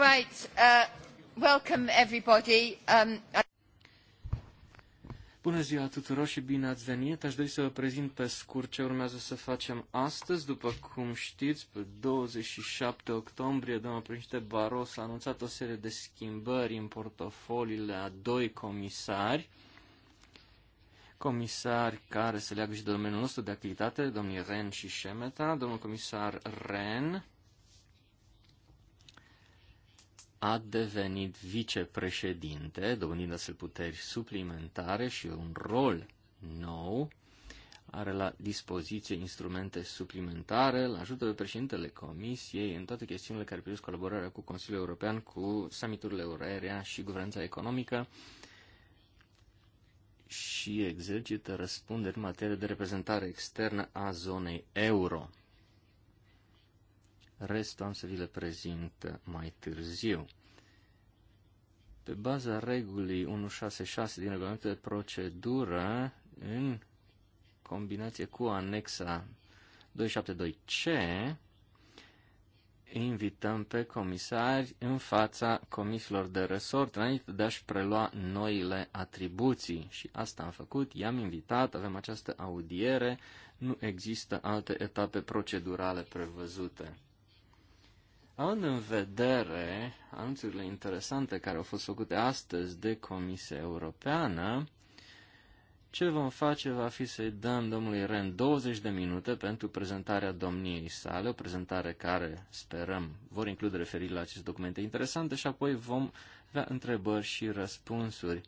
Right. Uh, welcome everybody. Um, I... Bună ziua tuturor și bine ați venit! Aș dori să vă prezint pe scurt ce urmează să facem astăzi. După cum știți, pe 27 octombrie, domnul președinte Baros a anunțat o serie de schimbări în portofoliile a doi comisari. Comisari care se leagă și de domeniul nostru de activitate, domnii Ren și Șemeta. Domnul comisar Ren, a devenit vicepreședinte, dobândindu-se puteri suplimentare și un rol nou. Are la dispoziție instrumente suplimentare, îl ajută pe președintele Comisiei în toate chestiunile care privesc colaborarea cu Consiliul European, cu summiturile Urerea și guvernanța economică și exercită răspunderi în materie de reprezentare externă a zonei euro. Restul am să vi le prezint mai târziu. Pe baza regulii 166 din regulamentul de procedură, în combinație cu anexa 272C, invităm pe comisari în fața comisilor de resort înainte de a-și prelua noile atribuții. Și asta am făcut, i-am invitat, avem această audiere, nu există alte etape procedurale prevăzute. Având în vedere anunțurile interesante care au fost făcute astăzi de Comisia Europeană, ce vom face va fi să-i dăm domnului Ren 20 de minute pentru prezentarea domniei sale, o prezentare care sperăm vor include referiri la aceste documente interesante și apoi vom avea întrebări și răspunsuri.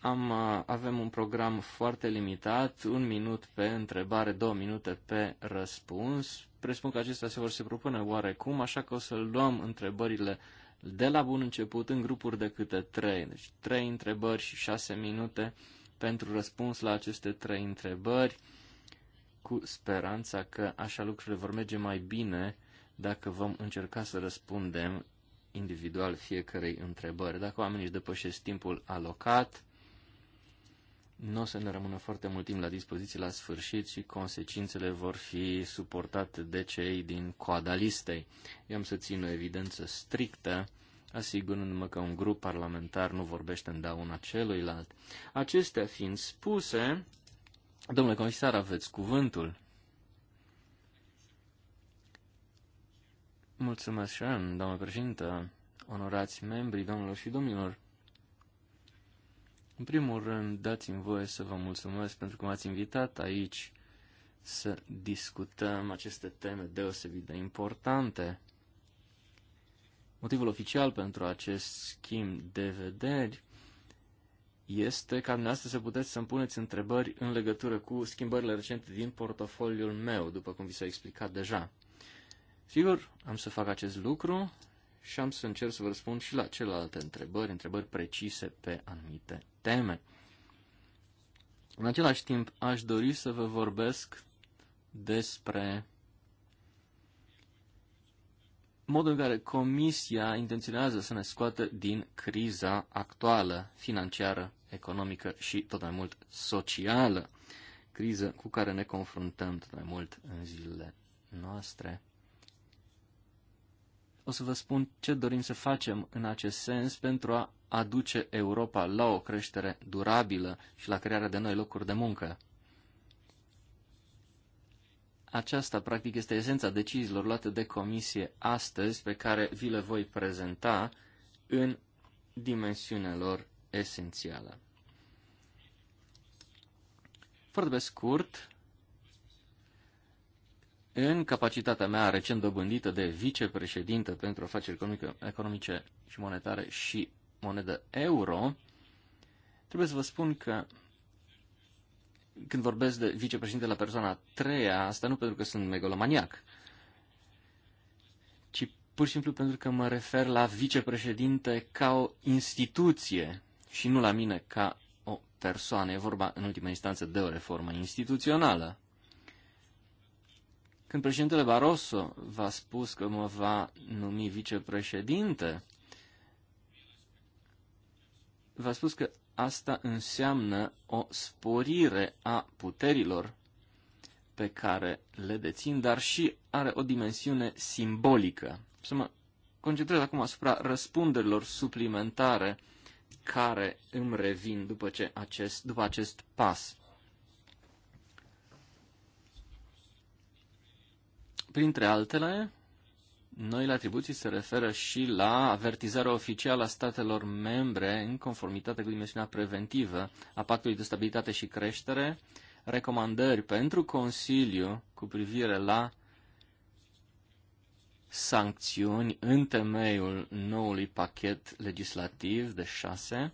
Am, avem un program foarte limitat, un minut pe întrebare, două minute pe răspuns, presupun că acestea se vor se propune oarecum, așa că o să luăm întrebările de la bun început în grupuri de câte trei. Deci trei întrebări și șase minute pentru răspuns la aceste trei întrebări, cu speranța că așa lucrurile vor merge mai bine dacă vom încerca să răspundem individual fiecarei întrebări. Dacă oamenii își depășesc timpul alocat, nu o să ne rămână foarte mult timp la dispoziție la sfârșit și consecințele vor fi suportate de cei din coada listei. Eu am să țin o evidență strictă, asigurându-mă că un grup parlamentar nu vorbește în dauna celuilalt. Acestea fiind spuse, domnule comisar, aveți cuvântul. Mulțumesc, eu, doamnă președintă, onorați membrii, domnilor și domnilor. În primul rând, dați-mi voie să vă mulțumesc pentru că m-ați invitat aici să discutăm aceste teme deosebit de importante. Motivul oficial pentru acest schimb de vederi este ca dumneavoastră să puteți să-mi puneți întrebări în legătură cu schimbările recente din portofoliul meu, după cum vi s-a explicat deja. Sigur, am să fac acest lucru și am să încerc să vă răspund și la celelalte întrebări, întrebări precise pe anumite teme. În același timp, aș dori să vă vorbesc despre modul în care Comisia intenționează să ne scoată din criza actuală financiară, economică și tot mai mult socială, criză cu care ne confruntăm tot mai mult în zilele noastre o să vă spun ce dorim să facem în acest sens pentru a aduce Europa la o creștere durabilă și la crearea de noi locuri de muncă. Aceasta, practic, este esența deciziilor luate de comisie astăzi, pe care vi le voi prezenta în dimensiunea lor esențială. Foarte pe scurt, în capacitatea mea recent dobândită de vicepreședinte pentru afaceri economice și monetare și monedă euro, trebuie să vă spun că când vorbesc de vicepreședinte la persoana a treia, asta nu pentru că sunt megalomaniac, ci pur și simplu pentru că mă refer la vicepreședinte ca o instituție și nu la mine ca o persoană. E vorba, în ultima instanță, de o reformă instituțională. Când președintele Barroso v-a spus că mă va numi vicepreședinte, v-a spus că asta înseamnă o sporire a puterilor pe care le dețin, dar și are o dimensiune simbolică. Să mă concentrez acum asupra răspunderilor suplimentare care îmi revin după, ce acest, după acest pas. Printre altele, noile atribuții se referă și la avertizarea oficială a statelor membre în conformitate cu dimensiunea preventivă a Pactului de Stabilitate și Creștere, recomandări pentru Consiliu cu privire la sancțiuni în temeiul noului pachet legislativ de șase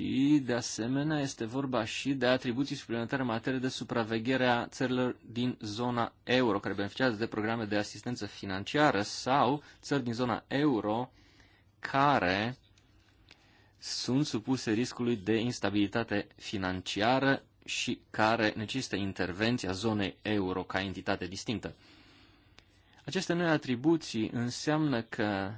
și, de asemenea, este vorba și de atribuții suplimentare în materie de supraveghere a țărilor din zona euro, care beneficiază de programe de asistență financiară, sau țări din zona euro care sunt supuse riscului de instabilitate financiară și care necesită intervenția zonei euro ca entitate distinctă. Aceste noi atribuții înseamnă că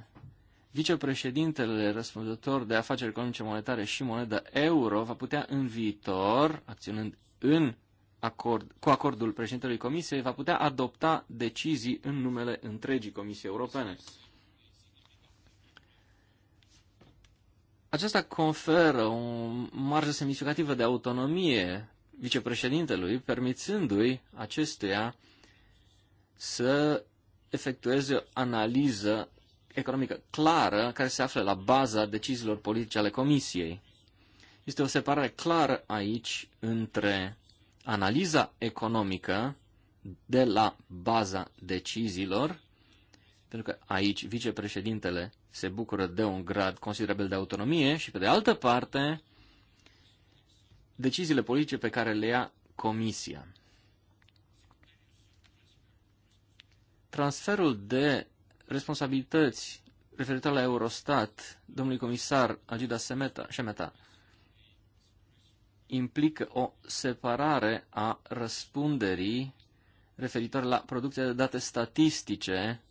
Vicepreședintele răspunzător de afaceri economice monetare și moneda euro va putea în viitor, acționând în acord, cu acordul președintelui Comisiei, va putea adopta decizii în numele întregii Comisii Europene. Aceasta conferă o marjă semnificativă de autonomie vicepreședintelui, permițându-i acestuia să efectueze o analiză economică clară care se află la baza deciziilor politice ale Comisiei. Este o separare clară aici între analiza economică de la baza deciziilor, pentru că aici vicepreședintele se bucură de un grad considerabil de autonomie și, pe de altă parte, deciziile politice pe care le ia Comisia. Transferul de responsabilități referitoare la Eurostat, domnului comisar Agida Semeta, implică o separare a răspunderii referitoare la producția de date statistice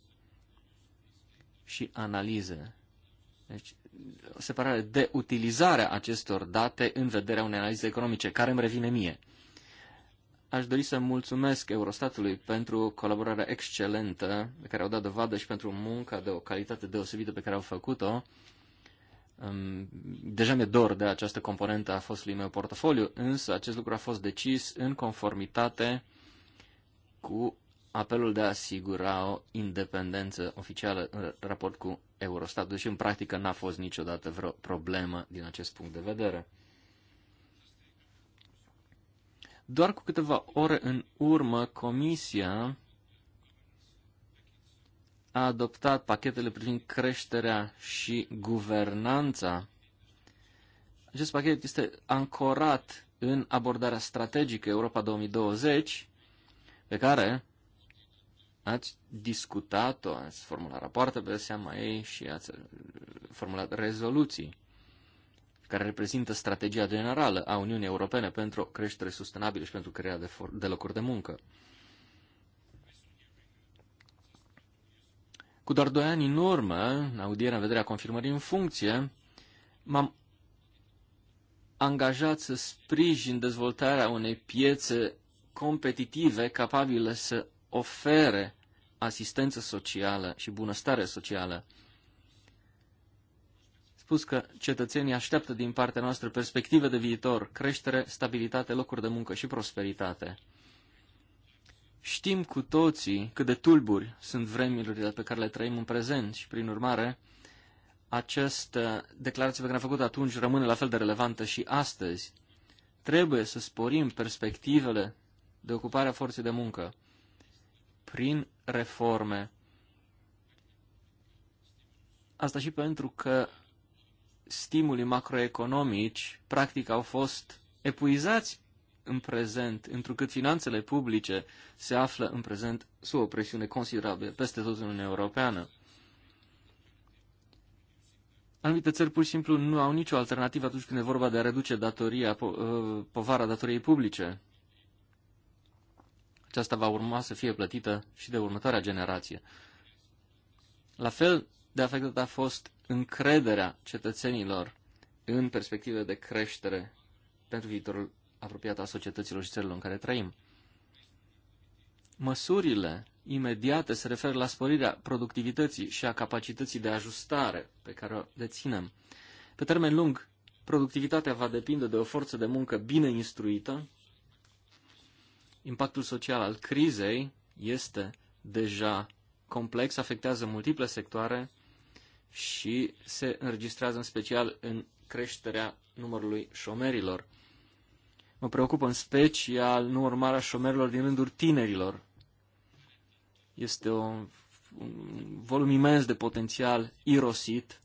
și analize. Deci, o separare de utilizarea acestor date în vederea unei analize economice, care îmi revine mie. Aș dori să mulțumesc Eurostatului pentru colaborarea excelentă pe care au dat dovadă și pentru munca de o calitate deosebită pe care au făcut-o. Deja mi-e dor de această componentă a fostului meu portofoliu, însă acest lucru a fost decis în conformitate cu apelul de a asigura o independență oficială în raport cu Eurostat, deși în practică n-a fost niciodată vreo problemă din acest punct de vedere. Doar cu câteva ore în urmă, Comisia a adoptat pachetele privind creșterea și guvernanța. Acest pachet este ancorat în abordarea strategică Europa 2020, pe care ați discutat-o, ați formulat rapoarte pe seama ei și ați formulat rezoluții care reprezintă strategia generală a Uniunii Europene pentru o creștere sustenabilă și pentru crearea de, de locuri de muncă. Cu doar doi ani în urmă, în audierea în vederea confirmării în funcție, m-am angajat să sprijin dezvoltarea unei piețe competitive capabile să ofere asistență socială și bunăstare socială spus că cetățenii așteaptă din partea noastră perspective de viitor, creștere, stabilitate, locuri de muncă și prosperitate. Știm cu toții cât de tulburi sunt vremurile pe care le trăim în prezent și, prin urmare, această declarație pe care am făcut atunci rămâne la fel de relevantă și astăzi. Trebuie să sporim perspectivele de ocupare a forței de muncă prin reforme. Asta și pentru că stimuli macroeconomici practic au fost epuizați în prezent, întrucât finanțele publice se află în prezent sub o presiune considerabilă peste tot în Uniunea Europeană. Anumite țări pur și simplu nu au nicio alternativă atunci când e vorba de a reduce datoria, po uh, povara datoriei publice. Aceasta va urma să fie plătită și de următoarea generație. La fel de afectat a fost încrederea cetățenilor în perspective de creștere pentru viitorul apropiat a societăților și țărilor în care trăim. Măsurile imediate se referă la sporirea productivității și a capacității de ajustare pe care o deținem. Pe termen lung, productivitatea va depinde de o forță de muncă bine instruită. Impactul social al crizei este deja complex, afectează multiple sectoare, și se înregistrează în special în creșterea numărului șomerilor. Mă preocupă în special numărul mare a șomerilor din rândul tinerilor. Este o, un volum imens de potențial irosit,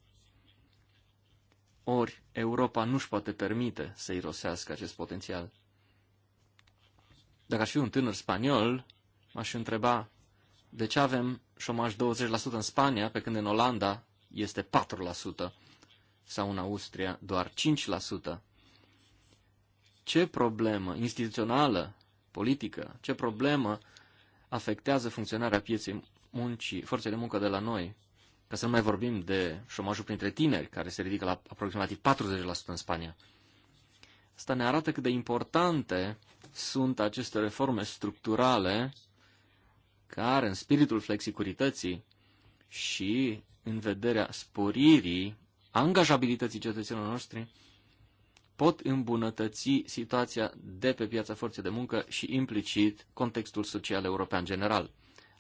ori Europa nu-și poate permite să irosească acest potențial. Dacă aș fi un tânăr spaniol, m-aș întreba de ce avem șomaj 20% în Spania, pe când în Olanda este 4% sau în Austria doar 5%. Ce problemă instituțională, politică, ce problemă afectează funcționarea pieței muncii, forței de muncă de la noi? Ca să nu mai vorbim de șomajul printre tineri, care se ridică la aproximativ 40% în Spania. Asta ne arată cât de importante sunt aceste reforme structurale care, în spiritul flexicurității și în vederea sporirii angajabilității cetățenilor noștri, pot îmbunătăți situația de pe piața forței de muncă și implicit contextul social european general.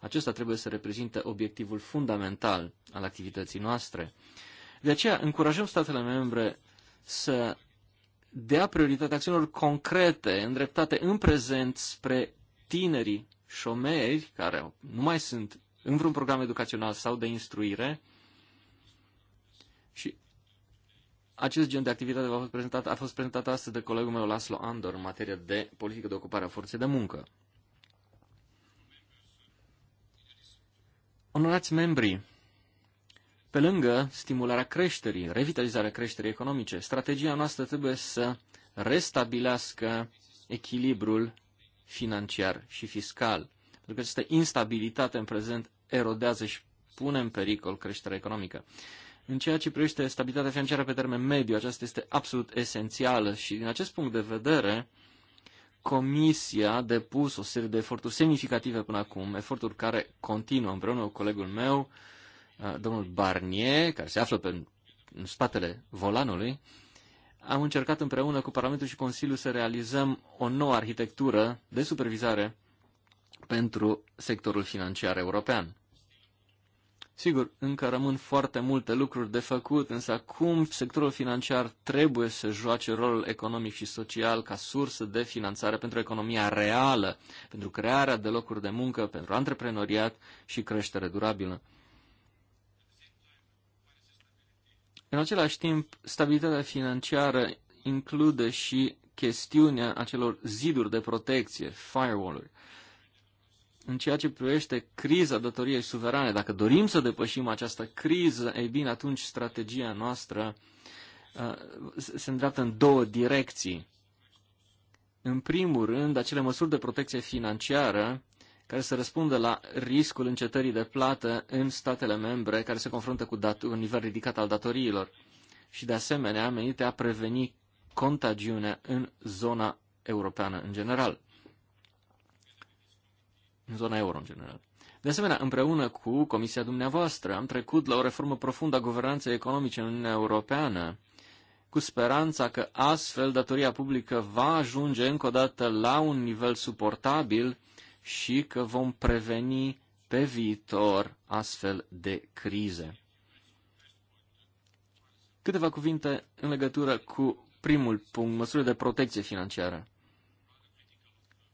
Acesta trebuie să reprezinte obiectivul fundamental al activității noastre. De aceea încurajăm statele membre să dea prioritate acțiunilor concrete, îndreptate în prezent spre tinerii șomeri care nu mai sunt în vreun program educațional sau de instruire, și acest gen de activitate a fost prezentat, a fost prezentat astăzi de colegul meu Laslo Andor în materie de politică de ocupare a forței de muncă. Onorați membrii, pe lângă stimularea creșterii, revitalizarea creșterii economice, strategia noastră trebuie să restabilească echilibrul financiar și fiscal. Pentru că această instabilitate în prezent erodează și pune în pericol creșterea economică. În ceea ce privește stabilitatea financiară pe termen mediu, aceasta este absolut esențială și din acest punct de vedere, Comisia a depus o serie de eforturi semnificative până acum, eforturi care continuă împreună cu colegul meu, uh, domnul Barnier, care se află pe, în spatele volanului. Am încercat împreună cu Parlamentul și Consiliul să realizăm o nouă arhitectură de supervizare pentru sectorul financiar european. Sigur, încă rămân foarte multe lucruri de făcut, însă acum sectorul financiar trebuie să joace rolul economic și social ca sursă de finanțare pentru economia reală, pentru crearea de locuri de muncă, pentru antreprenoriat și creștere durabilă. În același timp, stabilitatea financiară include și chestiunea acelor ziduri de protecție, firewall-uri. Uh, în ceea ce privește criza datoriei suverane, dacă dorim să depășim această criză, ei bine, atunci strategia noastră uh, se îndreaptă în două direcții. În primul rând, acele măsuri de protecție financiară care să răspundă la riscul încetării de plată în statele membre care se confruntă cu un nivel ridicat al datoriilor și, de asemenea, menite a preveni contagiunea în zona europeană în general în zona euro în general. De asemenea, împreună cu Comisia dumneavoastră, am trecut la o reformă profundă a guvernanței economice în Uniunea Europeană, cu speranța că astfel datoria publică va ajunge încă o dată la un nivel suportabil și că vom preveni pe viitor astfel de crize. Câteva cuvinte în legătură cu primul punct, măsurile de protecție financiară.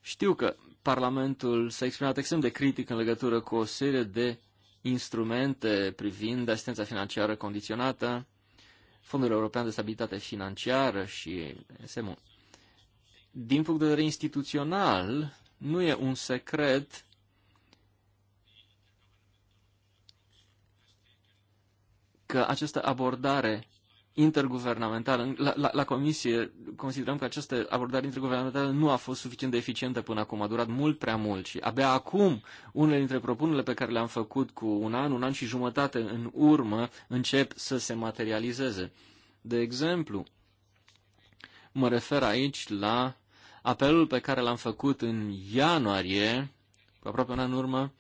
Știu că Parlamentul s-a exprimat extrem de critic în legătură cu o serie de instrumente privind asistența financiară condiționată, Fondul European de Stabilitate Financiară și SMU. Din punct de vedere instituțional, nu e un secret că această abordare interguvernamentală. La, la, la comisie considerăm că această abordare interguvernamentală nu a fost suficient de eficientă până acum, a durat mult prea mult și abia acum unele dintre propunerile pe care le-am făcut cu un an, un an și jumătate în urmă încep să se materializeze. De exemplu, mă refer aici la apelul pe care l-am făcut în ianuarie, cu aproape un an în urmă,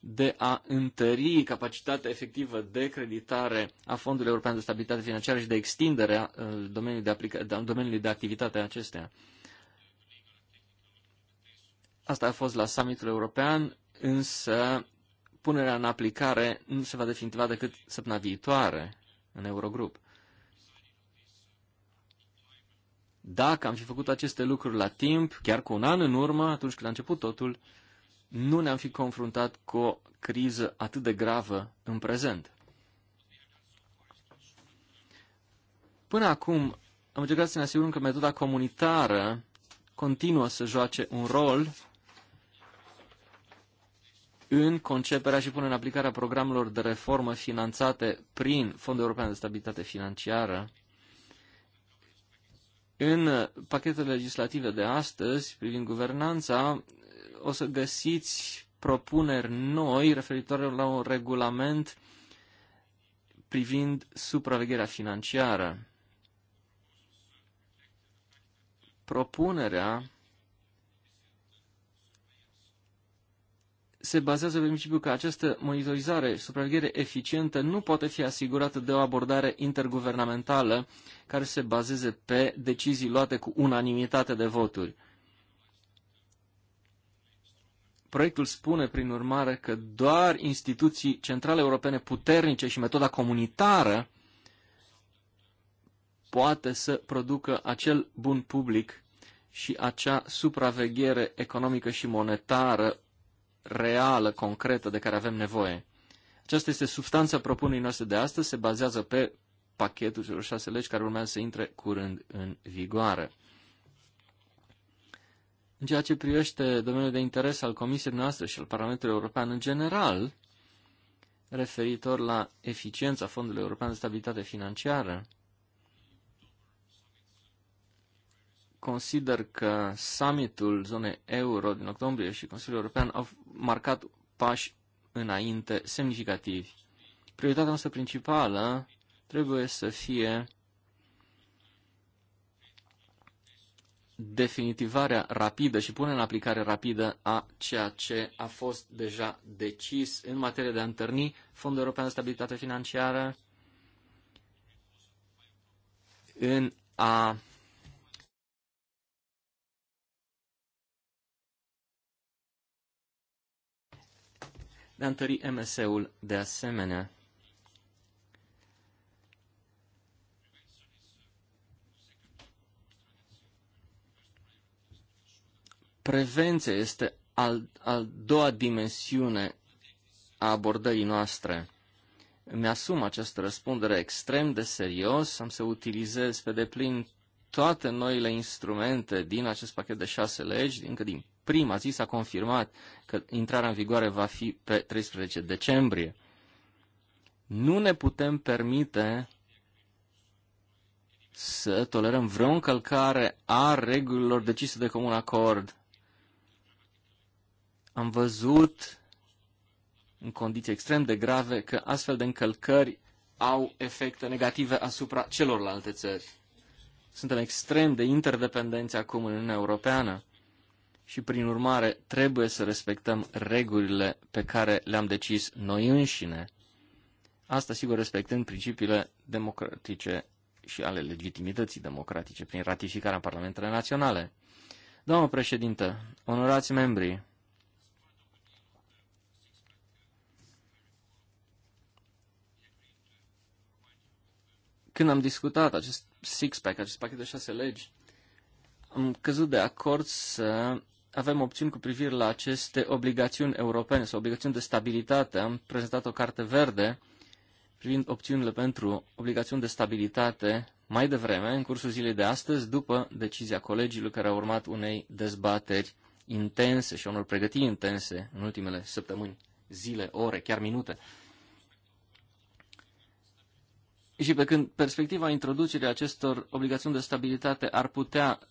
de a întări capacitatea efectivă de creditare a Fondului European de Stabilitate Financiară și de extindere a uh, domeniului de, aplica- da, domeniului de activitate a acesteia. Asta a fost la summitul european, însă punerea în aplicare nu se va definitiva decât săptămâna viitoare în Eurogrup. Dacă am fi făcut aceste lucruri la timp, chiar cu un an în urmă, atunci când a început totul, uh, nu ne-am fi confruntat cu o criză atât de gravă în prezent. Până acum am încercat să ne asigurăm că metoda comunitară continuă să joace un rol în conceperea și până în aplicarea programelor de reformă finanțate prin Fondul European de Stabilitate Financiară. În pachetele legislative de astăzi privind guvernanța, o să găsiți propuneri noi referitoare la un regulament privind supravegherea financiară. Propunerea se bazează pe principiul că această monitorizare, supraveghere eficientă nu poate fi asigurată de o abordare interguvernamentală care se bazeze pe decizii luate cu unanimitate de voturi. Proiectul spune, prin urmare, că doar instituții centrale europene puternice și metoda comunitară poate să producă acel bun public și acea supraveghere economică și monetară reală, concretă, de care avem nevoie. Aceasta este substanța propunerii noastre de astăzi, se bazează pe pachetul celor șase legi care urmează să intre curând în vigoare. În ceea ce privește domeniul de interes al Comisiei noastre și al Parlamentului European în general, referitor la eficiența Fondului European de Stabilitate Financiară, consider că summitul zonei euro din octombrie și Consiliul European au marcat pași înainte semnificativi. Prioritatea noastră principală trebuie să fie definitivarea rapidă și punerea în aplicare rapidă a ceea ce a fost deja decis în materie de a întărni Fondul European de Stabilitate Financiară, în a de a întări MS-ul de asemenea. Prevenția este al, al doua dimensiune a abordării noastre. Mi-asum această răspundere extrem de serios, am să utilizez pe deplin toate noile instrumente din acest pachet de șase legi, încă din prima zi s-a confirmat că intrarea în vigoare va fi pe 13 decembrie. Nu ne putem permite să tolerăm vreo încălcare a regulilor decise de comun acord am văzut în condiții extrem de grave că astfel de încălcări au efecte negative asupra celorlalte țări. Suntem extrem de interdependenți acum în Uniunea Europeană și, prin urmare, trebuie să respectăm regulile pe care le-am decis noi înșine. Asta, sigur, respectând principiile democratice și ale legitimității democratice prin ratificarea în Parlamentele Naționale. Doamnă președintă, onorați membrii, Când am discutat acest six-pack, acest pachet de șase legi, am căzut de acord să avem opțiuni cu privire la aceste obligațiuni europene sau obligațiuni de stabilitate. Am prezentat o carte verde privind opțiunile pentru obligațiuni de stabilitate mai devreme, în cursul zilei de astăzi, după decizia colegiului care a urmat unei dezbateri intense și unor pregătiri intense în ultimele săptămâni, zile, ore, chiar minute. Și pe când perspectiva introducerii acestor obligațiuni de stabilitate ar putea uh,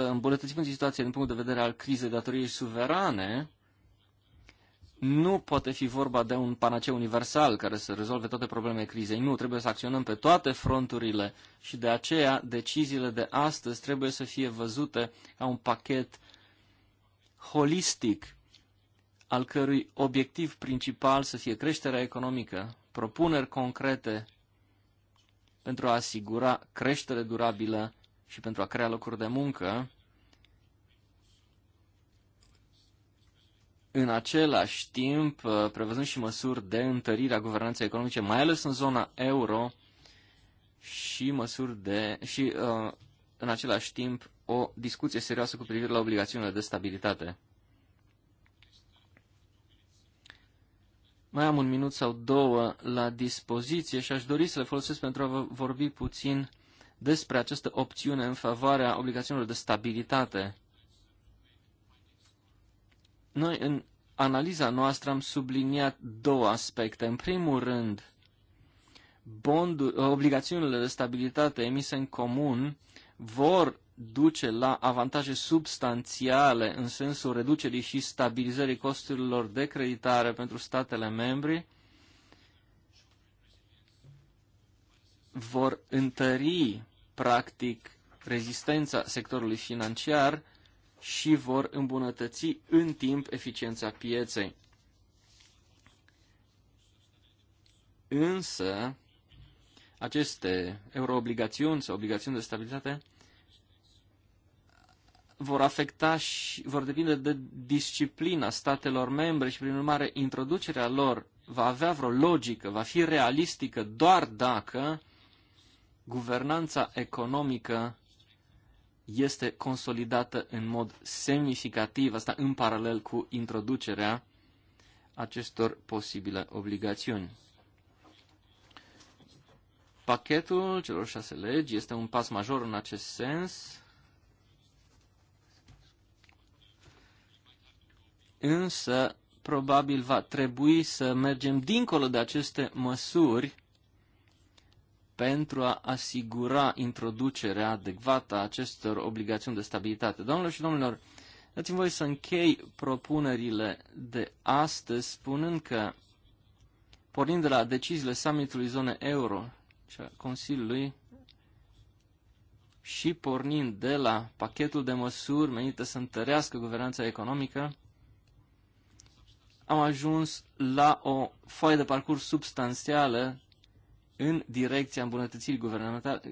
îmbunătăți situația din punct de vedere al crizei datoriei suverane, nu poate fi vorba de un panaceu universal care să rezolve toate problemele crizei. Nu, trebuie să acționăm pe toate fronturile și de aceea deciziile de astăzi trebuie să fie văzute ca un pachet holistic al cărui obiectiv principal să fie creșterea economică, propuneri concrete pentru a asigura creștere durabilă și pentru a crea locuri de muncă, în același timp uh, prevăzând și măsuri de întărire a guvernanței economice, mai ales în zona euro și măsuri de și uh, în același timp o discuție serioasă cu privire la obligațiunile de stabilitate. Mai am un minut sau două la dispoziție și aș dori să le folosesc pentru a vă vorbi puțin despre această opțiune în favoarea obligațiunilor de stabilitate. Noi, în analiza noastră, am subliniat două aspecte. În primul rând, bondul, obligațiunile de stabilitate emise în comun vor duce la avantaje substanțiale în sensul reducerii și stabilizării costurilor de creditare pentru statele membri, vor întări, practic, rezistența sectorului financiar și vor îmbunătăți în timp eficiența pieței. Însă, aceste euroobligațiuni sau obligațiuni de stabilitate vor afecta și vor depinde de disciplina statelor membre și, prin urmare, introducerea lor va avea vreo logică, va fi realistică doar dacă guvernanța economică este consolidată în mod semnificativ, asta în paralel cu introducerea acestor posibile obligațiuni. Pachetul celor șase legi este un pas major în acest sens însă probabil va trebui să mergem dincolo de aceste măsuri pentru a asigura introducerea adecvată a acestor obligațiuni de stabilitate. Domnilor și domnilor, dați-mi voi să închei propunerile de astăzi spunând că, pornind de la deciziile summitului zone euro și a Consiliului, și pornind de la pachetul de măsuri menite să întărească guvernanța economică, am ajuns la o foaie de parcurs substanțială în direcția îmbunătățirii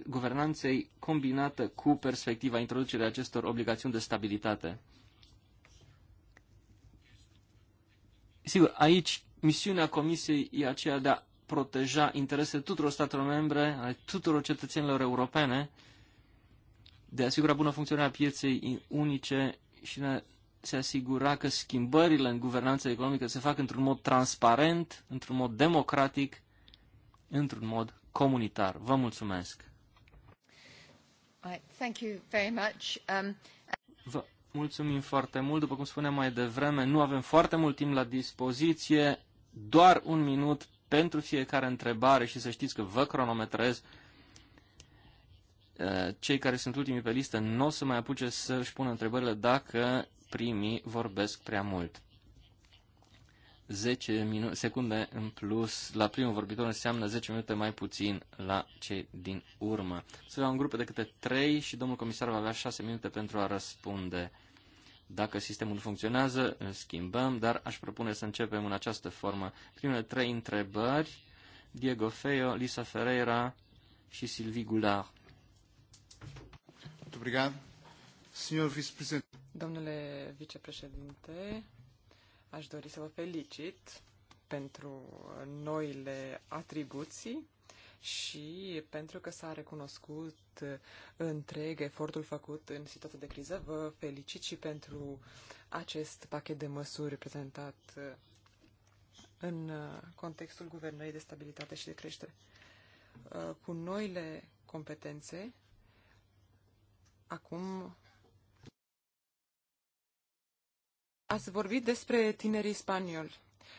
guvernanței combinată cu perspectiva introducerii acestor obligațiuni de stabilitate. Sigur, aici misiunea Comisiei e aceea de a proteja interesele tuturor statelor membre, ale tuturor cetățenilor europene, de a asigura bună funcționare a pieței unice și se asigura că schimbările în guvernanța economică se fac într-un mod transparent, într-un mod democratic, într-un mod comunitar. Vă mulțumesc! Thank you very much. Um, vă mulțumim foarte mult. După cum spuneam mai devreme, nu avem foarte mult timp la dispoziție, doar un minut pentru fiecare întrebare și să știți că vă cronometrez uh, cei care sunt ultimii pe listă nu o să mai apuce să și pună întrebările dacă primii vorbesc prea mult. 10 minu- secunde în plus la primul vorbitor înseamnă 10 minute mai puțin la cei din urmă. Să avea un grup de câte 3 și domnul comisar va avea 6 minute pentru a răspunde. Dacă sistemul funcționează, îl schimbăm, dar aș propune să începem în această formă. Primele trei întrebări, Diego Feio, Lisa Ferreira și Silvi Goulart. Obrigado. Domnule vicepreședinte, aș dori să vă felicit pentru noile atribuții și pentru că s-a recunoscut întreg efortul făcut în situația de criză. Vă felicit și pentru acest pachet de măsuri prezentat în contextul Guvernării de Stabilitate și de Creștere. Cu noile competențe, acum Ați vorbit despre tinerii spanioli.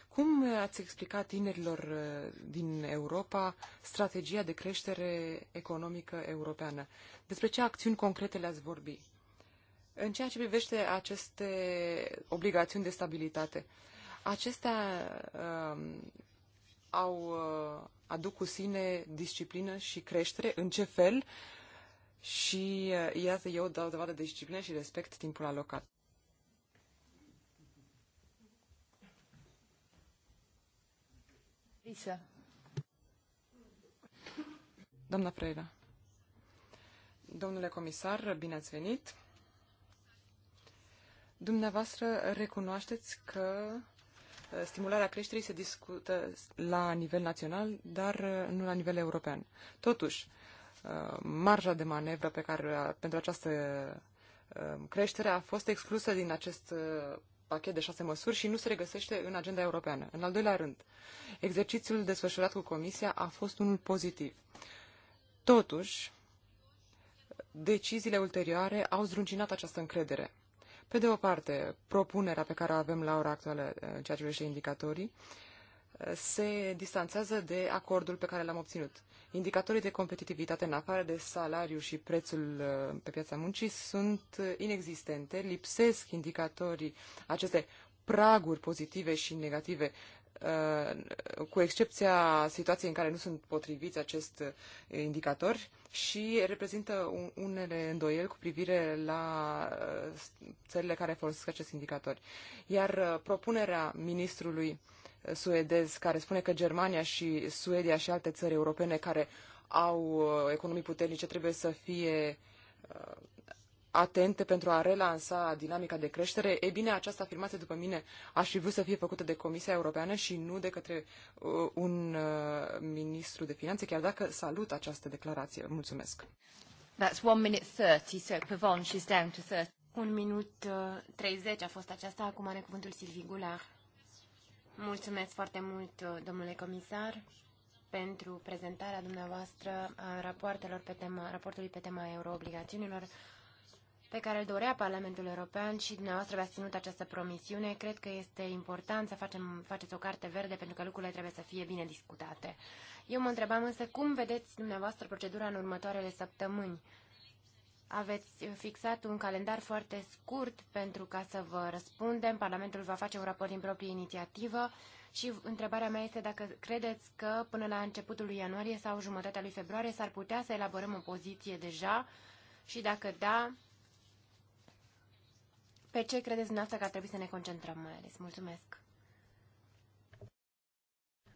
Cum ați explicat tinerilor uh, din Europa strategia de creștere economică europeană? Despre ce acțiuni concrete le-ați vorbi? În ceea ce privește aceste obligațiuni de stabilitate, acestea uh, au, uh, aduc cu sine disciplină și creștere. În ce fel? Și uh, iată, eu dau dovadă de disciplină și respect timpul alocat. Lisa. Doamna Freira. Domnule comisar, bine ați venit. Dumneavoastră recunoașteți că uh, stimularea creșterii se discută la nivel național, dar uh, nu la nivel european. Totuși, uh, marja de manevră pe care, pentru această creștere a fost exclusă din acest pachet de șase măsuri și nu se regăsește în agenda europeană. În al doilea rând, exercițiul desfășurat cu Comisia a fost unul pozitiv. Totuși, deciziile ulterioare au zdruncinat această încredere. Pe de o parte, propunerea pe care o avem la ora actuală în ceea ce privește indicatorii, uh, se distanțează de acordul pe care l-am obținut. Indicatorii de competitivitate în afară de salariu și prețul uh, pe piața muncii sunt inexistente, lipsesc indicatorii aceste praguri pozitive și negative uh, cu excepția situației în care nu sunt potriviți acest uh, indicator și reprezintă unele îndoieli cu privire la țările care folosesc acest indicator. Iar propunerea ministrului suedez care spune că Germania și Suedia și alte țări europene care au uh, economii puternice trebuie să fie uh, atente pentru a relansa dinamica de creștere. E bine, această afirmație, după mine, aș fi vrut să fie făcută de Comisia Europeană și nu de către uh, un ministru de finanțe, chiar dacă salut această declarație. Mulțumesc. That's one minute 30, so Pavon, she's down to 30. Un minut 30 a fost aceasta, acum are cuvântul Silvi Goulart. Mulțumesc foarte mult, domnule comisar, pentru prezentarea dumneavoastră a rapoartelor pe tema, raportului pe tema euroobligațiunilor pe care îl dorea Parlamentul European și dumneavoastră v-ați ținut această promisiune. Cred că este important să facem, faceți o carte verde pentru că lucrurile trebuie să fie bine discutate. Eu mă întrebam însă cum vedeți dumneavoastră procedura în următoarele săptămâni aveți fixat un calendar foarte scurt pentru ca să vă răspundem. Parlamentul va face un raport din proprie inițiativă și întrebarea mea este dacă credeți că până la începutul lui ianuarie sau jumătatea lui februarie s-ar putea să elaborăm o poziție deja și dacă da, pe ce credeți dumneavoastră că ar trebui să ne concentrăm mai ales? Mulțumesc!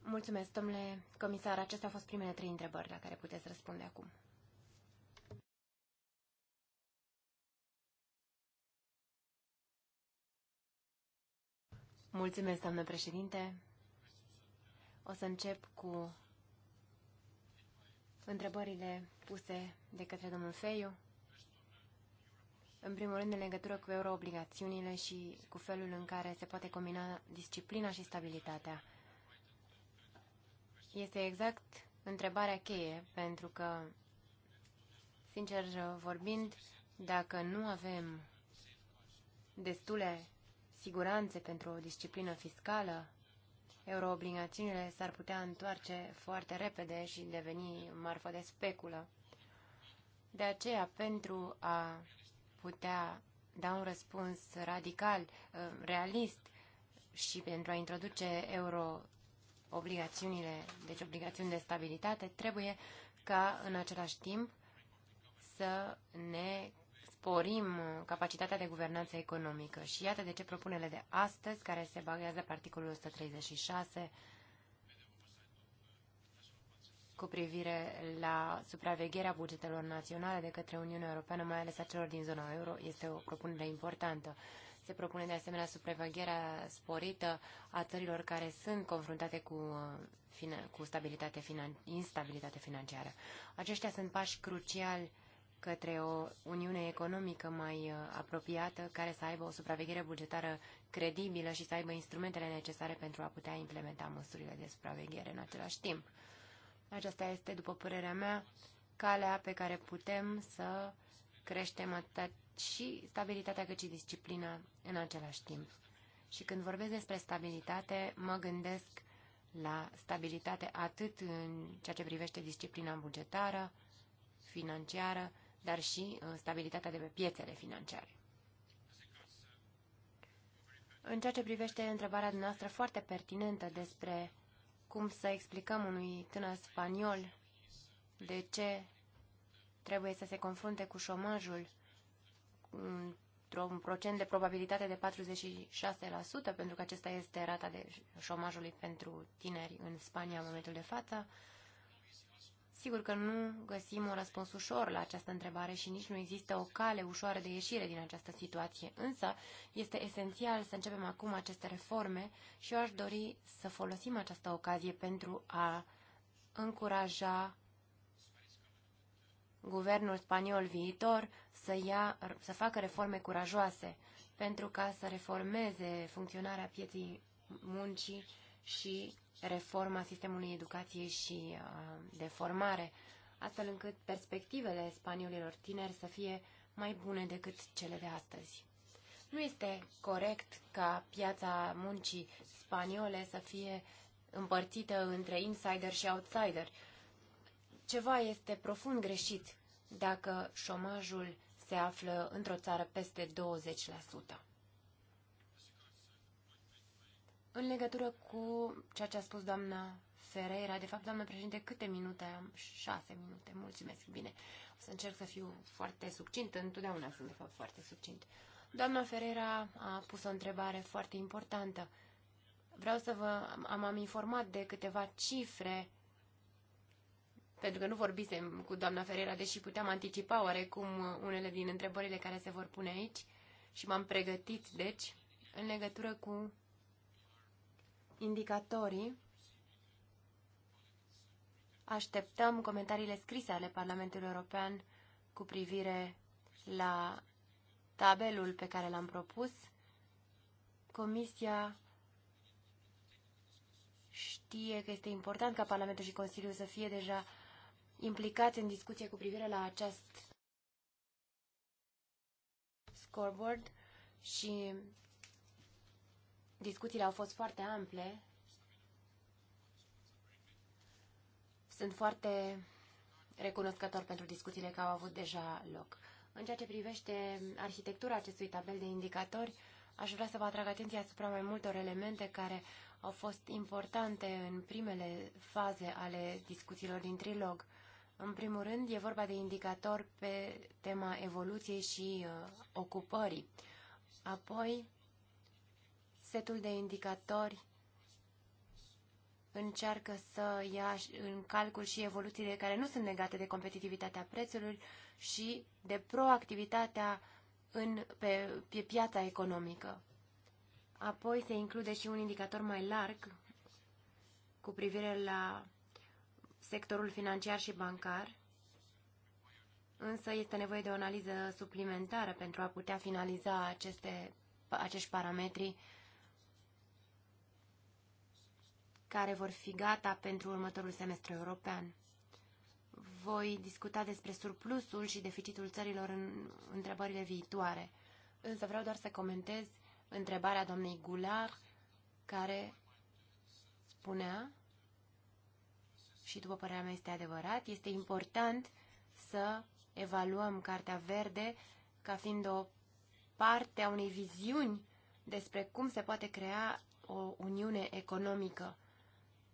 Mulțumesc, domnule comisar. Acestea au fost primele trei întrebări la care puteți răspunde acum. Mulțumesc, doamnă președinte. O să încep cu întrebările puse de către domnul Feiu. În primul rând, în legătură cu euroobligațiunile și cu felul în care se poate combina disciplina și stabilitatea. Este exact întrebarea cheie, pentru că, sincer vorbind, dacă nu avem destule siguranțe pentru o disciplină fiscală, euroobligațiunile s-ar putea întoarce foarte repede și deveni marfă de speculă. De aceea, pentru a putea da un răspuns radical, ă, realist și pentru a introduce euro obligațiunile, deci obligațiuni de stabilitate, trebuie ca în același timp să ne sporim uh, capacitatea de guvernanță economică. Și iată de ce propunele de astăzi, care se bagează pe articolul 136, cu privire la supravegherea bugetelor naționale de către Uniunea Europeană, mai ales a celor din zona euro, este o propunere importantă. Se propune de asemenea supravegherea sporită a țărilor care sunt confruntate cu, uh, cu stabilitate finan, instabilitate financiară. Aceștia sunt pași cruciali către o uniune economică mai uh, apropiată, care să aibă o supraveghere bugetară credibilă și să aibă instrumentele necesare pentru a putea implementa măsurile de supraveghere în același timp. Aceasta este, după părerea mea, calea pe care putem să creștem atât și stabilitatea cât și disciplina în același timp. Și când vorbesc despre stabilitate, mă gândesc la stabilitate atât în ceea ce privește disciplina bugetară, financiară, dar și uh, stabilitatea de pe piețele financiare. În ceea ce privește întrebarea noastră foarte pertinentă despre cum să explicăm unui tânăr spaniol de ce trebuie să se confrunte cu șomajul într-un procent de probabilitate de 46%, pentru că acesta este rata de șomajului pentru tineri în Spania în momentul de față, Sigur că nu găsim un răspuns ușor la această întrebare și nici nu există o cale ușoară de ieșire din această situație, însă este esențial să începem acum aceste reforme și eu aș dori să folosim această ocazie pentru a încuraja guvernul spaniol viitor să, ia, să facă reforme curajoase pentru ca să reformeze funcționarea pieței muncii și reforma sistemului educației și uh, de formare, astfel încât perspectivele spaniolilor tineri să fie mai bune decât cele de astăzi. Nu este corect ca piața muncii spaniole să fie împărțită între insider și outsider. Ceva este profund greșit dacă șomajul se află într-o țară peste 20%. În legătură cu ceea ce a spus doamna Ferreira, de fapt, doamna președinte, câte minute am? Șase minute, mulțumesc, bine. O să încerc să fiu foarte succint, întotdeauna sunt, de fapt, foarte succint. Doamna Ferreira a pus o întrebare foarte importantă. Vreau să vă... am, am informat de câteva cifre pentru că nu vorbisem cu doamna Ferreira, deși puteam anticipa oarecum unele din întrebările care se vor pune aici și m-am pregătit, deci, în legătură cu indicatorii, așteptăm comentariile scrise ale Parlamentului European cu privire la tabelul pe care l-am propus. Comisia știe că este important ca Parlamentul și Consiliul să fie deja implicați în discuție cu privire la acest scoreboard și Discuțiile au fost foarte ample. Sunt foarte recunoscător pentru discuțiile care au avut deja loc. În ceea ce privește arhitectura acestui tabel de indicatori, aș vrea să vă atrag atenția asupra mai multor elemente care au fost importante în primele faze ale discuțiilor din trilog. În primul rând, e vorba de indicator pe tema evoluției și uh, ocupării. Apoi, Setul de indicatori încearcă să ia în calcul și evoluțiile care nu sunt legate de competitivitatea prețului și de proactivitatea în, pe, pe piața economică. Apoi se include și un indicator mai larg cu privire la sectorul financiar și bancar, însă este nevoie de o analiză suplimentară pentru a putea finaliza aceste, acești parametri care vor fi gata pentru următorul semestru european. Voi discuta despre surplusul și deficitul țărilor în întrebările viitoare, însă vreau doar să comentez întrebarea doamnei Gular, care spunea, și după părerea mea este adevărat, este important să evaluăm Cartea Verde ca fiind o parte a unei viziuni despre cum se poate crea o uniune economică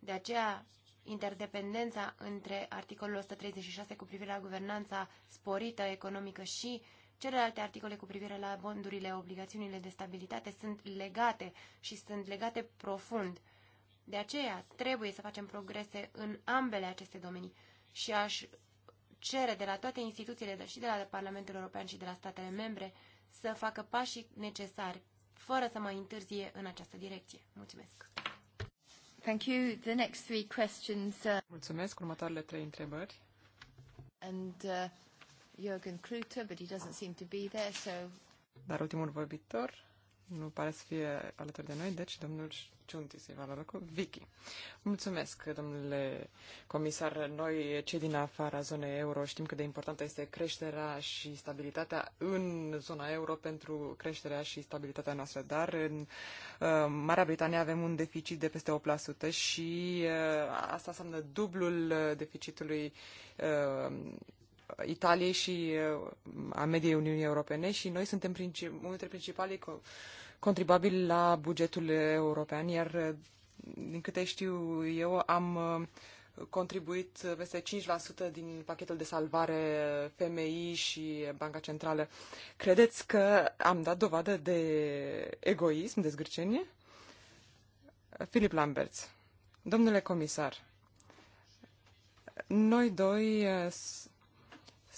de aceea, interdependența între articolul 136 cu privire la guvernanța sporită economică și celelalte articole cu privire la bondurile, obligațiunile de stabilitate sunt legate și sunt legate profund. De aceea trebuie să facem progrese în ambele aceste domenii și aș cere de la toate instituțiile, dar și de la Parlamentul European și de la statele membre, să facă pașii necesari, fără să mai întârzie în această direcție. Mulțumesc! Thank you. The next three questions, uh... Mulțumesc. Următoarele trei întrebări. And uh, Jürgen Klute, but he doesn't seem to be there, so... Dar ultimul vorbitor nu pare să fie alături de noi, deci domnul Ciunti se va la locul, Vicky. Mulțumesc, domnule comisar. Noi, cei din afara zonei euro, știm cât de importantă este creșterea și stabilitatea în zona euro pentru creșterea și stabilitatea noastră, dar în uh, Marea Britanie avem un deficit de peste 8% și uh, asta înseamnă dublul deficitului uh, Italiei și uh, a mediei Uniunii Europene și noi suntem unul dintre principalii contribuabili la bugetul european, iar uh, din câte știu eu am uh, contribuit peste 5% din pachetul de salvare FMI și Banca Centrală. Credeți că am dat dovadă de egoism, de zgârcenie? Filip Lamberts, domnule comisar, noi doi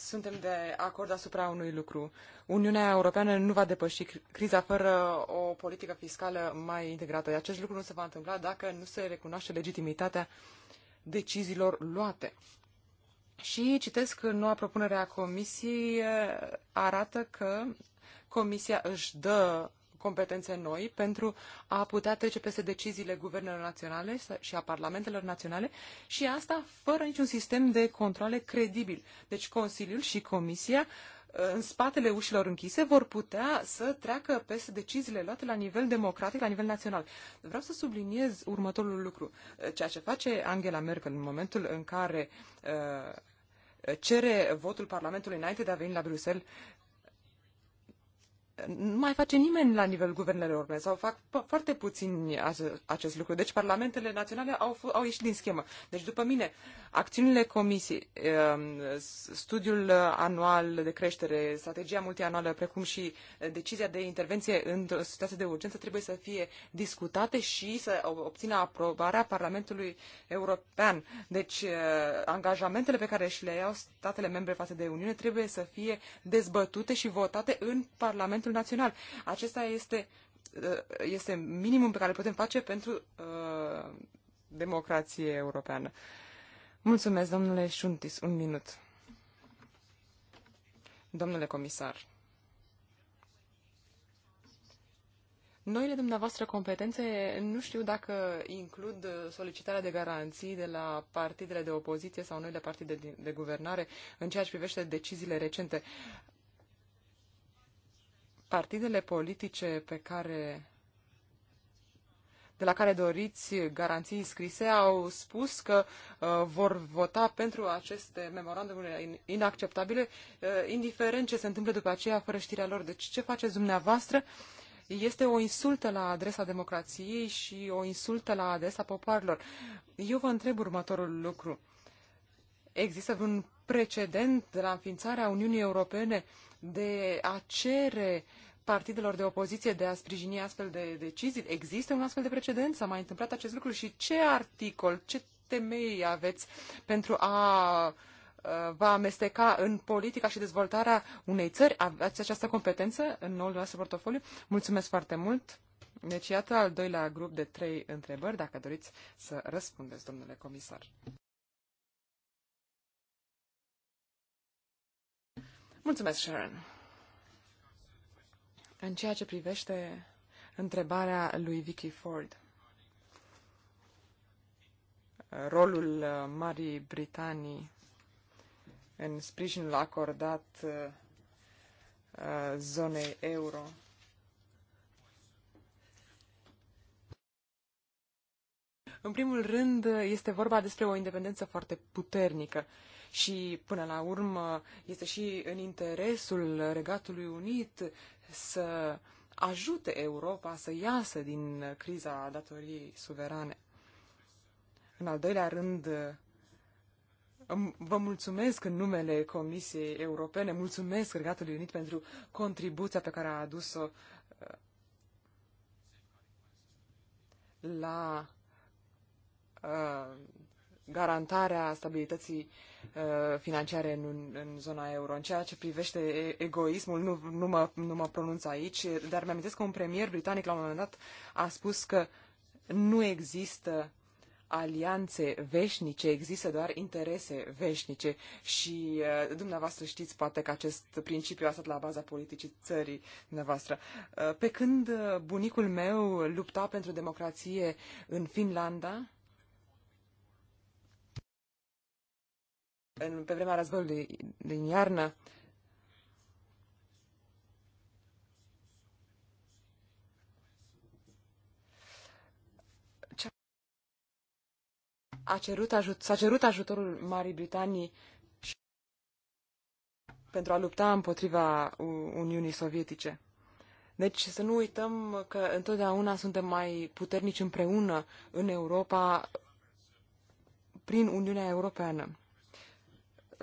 suntem de acord asupra unui lucru. Uniunea Europeană nu va depăși criza fără o politică fiscală mai integrată. Acest lucru nu se va întâmpla dacă nu se recunoaște legitimitatea deciziilor luate. Și citesc noua propunere a Comisiei arată că Comisia își dă competențe noi pentru a putea trece peste deciziile guvernelor naționale și a parlamentelor naționale și asta fără niciun sistem de controle credibil. Deci Consiliul și Comisia uh, în spatele ușilor închise vor putea să treacă peste deciziile luate la nivel democratic, la nivel național. Vreau să subliniez următorul lucru. Uh, ceea ce face Angela Merkel în momentul în care uh, cere votul Parlamentului înainte de a veni la Bruxelles nu mai face nimeni la nivelul guvernelor europene sau fac foarte puțin acest lucru. Deci parlamentele naționale au, au ieșit din schemă. Deci, după mine, acțiunile comisiei, ehm, studiul anual de creștere, strategia multianuală, precum și decizia de intervenție în situația situație de urgență trebuie să fie discutate și să obțină aprobarea Parlamentului European. Deci, eh, angajamentele pe care și le iau statele membre față de Uniune trebuie să fie dezbătute și votate în Parlamentul Parlamentul Național. Acesta este, uh, este minimum pe care putem face pentru uh, democrație europeană. Mulțumesc, domnule Șuntis. Un minut. Domnule comisar. Noile dumneavoastră competențe nu știu dacă includ solicitarea de garanții de la partidele de opoziție sau noile partide de, de guvernare în ceea ce privește deciziile recente partidele politice pe care de la care doriți garanții scrise au spus că uh, vor vota pentru aceste memorandumuri inacceptabile, uh, indiferent ce se întâmplă după aceea fără știrea lor. Deci ce faceți dumneavoastră este o insultă la adresa democrației și o insultă la adresa popoarelor. Eu vă întreb următorul lucru. Există vreun precedent de la înființarea Uniunii Europene de a cere partidelor de opoziție de a sprijini astfel de decizii? Există un astfel de precedent? S-a mai întâmplat acest lucru? Și ce articol, ce temei aveți pentru a uh, vă amesteca în politica și dezvoltarea unei țări? Aveți această competență în noul vostru portofoliu? Mulțumesc foarte mult! Deci, iată al doilea grup de trei întrebări, dacă doriți să răspundeți, domnule comisar. Mulțumesc, Sharon. În ceea ce privește întrebarea lui Vicky Ford, rolul uh, Marii Britanii în sprijinul acordat uh, uh, zonei euro. În primul rând, este vorba despre o independență foarte puternică și până la urmă este și în interesul Regatului Unit să ajute Europa să iasă din criza datoriei suverane. În al doilea rând, Vă mulțumesc în numele Comisiei Europene, mulțumesc Regatului Unit pentru contribuția pe care a adus-o uh, la uh, garantarea stabilității uh, financiare în, în zona euro. În ceea ce privește egoismul, nu, nu, mă, nu mă pronunț aici, dar mi-amintesc că un premier britanic la un moment dat a spus că nu există alianțe veșnice, există doar interese veșnice și uh, dumneavoastră știți poate că acest principiu a stat la baza politicii țării dumneavoastră. Uh, pe când uh, bunicul meu lupta pentru democrație în Finlanda, în, pe vremea războiului din iarnă, a cerut ajut, s-a cerut ajutorul Marii Britanii pentru a lupta împotriva Uniunii Sovietice. Deci să nu uităm că întotdeauna suntem mai puternici împreună în Europa prin Uniunea Europeană.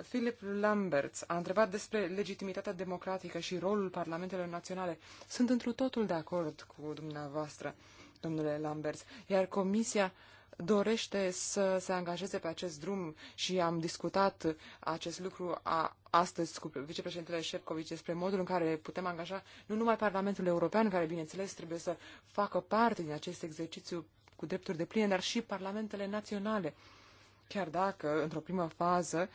Philip Lamberts a întrebat despre legitimitatea democratică și rolul parlamentelor naționale. Sunt întru totul de acord cu dumneavoastră, domnule Lamberts, iar Comisia dorește să se angajeze pe acest drum și am discutat acest lucru a, astăzi cu vicepreședintele Șepcovici despre modul în care putem angaja nu numai Parlamentul European, care bineînțeles trebuie să facă parte din acest exercițiu cu drepturi de pline, dar și parlamentele naționale. Chiar dacă, într-o primă fază,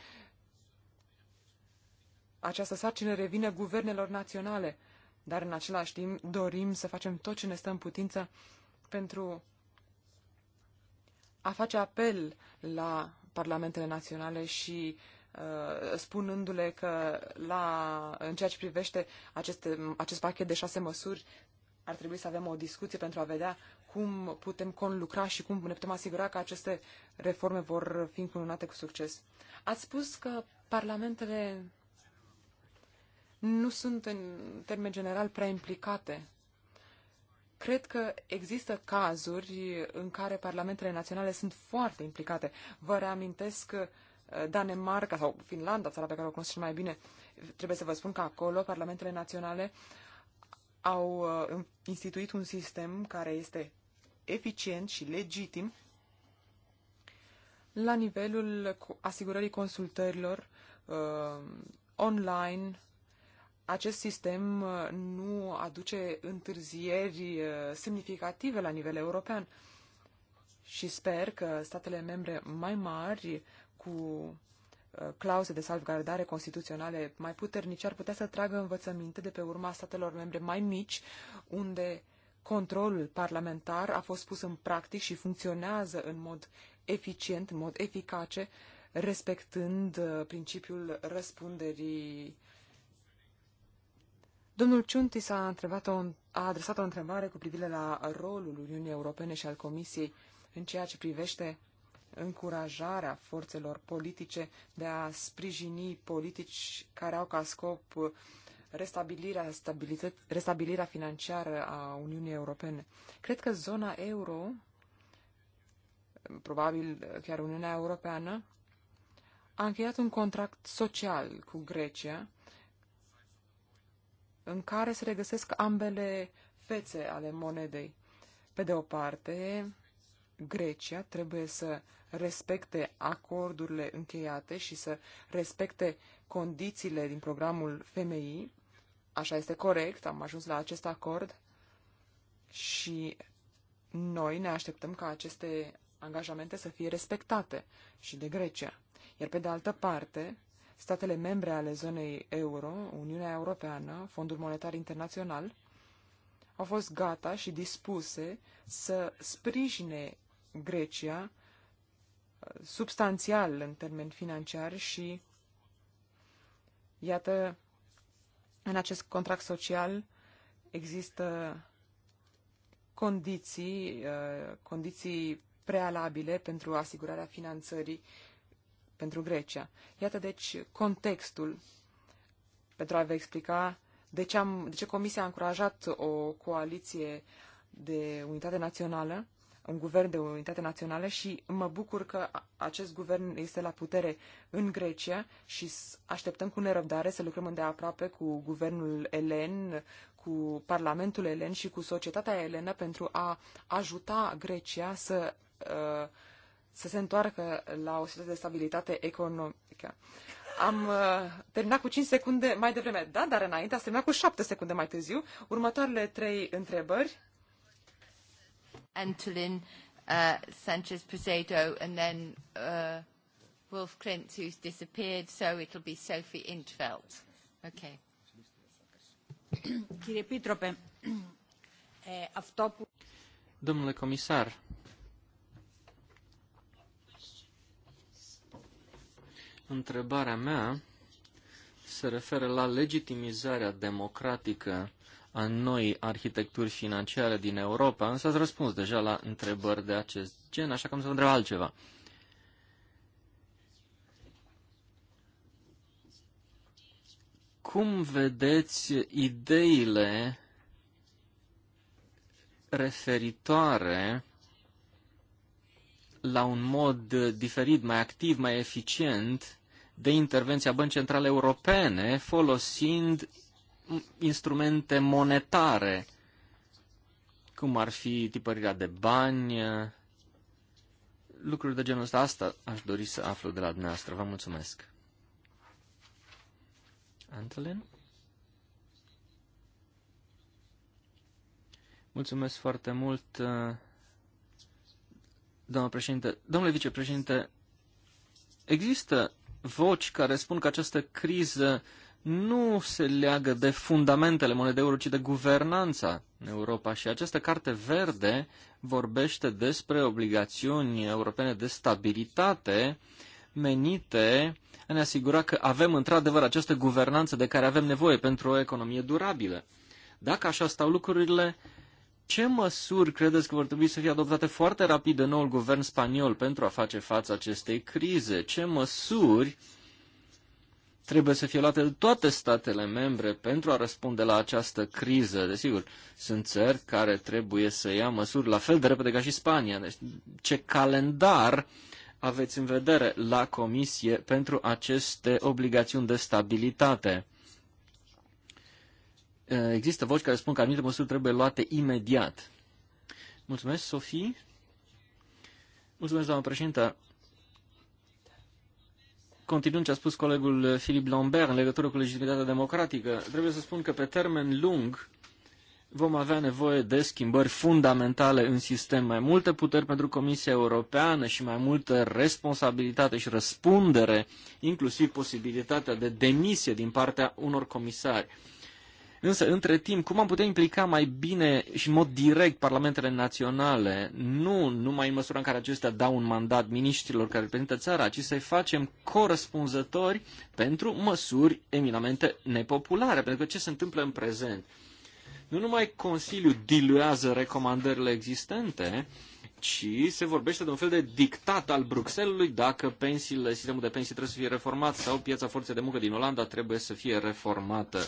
această sarcină revine guvernelor naționale, dar în același timp dorim să facem tot ce ne stă în putință pentru a face apel la parlamentele naționale și uh, spunându-le că la, în ceea ce privește aceste, acest pachet de șase măsuri ar trebui să avem o discuție pentru a vedea cum putem conlucra și cum ne putem asigura că aceste reforme vor fi încununate cu succes. Ați spus că parlamentele nu sunt în termen general prea implicate. Cred că există cazuri în care parlamentele naționale sunt foarte implicate. Vă reamintesc că uh, Danemarca sau Finlanda, țara pe care o cunosc mai bine, trebuie să vă spun că acolo parlamentele naționale au uh, instituit un sistem care este eficient și legitim la nivelul asigurării consultărilor uh, online acest sistem uh, nu aduce întârzieri uh, semnificative la nivel european și sper că statele membre mai mari cu uh, clauze de salvgardare constituționale mai puternice ar putea să tragă învățăminte de pe urma statelor membre mai mici, unde controlul parlamentar a fost pus în practic și funcționează în mod eficient, în mod eficace, respectând principiul răspunderii Domnul Ciunti s-a o, a adresat o întrebare cu privire la rolul Uniunii Europene și al Comisiei în ceea ce privește încurajarea forțelor politice de a sprijini politici care au ca scop restabilirea, restabilirea financiară a Uniunii Europene. Cred că zona euro, probabil chiar Uniunea Europeană, a încheiat un contract social cu Grecia în care se regăsesc ambele fețe ale monedei. Pe de o parte, Grecia trebuie să respecte acordurile încheiate și să respecte condițiile din programul FMI. Așa este corect, am ajuns la acest acord și noi ne așteptăm ca aceste angajamente să fie respectate și de Grecia. Iar pe de altă parte, statele membre ale zonei euro, Uniunea Europeană, Fondul Monetar Internațional, au fost gata și dispuse să sprijine Grecia uh, substanțial în termeni financiari și, iată, în acest contract social există condiții, uh, condiții prealabile pentru asigurarea finanțării pentru Grecia. Iată, deci, contextul pentru a vă explica de ce, am, de ce Comisia a încurajat o coaliție de unitate națională, un guvern de unitate națională și mă bucur că acest guvern este la putere în Grecia și așteptăm cu nerăbdare să lucrăm îndeaproape cu guvernul elen, cu Parlamentul elen și cu societatea elenă pentru a ajuta Grecia să uh, să se întoarcă la o situație de stabilitate economică. Am uh, terminat cu 5 secunde mai devreme, da, dar înainte am terminat cu 7 secunde mai târziu. Următoarele trei întrebări. Antolin uh, Sanchez Prezedo and then uh, Wolf Klintz, who's disappeared, so it'll be Sophie Intveld. Okay. Domnule comisar, Întrebarea mea se referă la legitimizarea democratică a noii arhitecturi financiare din Europa, însă ați răspuns deja la întrebări de acest gen, așa că am să vă întreb altceva. Cum vedeți ideile referitoare la un mod diferit, mai activ, mai eficient de intervenția Băncii Centrale Europene folosind instrumente monetare, cum ar fi tipărirea de bani, lucruri de genul ăsta. Asta aș dori să aflu de la dumneavoastră. Vă mulțumesc. Antelen? Mulțumesc foarte mult, uh, doamnă președinte. Domnule vicepreședinte, există voci care spun că această criză nu se leagă de fundamentele monedei euro, ci de guvernanța în Europa. Și această carte verde vorbește despre obligațiuni europene de stabilitate menite a ne asigura că avem într-adevăr această guvernanță de care avem nevoie pentru o economie durabilă. Dacă așa stau lucrurile, ce măsuri credeți că vor trebui să fie adoptate foarte rapid de noul guvern spaniol pentru a face față acestei crize? Ce măsuri trebuie să fie luate de toate statele membre pentru a răspunde la această criză? Desigur, sunt țări care trebuie să ia măsuri la fel de repede ca și Spania. Deci, ce calendar aveți în vedere la Comisie pentru aceste obligațiuni de stabilitate? Eh, există voci care spun că anumite măsuri trebuie luate imediat. Mulțumesc, Sofie. Mulțumesc, doamnă președintă. Continuând ce a spus colegul Filip Lambert în legătură cu legitimitatea democratică, trebuie să spun că pe termen lung vom avea nevoie de schimbări fundamentale în sistem, mai multe puteri pentru Comisia Europeană și mai multă responsabilitate și răspundere, inclusiv posibilitatea de demisie din partea unor comisari Însă, între timp, cum am putea implica mai bine și în mod direct parlamentele naționale, nu numai în măsura în care acestea dau un mandat miniștrilor care reprezintă țara, ci să-i facem corespunzători pentru măsuri eminamente nepopulare, pentru că ce se întâmplă în prezent? Nu numai Consiliul diluează recomandările existente, ci se vorbește de un fel de dictat al Bruxellesului dacă pensiile, sistemul de pensii trebuie să fie reformat sau piața forței de muncă din Olanda trebuie să fie reformată.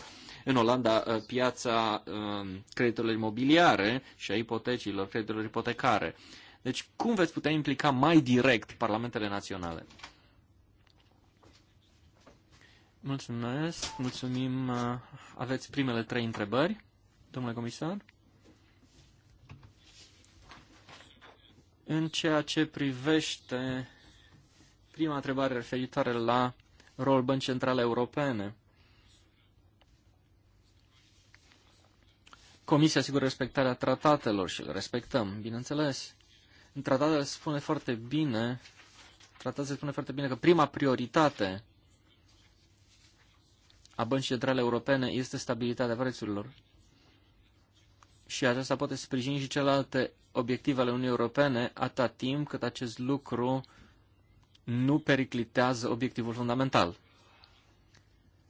În Olanda, uh, piața um, creditelor imobiliare și a ipotecilor, creditelor ipotecare. Deci, cum veți putea implica mai direct parlamentele naționale? Mulțumesc, mulțumim. Uh, aveți primele trei întrebări, domnule comisar. În ceea ce privește prima întrebare referitoare la rolul Băncii Centrale Europene, Comisia asigură respectarea tratatelor și le respectăm, bineînțeles. În tratatele spune foarte bine, tratatele spune foarte bine că prima prioritate a băncii centrale europene este stabilitatea prețurilor. Și aceasta poate sprijini și celelalte obiective ale Uniunii Europene atât timp cât acest lucru nu periclitează obiectivul fundamental.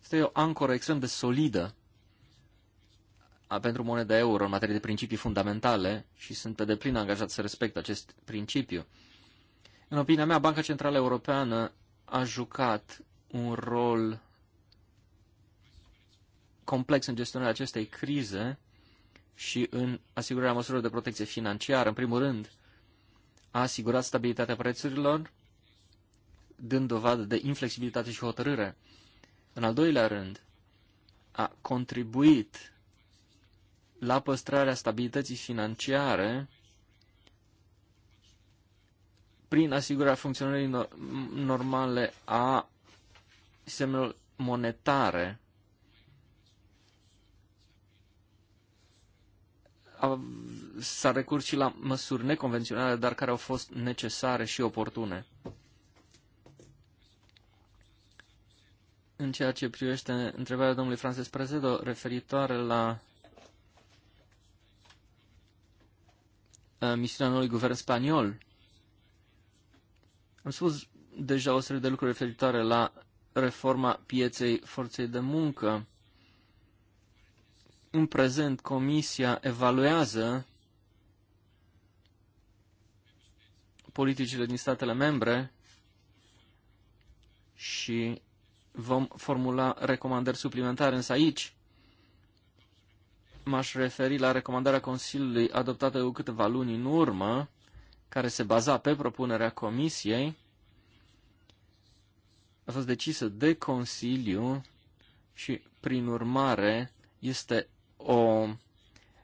Este o ancoră extrem de solidă pentru moneda euro în materie de principii fundamentale și sunt pe deplin angajat să respect acest principiu. În opinia mea, Banca Centrală Europeană a jucat un rol complex în gestionarea acestei crize și în asigurarea măsurilor de protecție financiară. În primul rând, a asigurat stabilitatea prețurilor, dând dovadă de inflexibilitate și hotărâre. În al doilea rând, a contribuit la păstrarea stabilității financiare prin asigurarea funcționării normale a sistemelor monetare. S-a recurs și la măsuri neconvenționale, dar care au fost necesare și oportune. În ceea ce privește întrebarea domnului Francesc Prezedo referitoare la Uh, misiunea noului guvern spaniol. Am spus deja o serie de lucruri referitoare la reforma pieței forței de muncă. În prezent, Comisia evaluează politicile din statele membre și vom formula recomandări suplimentare, însă aici m-aș referi la recomandarea Consiliului adoptată cu câteva luni în urmă, care se baza pe propunerea Comisiei, a fost decisă de Consiliu și, prin urmare, este o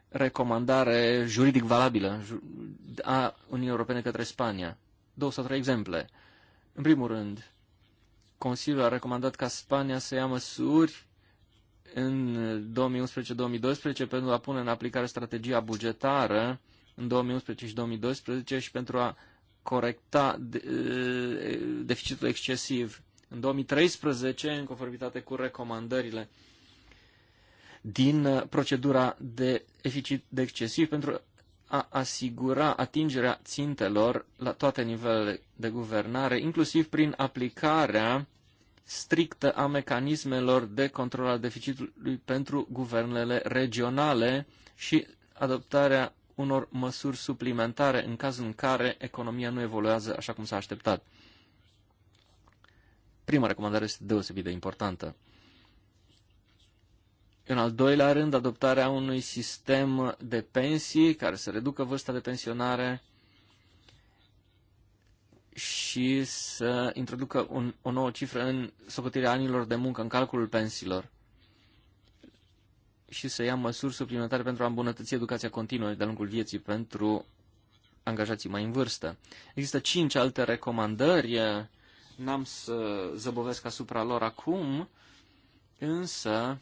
recomandare juridic valabilă a Uniunii Europene către Spania. Două sau trei exemple. În primul rând, Consiliul a recomandat ca Spania să ia măsuri în 2011-2012 pentru a pune în aplicare strategia bugetară în 2011 și 2012 și pentru a corecta deficitul excesiv. În 2013, în conformitate cu recomandările din uh, procedura de deficit de excesiv, pentru a asigura atingerea țintelor la toate nivelele de guvernare, inclusiv prin aplicarea strictă a mecanismelor de control al deficitului pentru guvernele regionale și adoptarea unor măsuri suplimentare în cazul în care economia nu evoluează așa cum s-a așteptat. Prima recomandare este deosebit de importantă. În al doilea rând, adoptarea unui sistem de pensii care să reducă vârsta de pensionare și să introducă un, o nouă cifră în socotirea anilor de muncă, în calculul pensiilor și să ia măsuri suplimentare pentru a îmbunătăți educația continuă de-a lungul vieții pentru angajații mai în vârstă. Există cinci alte recomandări, n-am să zăbovesc asupra lor acum, însă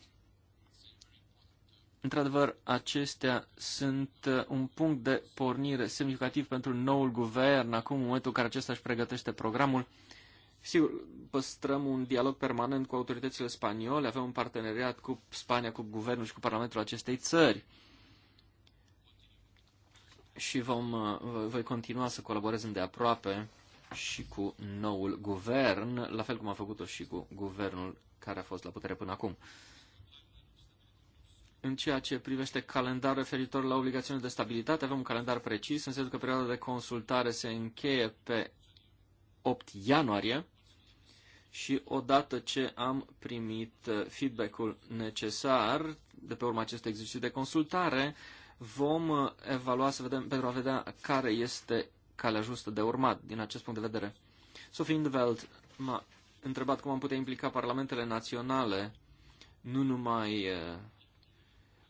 Într-adevăr, acestea sunt uh, un punct de pornire semnificativ pentru noul guvern, acum, în momentul în care acesta își pregătește programul. Sigur, păstrăm un dialog permanent cu autoritățile spaniole, avem un parteneriat cu Spania, cu guvernul și cu parlamentul acestei țări. Și vom, uh, voi continua să colaborez îndeaproape și cu noul guvern, la fel cum am făcut-o și cu guvernul care a fost la putere până acum. În ceea ce privește calendarul referitor la obligațiunile de stabilitate, avem un calendar precis, în sensul că perioada de consultare se încheie pe 8 ianuarie și odată ce am primit uh, feedback-ul necesar de pe urma acestui exercițiu de consultare, vom uh, evalua să vedem, pentru a vedea care este calea justă de urmat din acest punct de vedere. Sophie Indveld m-a întrebat cum am putea implica parlamentele naționale nu numai uh,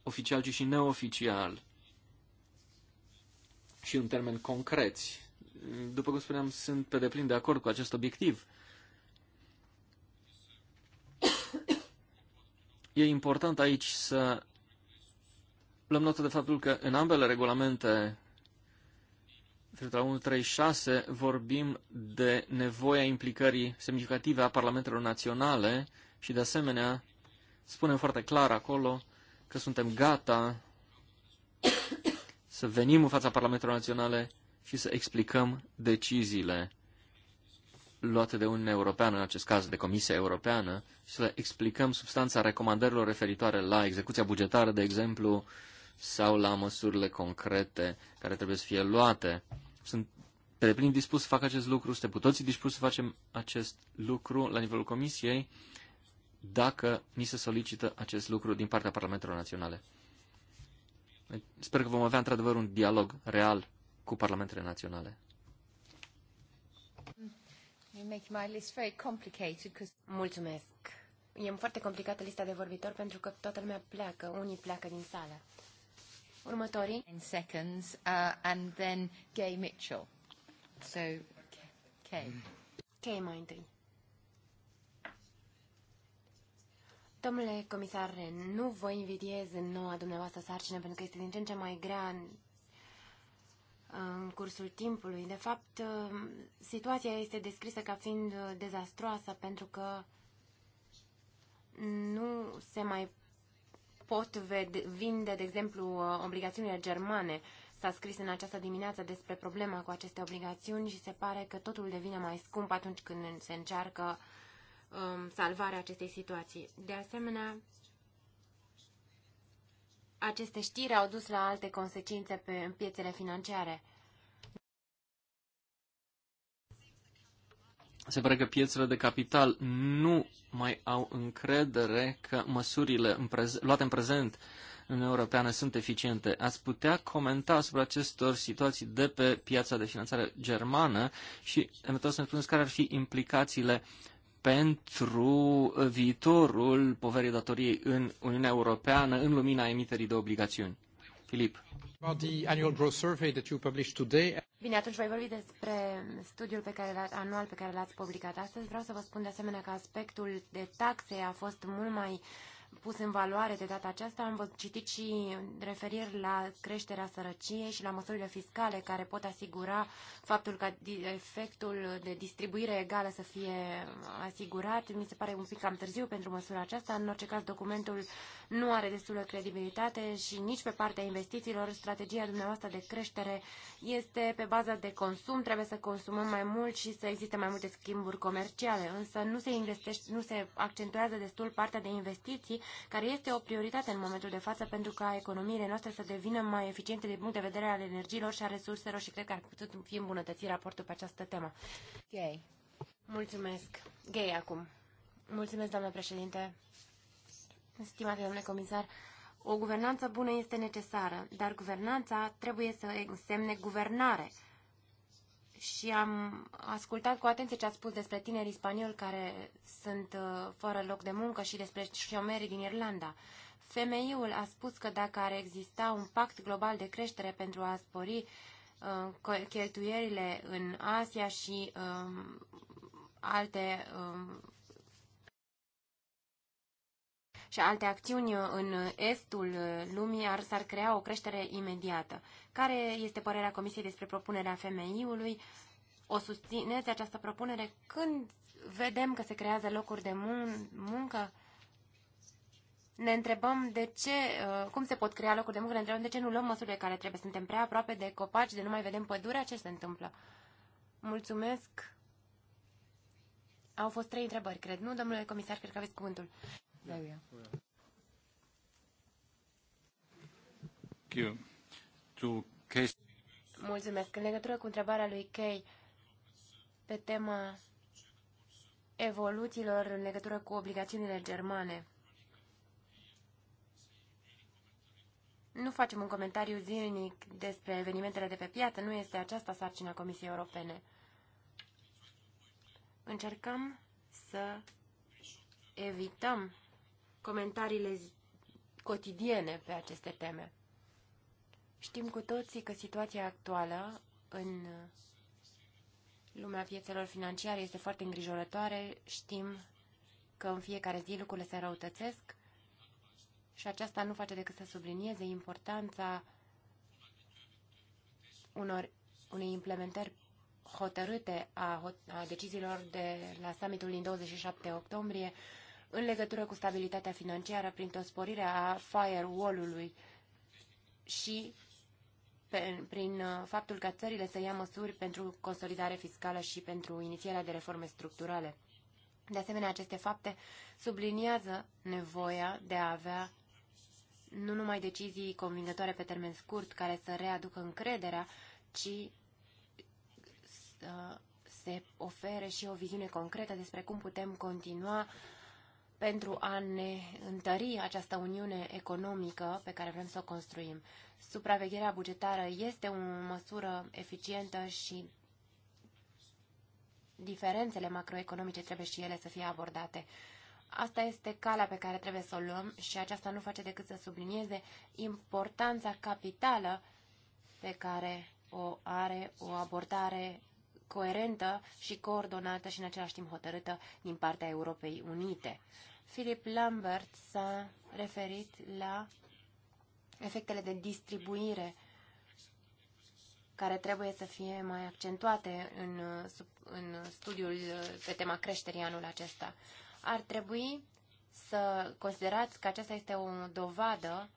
oficial, ci și neoficial și în termeni concreți. După cum spuneam, sunt pe deplin de acord cu acest obiectiv. E important aici să luăm notă de faptul că în ambele regulamente, la 136, vorbim de nevoia implicării semnificative a parlamentelor naționale și, de asemenea, spunem foarte clar acolo că suntem gata să venim în fața parlamentului Naționale și să explicăm deciziile luate de Uniunea Europeană, în acest caz de Comisia Europeană, și să explicăm substanța recomandărilor referitoare la execuția bugetară, de exemplu, sau la măsurile concrete care trebuie să fie luate. Sunt pe deplin dispus să fac acest lucru, suntem cu toții dispus să facem acest lucru la nivelul Comisiei dacă ni se solicită acest lucru din partea Parlamentelor Naționale. Sper că vom avea într-adevăr un dialog real cu Parlamentele Naționale. Mulțumesc. E foarte complicată lista de vorbitori pentru că toată lumea pleacă, unii pleacă din sală. Următorii. In seconds, uh, and then Gay Mitchell. So, Kay. Kay mai întâi. Domnule comisar Ren, nu vă invidiez în noua dumneavoastră sarcină, pentru că este din ce în ce mai grea în, în cursul timpului. De fapt, um, situația este descrisă ca fiind dezastroasă, pentru că nu se mai pot vinde, de exemplu, obligațiunile germane. S-a scris în această dimineață despre problema cu aceste obligațiuni și se pare că totul devine mai scump atunci când se încearcă uh, um, salvarea acestei situații. De asemenea, aceste știri au dus la alte consecințe pe piețele financiare. Se pare că piețele de capital nu mai au încredere că măsurile în luate în prezent în Europeană sunt eficiente. Ați putea comenta asupra acestor situații de pe piața de finanțare germană și eventual să ne spuneți care ar fi implicațiile pentru uh, viitorul poverii datoriei în Uniunea Europeană în lumina emiterii de obligațiuni. Filip. Bine, atunci voi vorbi despre studiul pe care anual pe care l-ați publicat astăzi. Vreau să vă spun de asemenea că aspectul de taxe a fost mult mai uh, pus în valoare de data aceasta. Am citit și referiri la creșterea sărăciei și la măsurile fiscale care pot asigura faptul că efectul de distribuire egală să fie asigurat. Mi se pare un pic cam târziu pentru măsura aceasta. În orice caz, documentul nu are destulă credibilitate și nici pe partea investițiilor. Strategia dumneavoastră de creștere este pe baza de consum. Trebuie să consumăm mai mult și să existe mai multe schimburi comerciale, însă nu se, investește, nu se accentuează destul partea de investiții care este o prioritate în momentul de față pentru ca economiile noastre să devină mai eficiente din punct de vedere al energiilor și a resurselor și cred că ar putea fi îmbunătățit raportul pe această temă. Gay. Mulțumesc. Gay acum. Mulțumesc, doamnă președinte. Stimate domnule comisar, o guvernanță bună este necesară, dar guvernanța trebuie să însemne guvernare și am ascultat cu atenție ce ați spus despre tinerii spanioli care sunt uh, fără loc de muncă și despre șomerii din Irlanda. Femeiul a spus că dacă ar exista un pact global de creștere pentru a spori uh, cheltuierile în Asia și um, alte um, și alte acțiuni în estul uh, lumii ar, s-ar crea o creștere imediată. Care este părerea Comisiei despre propunerea femeiului? O susțineți această propunere când vedem că se creează locuri de mun muncă? Ne întrebăm de ce, uh, cum se pot crea locuri de muncă, ne întrebăm de ce nu luăm măsurile care trebuie. Suntem prea aproape de copaci, de nu mai vedem pădurea, ce se întâmplă? Mulțumesc! Au fost trei întrebări, cred, nu? Domnule comisar, cred că aveți cuvântul. Da, eu. Mulțumesc. În legătură cu întrebarea lui Kay pe tema evoluțiilor în legătură cu obligațiunile germane. Nu facem un comentariu zilnic despre evenimentele de pe piață, nu este aceasta sarcina Comisiei Europene. Încercăm să evităm comentariile cotidiene pe aceste teme. Știm cu toții că situația actuală în lumea piețelor financiare este foarte îngrijorătoare. Știm că în fiecare zi lucrurile se răutățesc și aceasta nu face decât să sublinieze importanța unor, unei implementări hotărâte a, a deciziilor de la summitul din 27 octombrie în legătură cu stabilitatea financiară printr-o sporire a firewall-ului și prin uh, faptul ca țările să ia măsuri pentru consolidare fiscală și pentru inițierea de reforme structurale. De asemenea, aceste fapte subliniază nevoia de a avea nu numai decizii convingătoare pe termen scurt care să readucă încrederea, ci să uh, se ofere și o viziune concretă despre cum putem continua pentru a ne întări această uniune economică pe care vrem să o construim. Supravegherea bugetară este o măsură eficientă și diferențele macroeconomice trebuie și ele să fie abordate. Asta este calea pe care trebuie să o luăm și aceasta nu face decât să sublinieze importanța capitală pe care o are o abordare coerentă și coordonată și în același timp hotărâtă din partea Europei Unite. Philip Lambert s-a referit la efectele de distribuire care trebuie să fie mai accentuate în, în studiul pe tema creșterii anul acesta. Ar trebui să considerați că aceasta este o dovadă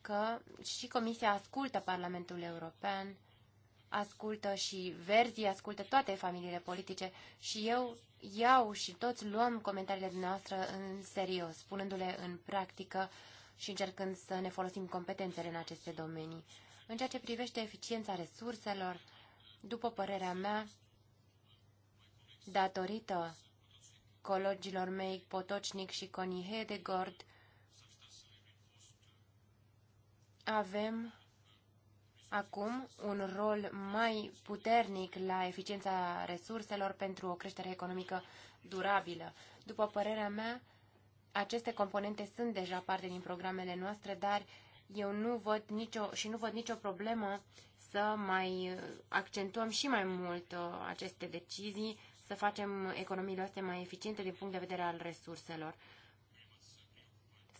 că și Comisia ascultă Parlamentul European ascultă și verzii, ascultă toate familiile politice și eu iau și toți luăm comentariile dumneavoastră în serios, punându-le în practică și încercând să ne folosim competențele în aceste domenii. În ceea ce privește eficiența resurselor, după părerea mea, datorită colegilor mei Potocnic și de Hedegord, avem acum un rol mai puternic la eficiența resurselor pentru o creștere economică durabilă. După părerea mea, aceste componente sunt deja parte din programele noastre, dar eu nu văd nicio, și nu văd nicio problemă să mai accentuăm și mai mult uh, aceste decizii, să facem economiile astea mai eficiente din punct de vedere al resurselor.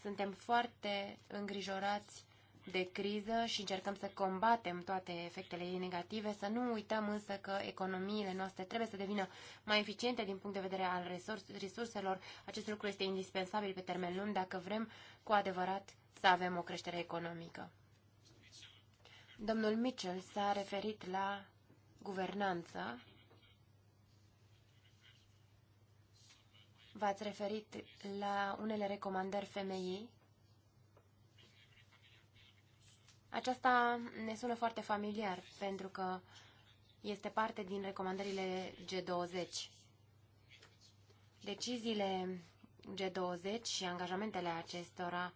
Suntem foarte îngrijorați de criză și încercăm să combatem toate efectele ei negative, să nu uităm însă că economiile noastre trebuie să devină mai eficiente din punct de vedere al resurselor. Acest lucru este indispensabil pe termen lung dacă vrem cu adevărat să avem o creștere economică. Domnul Mitchell s-a referit la guvernanță. V-ați referit la unele recomandări femeii Aceasta ne sună foarte familiar, pentru că este parte din recomandările G20. Deciziile G20 și angajamentele acestora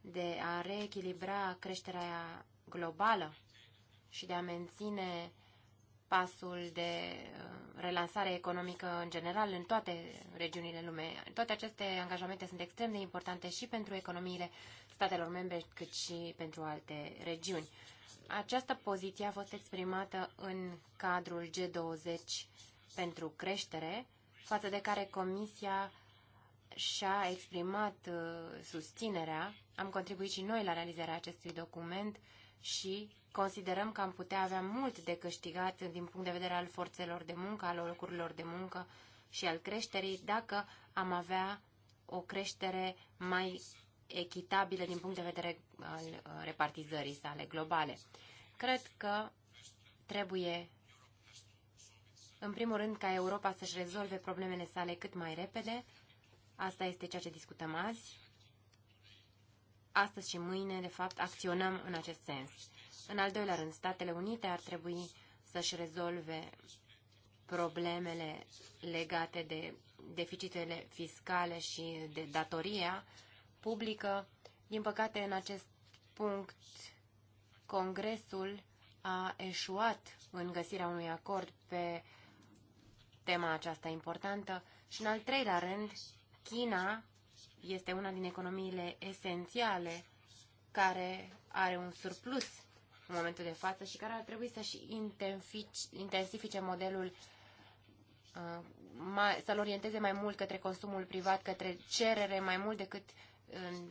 de a reechilibra creșterea globală și de a menține pasul de uh, relansare economică în general în toate regiunile lumei. Toate aceste angajamente sunt extrem de importante și pentru economiile statelor membre, cât și pentru alte regiuni. Această poziție a fost exprimată în cadrul G20 pentru creștere, față de care Comisia și-a exprimat uh, susținerea. Am contribuit și noi la realizarea acestui document și considerăm că am putea avea mult de câștigat din punct de vedere al forțelor de muncă, al locurilor de muncă și al creșterii, dacă am avea o creștere mai echitabile din punct de vedere uh, al uh, repartizării sale globale. Cred că trebuie, în primul rând, ca Europa să-și rezolve problemele sale cât mai repede. Asta este ceea ce discutăm azi. Astăzi și mâine, de fapt, acționăm în acest sens. În al doilea rând, Statele Unite ar trebui să-și rezolve problemele legate de deficitele fiscale și de datoria publică. Din păcate, în acest punct, Congresul a eșuat în găsirea unui acord pe tema aceasta importantă și, în al treilea rând, China este una din economiile esențiale care are un surplus în momentul de față și care ar trebui să-și intensifice modelul uh, să-l orienteze mai mult către consumul privat, către cerere mai mult decât uh, în,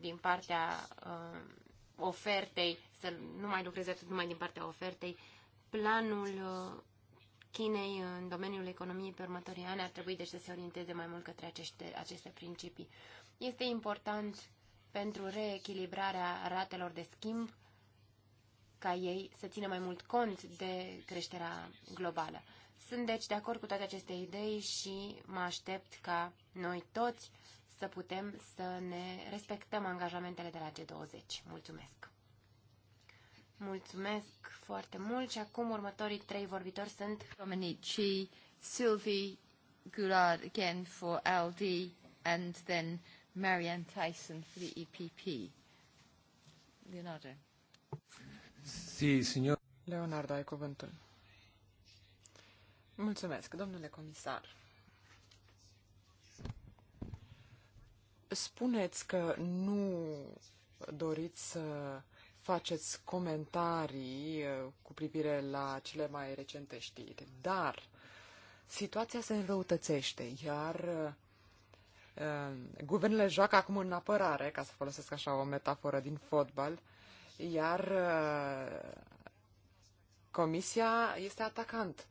din partea uh, ofertei, să nu mai lucreze atât numai din partea ofertei, planul uh, Chinei în domeniul economiei pe următorii ani ar trebui deci să se orienteze mai mult către aceste, aceste principii. Este important pentru reechilibrarea ratelor de schimb ca ei să țină mai mult cont de creșterea globală. Sunt deci de acord cu toate aceste idei și mă aștept ca noi toți să putem să ne respectăm angajamentele de la G20. Mulțumesc! Mulțumesc foarte mult și acum următorii trei vorbitori sunt Domenici, Sylvie Goulard again for LD and then Marianne Tyson for the EPP. Leonardo. Si, signor. Leonardo, ai cuvântul. Mulțumesc, domnule comisar. spuneți că nu doriți să faceți comentarii uh, cu privire la cele mai recente știri, dar situația se înrăutățește, iar uh, uh, guvernele joacă acum în apărare, ca să folosesc așa o metaforă din fotbal, iar comisia este atacant.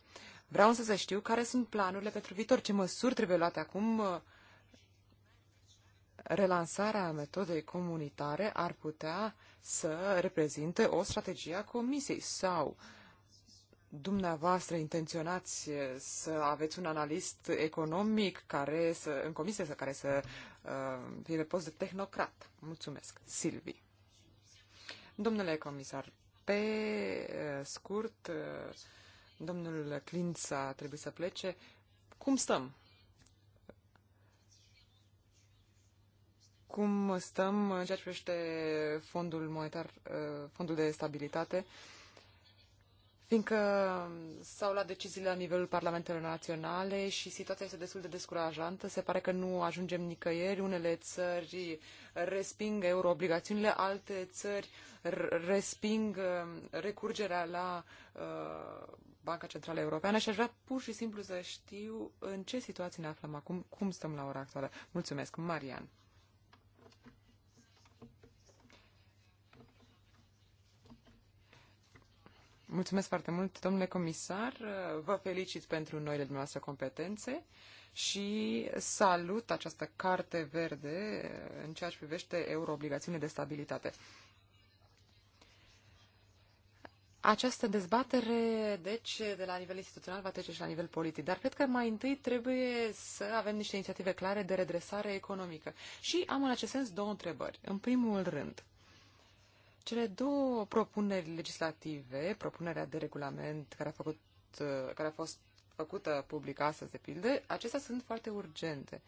Vreau să știu care sunt planurile pentru viitor, ce măsuri trebuie luate acum relansarea metodei comunitare ar putea să reprezinte o strategie a Comisiei sau dumneavoastră intenționați să aveți un analist economic care să, în comisie care să uh, fie post de tehnocrat. Mulțumesc. Silvi. Domnule comisar, pe uh, scurt, uh, domnul Clinț a trebuit să plece. Cum stăm cum stăm în ceea ce privește fondul monetar, uh, fondul de stabilitate, fiindcă s-au luat deciziile la nivelul parlamentelor naționale și situația este destul de descurajantă. Se pare că nu ajungem nicăieri. Unele țări resping euroobligațiunile, alte țări resping uh, recurgerea la uh, Banca Centrală Europeană și aș vrea pur și simplu să știu în ce situație ne aflăm acum, cum stăm la ora actuală. Mulțumesc, Marian. Mulțumesc foarte mult, domnule comisar. Vă felicit pentru noile dumneavoastră competențe și salut această carte verde în ceea ce privește euroobligațiunile de stabilitate. Această dezbatere, deci, de la nivel instituțional va trece și la nivel politic, dar cred că mai întâi trebuie să avem niște inițiative clare de redresare economică. Și am în acest sens două întrebări. În primul rând, cele două propuneri legislative, propunerea de regulament care a, făcut, uh, care a fost făcută publică astăzi, de pildă, acestea sunt foarte urgente.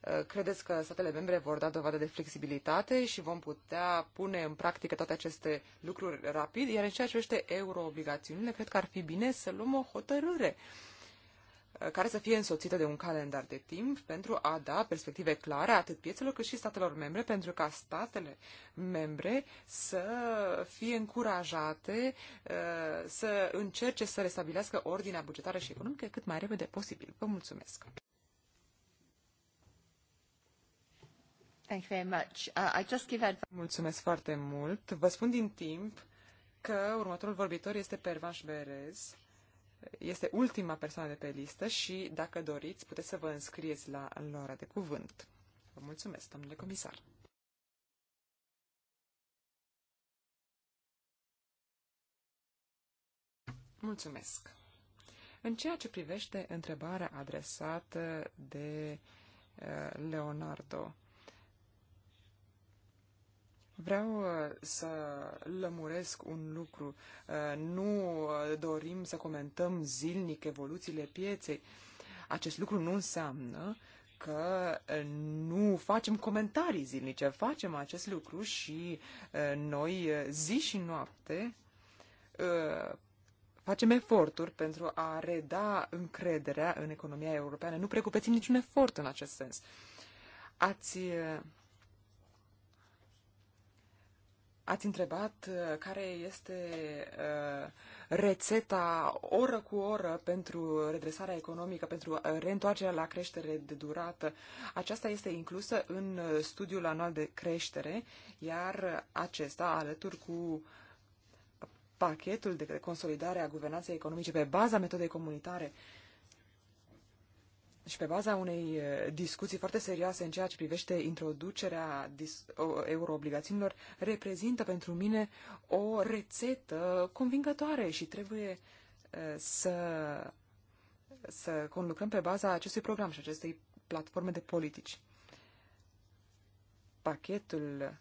Uh, credeți că statele membre vor da dovadă de flexibilitate și vom putea pune în practică toate aceste lucruri rapid? Iar în ceea ce privește euroobligațiunile, cred că ar fi bine să luăm o hotărâre care să fie însoțită de un calendar de timp pentru a da perspective clare atât piețelor cât și statelor membre, pentru ca statele membre să fie încurajate uh, să încerce să restabilească ordinea bugetară și economică cât mai repede posibil. Vă mulțumesc! Thank you very much. Uh, I just give Mulțumesc foarte mult. Vă spun din timp că următorul vorbitor este Pervaș Berez este ultima persoană de pe listă și, dacă doriți, puteți să vă înscrieți la lora de cuvânt. Vă mulțumesc, domnule comisar. Mulțumesc. În ceea ce privește întrebarea adresată de eh, Leonardo, Vreau uh, să lămuresc un lucru. Uh, nu uh, dorim să comentăm zilnic evoluțiile pieței. Acest lucru nu înseamnă că nu facem comentarii zilnice. Facem acest lucru și noi zi și noapte facem eforturi pentru a reda încrederea în economia europeană. Nu precupețim niciun efort în acest sens. Ați Ați întrebat uh, care este uh, rețeta oră cu oră pentru redresarea economică, pentru uh, reîntoarcerea la creștere de durată. Aceasta este inclusă în studiul anual de creștere, iar acesta, alături cu pachetul de consolidare a guvernanței economice pe baza metodei comunitare și pe baza unei discuții foarte serioase în ceea ce privește introducerea euroobligațiunilor, reprezintă pentru mine o rețetă convingătoare și trebuie să, să conlucrăm pe baza acestui program și acestei platforme de politici. Pachetul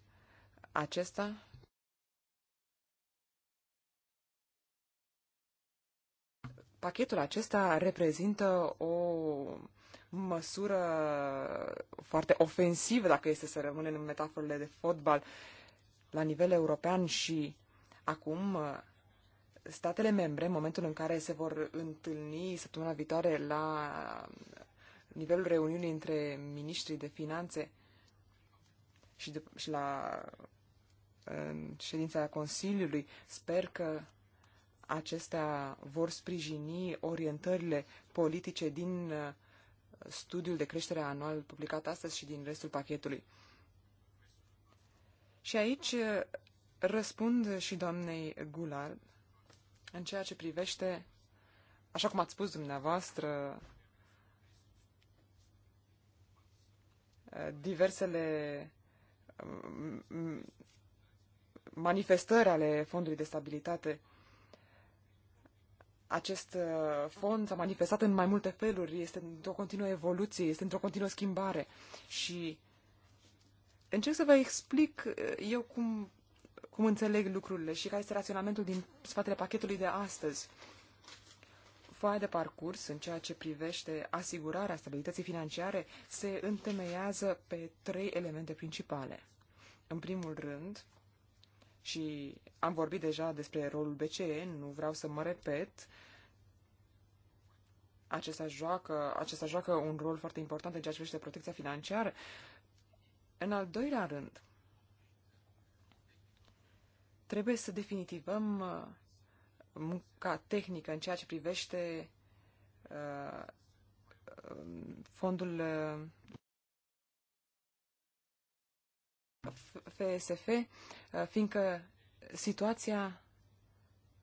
acesta pachetul acesta reprezintă o măsură foarte ofensivă, dacă este să rămânem în metaforele de fotbal, la nivel european și acum statele membre, în momentul în care se vor întâlni săptămâna viitoare la nivelul reuniunii între ministrii de finanțe și, de, și la în ședința Consiliului, sper că acestea vor sprijini orientările politice din studiul de creștere anual publicat astăzi și din restul pachetului. Și aici uh, răspund și doamnei Gular în ceea ce privește, așa cum ați spus dumneavoastră, uh, diversele uh, manifestări ale fondului de stabilitate acest uh, fond s-a manifestat în mai multe feluri, este într-o continuă evoluție, este într-o continuă schimbare și încerc să vă explic uh, eu cum, cum înțeleg lucrurile și care este raționamentul din spatele pachetului de astăzi. Foaia de parcurs în ceea ce privește asigurarea stabilității financiare se întemeiază pe trei elemente principale. În primul rând, și am vorbit deja despre rolul BCE, nu vreau să mă repet. Acesta joacă, acesta joacă un rol foarte important în ceea ce privește protecția financiară. În al doilea rând, trebuie să definitivăm uh, munca tehnică în ceea ce privește uh, um, fondul uh, FSF, uh, fiindcă situația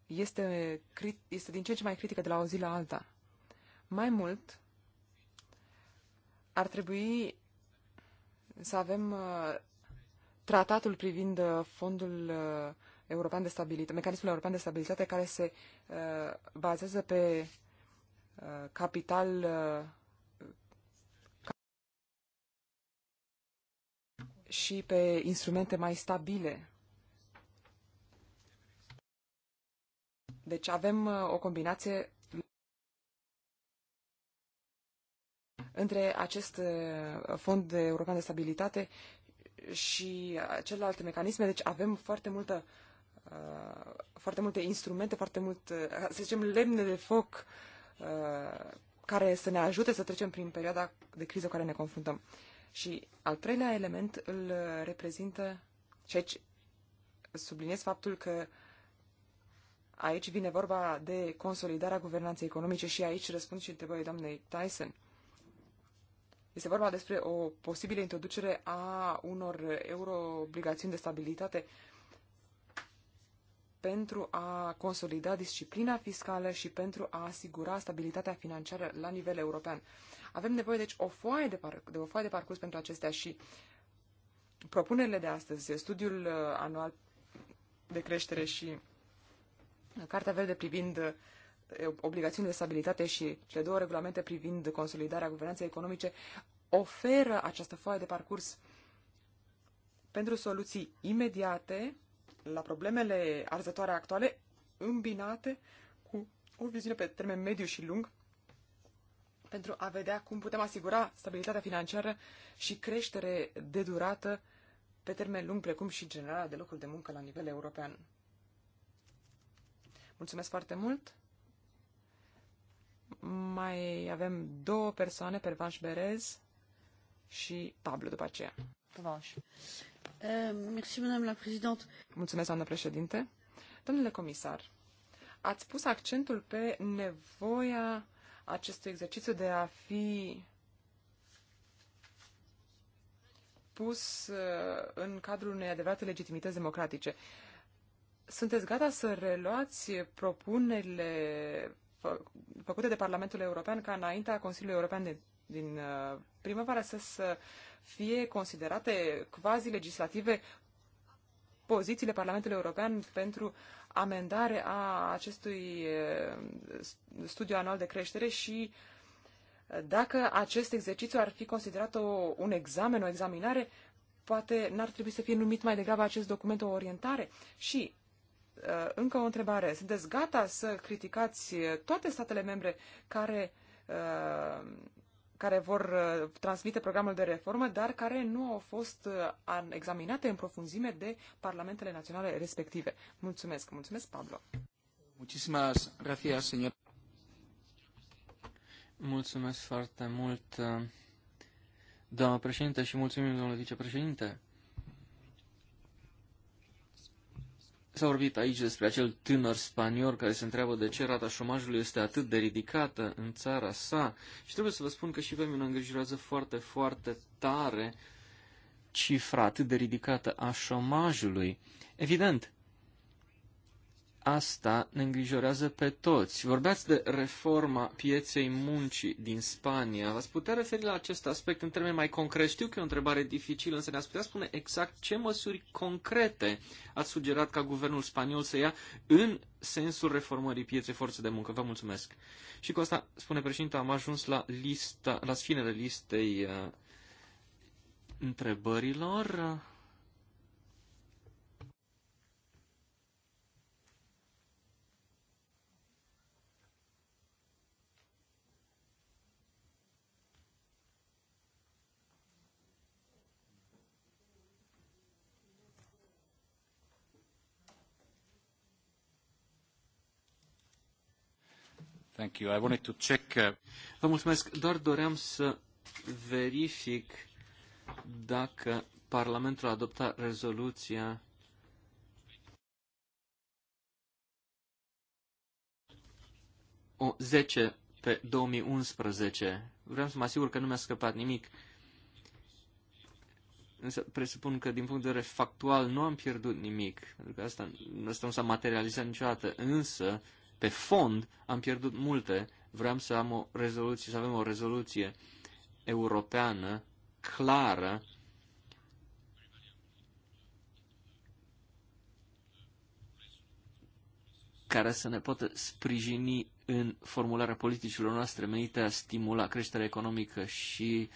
este, este din ce în ce mai critică de la o zi la alta. Mai mult, ar trebui să avem uh, tratatul privind uh, fondul european de stabilitate, mecanismul european de stabilitate care se bazează pe capital și pe instrumente mai stabile. Deci avem uh, o combinație între acest uh, fond european de stabilitate și uh, celelalte mecanisme. Deci avem foarte multă foarte multe instrumente, foarte mult, să zicem, lemne de foc care să ne ajute să trecem prin perioada de criză cu care ne confruntăm. Și al treilea element îl reprezintă, și aici subliniez faptul că aici vine vorba de consolidarea guvernanței economice și aici răspund și întrebării doamnei Tyson. Este vorba despre o posibilă introducere a unor euroobligațiuni de stabilitate pentru a consolida disciplina fiscală și pentru a asigura stabilitatea financiară la nivel european. Avem nevoie, deci, o foaie de, par- de o foaie de parcurs pentru acestea și propunerile de astăzi, studiul uh, anual de creștere și uh, Cartea Verde privind uh, obligațiunile de stabilitate și cele două regulamente privind consolidarea guvernanței economice oferă această foaie de parcurs pentru soluții imediate la problemele arzătoare actuale, îmbinate cu o viziune pe termen mediu și lung pentru a vedea cum putem asigura stabilitatea financiară și creștere de durată pe termen lung, precum și generarea de locuri de muncă la nivel european. Mulțumesc foarte mult! Mai avem două persoane, Pervanș Berez și Pablo după aceea. Pervanș. Eh, Mulțumesc, doamnă președinte. Domnule comisar, ați pus accentul pe nevoia acest exercițiu de a fi pus uh, în cadrul unei adevărate legitimități democratice. Sunteți gata să reluați propunerile fă făcute de Parlamentul European ca înaintea Consiliului European de, din uh, primăvară să, să fie considerate quasi legislative pozițiile Parlamentului European pentru amendare a acestui eh, studiu anual de creștere și eh, dacă acest exercițiu ar fi considerat o, un examen, o examinare, poate n-ar trebui să fie numit mai degrabă acest document o orientare. Și eh, încă o întrebare. Sunteți gata să criticați toate statele membre care care vor uh, transmite programul de reformă, dar care nu au fost uh, examinate în profunzime de parlamentele naționale respective. Mulțumesc, mulțumesc, Pablo. Muchísimas gracias, señor. Mulțumesc foarte mult, uh, doamnă președinte, și mulțumim, domnule vicepreședinte. S-a vorbit aici despre acel tânăr spaniol care se întreabă de ce rata șomajului este atât de ridicată în țara sa și trebuie să vă spun că și pe mine îngrijorează foarte, foarte tare cifra atât de ridicată a șomajului. Evident, Asta ne îngrijorează pe toți. Vorbeați de reforma pieței muncii din Spania. V-ați putea referi la acest aspect în termeni mai concret? Știu că e o întrebare dificilă, însă ne-ați putea spune exact ce măsuri concrete ați sugerat ca guvernul spaniol să ia în sensul reformării pieței forțe de muncă. Vă mulțumesc. Și cu asta, spune președinte, am ajuns la, lista, la sfinele listei uh, întrebărilor. Thank you. I wanted to check... Uh, Vă mulțumesc. Doar doream să verific dacă Parlamentul a adoptat rezoluția o 10 pe 2011. Vreau să mă asigur că nu mi-a scăpat nimic. Însă presupun că din punct de vedere factual nu am pierdut nimic, pentru că asta, asta nu s-a materializat niciodată. Însă pe fond am pierdut multe. Vreau să am o rezoluție, să avem o rezoluție europeană clară care să ne poată sprijini în formularea politicilor noastre menite a stimula creșterea economică și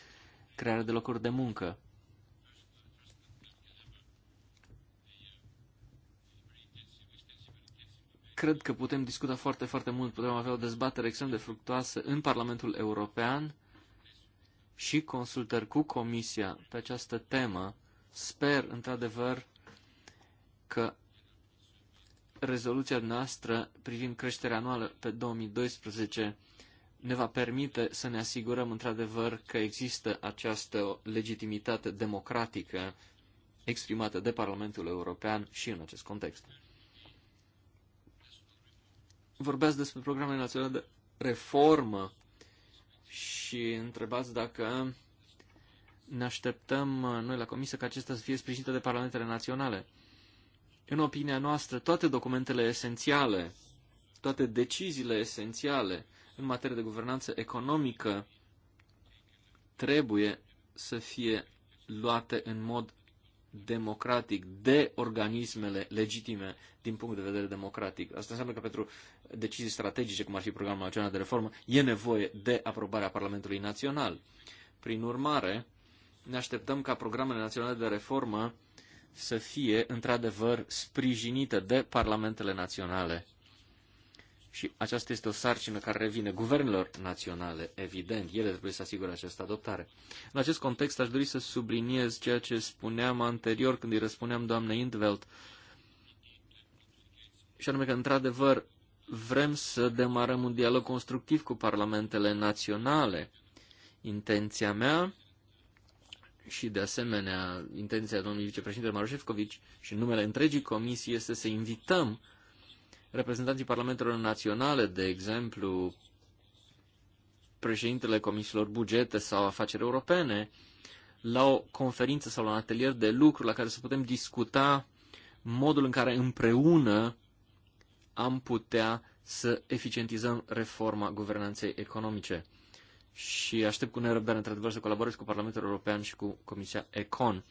crearea de locuri de muncă. cred că putem discuta foarte, foarte mult, putem avea o dezbatere extrem de fructoasă în Parlamentul European și consultări cu Comisia pe această temă. Sper, într-adevăr, că rezoluția noastră privind creșterea anuală pe 2012 ne va permite să ne asigurăm într-adevăr că există această legitimitate democratică exprimată de Parlamentul European și în acest context vorbeați despre programele naționale de reformă și întrebați dacă ne așteptăm uh, noi la Comisie ca acestea să fie sprijinite de parlamentele naționale. În opinia noastră, toate documentele esențiale, toate deciziile esențiale în materie de guvernanță economică trebuie să fie luate în mod democratic de organismele legitime din punct de vedere democratic. Asta înseamnă că pentru decizii strategice, cum ar fi programul național de reformă, e nevoie de aprobarea Parlamentului Național. Prin urmare, ne așteptăm ca programele naționale de reformă să fie într-adevăr sprijinite de parlamentele naționale. Și aceasta este o sarcină care revine guvernelor naționale, evident. Ele trebuie să asigure această adoptare. În acest context aș dori să subliniez ceea ce spuneam anterior când îi răspuneam doamnei Intveld, și anume că, într-adevăr, vrem să demarăm un dialog constructiv cu parlamentele naționale. Intenția mea și, de asemenea, intenția domnului vicepreședinte Maroșevcovici și în numele întregii comisii este să invităm reprezentanții parlamentelor naționale, de exemplu, președintele comisiilor bugete sau afaceri europene, la o conferință sau la un atelier de lucru la care să putem discuta modul în care împreună am putea să eficientizăm reforma guvernanței economice. Și aștept cu nerăbdare, într-adevăr, să colaborez cu Parlamentul European și cu Comisia Econ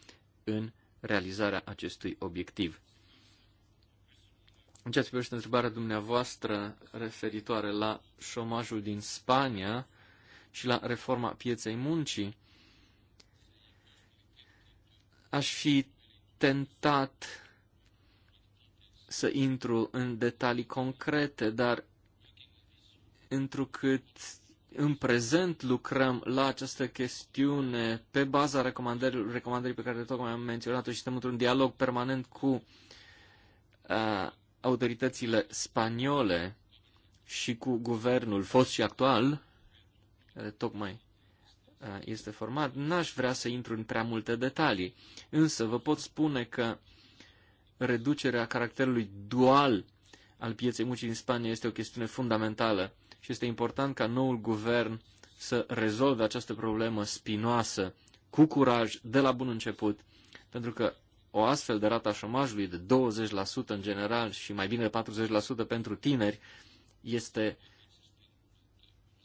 în realizarea acestui obiectiv. În ceea ce privește întrebarea dumneavoastră referitoare la șomajul din Spania și la reforma pieței muncii, aș fi tentat să intru în detalii concrete, dar întrucât în prezent lucrăm la această chestiune pe baza recomandărilor recomandării pe care tocmai am menționat-o și suntem într-un dialog permanent cu uh, autoritățile spaniole și cu guvernul fost și actual, care uh, tocmai uh, este format, n-aș vrea să intru în prea multe detalii, însă vă pot spune că reducerea caracterului dual al pieței muncii din Spania este o chestiune fundamentală și este important ca noul guvern să rezolve această problemă spinoasă cu curaj de la bun început, pentru că o astfel de rata șomajului de 20% în general și mai bine de 40% pentru tineri este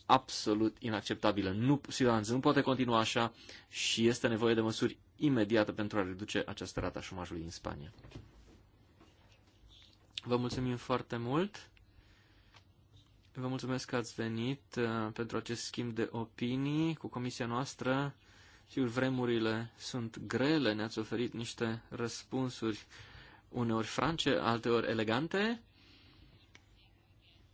absolut inacceptabilă. Nu, siguranță nu poate continua așa și este nevoie de măsuri imediate pentru a reduce această rata șomajului în Spania. Vă mulțumim foarte mult. Vă mulțumesc că ați venit uh, pentru acest schimb de opinii cu comisia noastră. Sigur, vremurile sunt grele, ne-ați oferit niște răspunsuri uneori france, alteori elegante.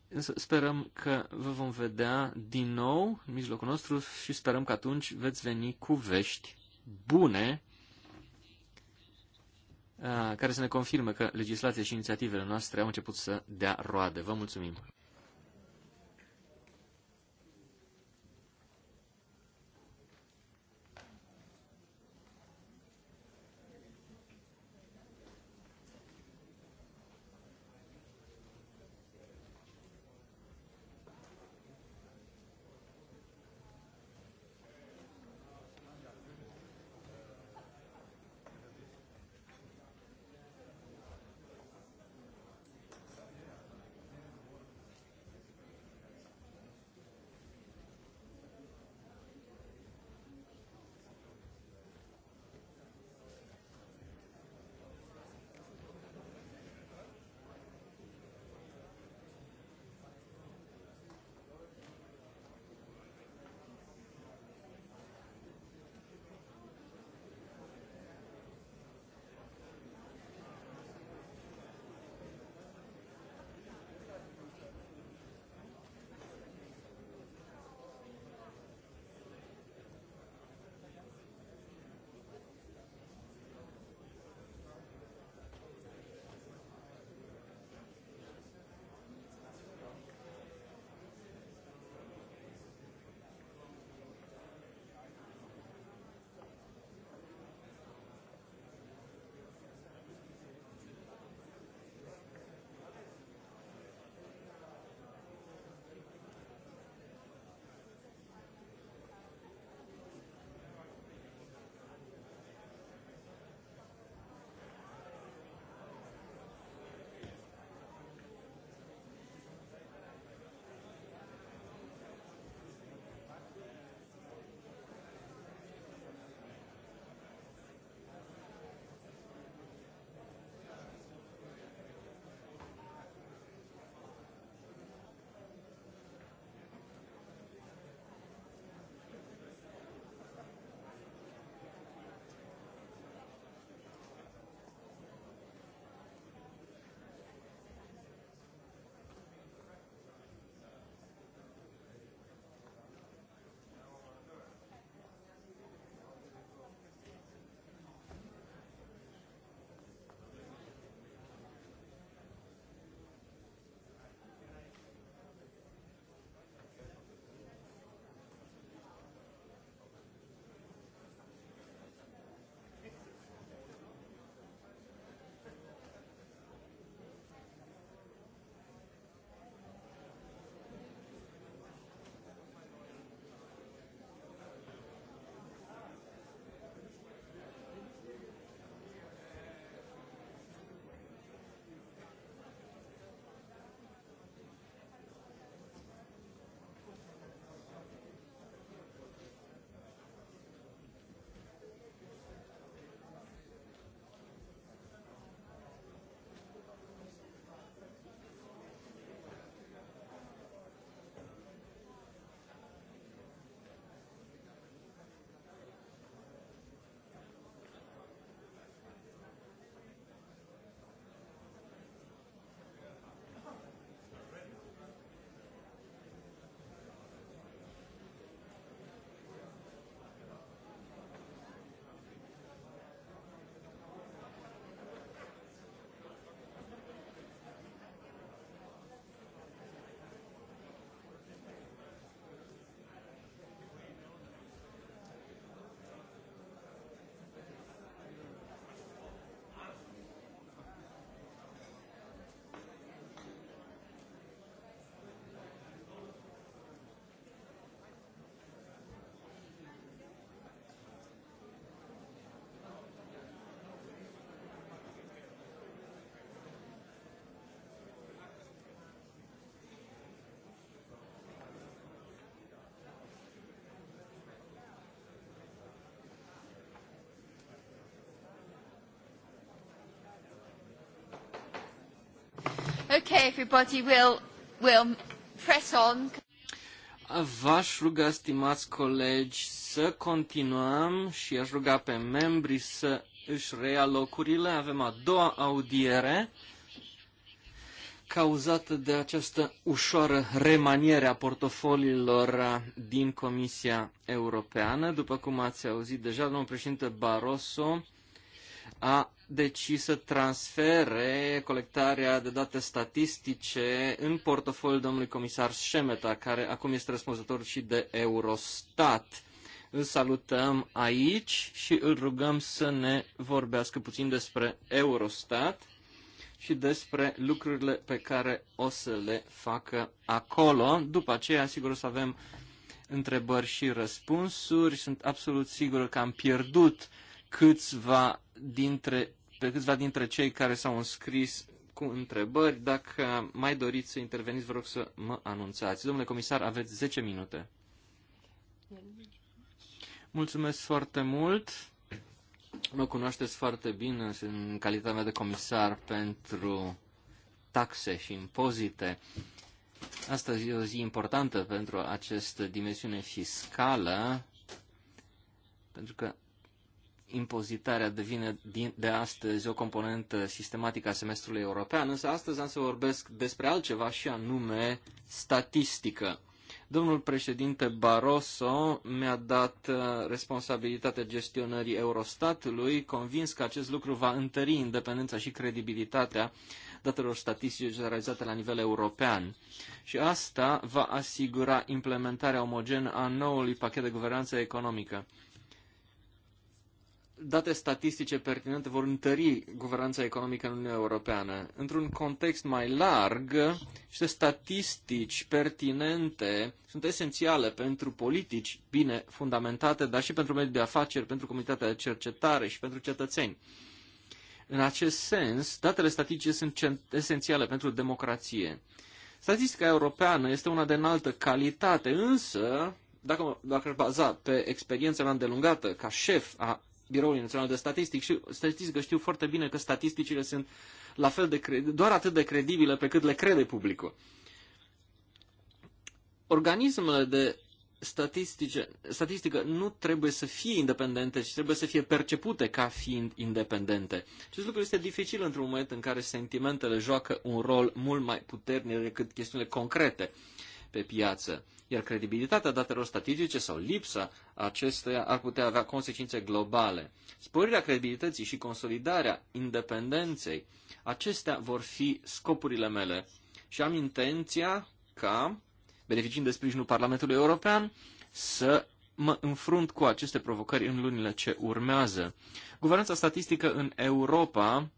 Însă sperăm că vă vom vedea din nou în mijlocul nostru și sperăm că atunci veți veni cu vești bune Uh, care să ne confirme că legislația și inițiativele noastre au început să dea roade. Vă mulțumim! V-aș ruga, stimați colegi, să continuăm și aș ruga pe membrii să își reia locurile. Avem a doua audiere cauzată de această ușoară remaniere a portofoliilor din Comisia Europeană. După cum ați auzit deja, domnul președinte Barroso a decis să transfere colectarea de date statistice în portofoliul domnului comisar Șemeta, care acum este răspunzător și de Eurostat. Îl salutăm aici și îl rugăm să ne vorbească puțin despre Eurostat și despre lucrurile pe care o să le facă acolo. După aceea, sigur, o să avem întrebări și răspunsuri. Sunt absolut sigur că am pierdut câțiva dintre, pe câțiva dintre cei care s-au înscris cu întrebări. Dacă mai doriți să interveniți, vă rog să mă anunțați. Domnule comisar, aveți 10 minute. Mulțumesc foarte mult. Mă cunoașteți foarte bine în calitatea mea de comisar pentru taxe și impozite. Astăzi e o zi importantă pentru această dimensiune fiscală, pentru că impozitarea devine de astăzi o componentă sistematică a semestrului european, însă astăzi am să vorbesc despre altceva și anume statistică. Domnul președinte Barroso mi-a dat uh, responsabilitatea gestionării Eurostatului, convins că acest lucru va întări independența și credibilitatea datelor statistice generalizate la nivel european. Și asta va asigura implementarea omogenă a noului pachet de guvernanță economică date statistice pertinente vor întări guvernanța economică în Uniunea Europeană. Într-un context mai larg, niște statistici pertinente sunt esențiale pentru politici bine fundamentate, dar și pentru mediul de afaceri, pentru comunitatea de cercetare și pentru cetățeni. În acest sens, datele statistice sunt esențiale pentru democrație. Statistica europeană este una de înaltă calitate, însă, dacă, dacă aș baza pe experiența mea îndelungată ca șef a Biroului Național de Statistic și statistică știu foarte bine că statisticile sunt la fel de cred, doar atât de credibile pe cât le crede publicul. Organismele de statistice, statistică nu trebuie să fie independente, ci trebuie să fie percepute ca fiind independente. Acest lucru este dificil într-un moment în care sentimentele joacă un rol mult mai puternic decât chestiunile concrete pe piață iar credibilitatea datelor statistice sau lipsa acesteia ar putea avea consecințe globale. Sporirea credibilității și consolidarea independenței, acestea vor fi scopurile mele și am intenția ca, beneficiind de sprijinul Parlamentului European, să mă înfrunt cu aceste provocări în lunile ce urmează. Guvernanța statistică în Europa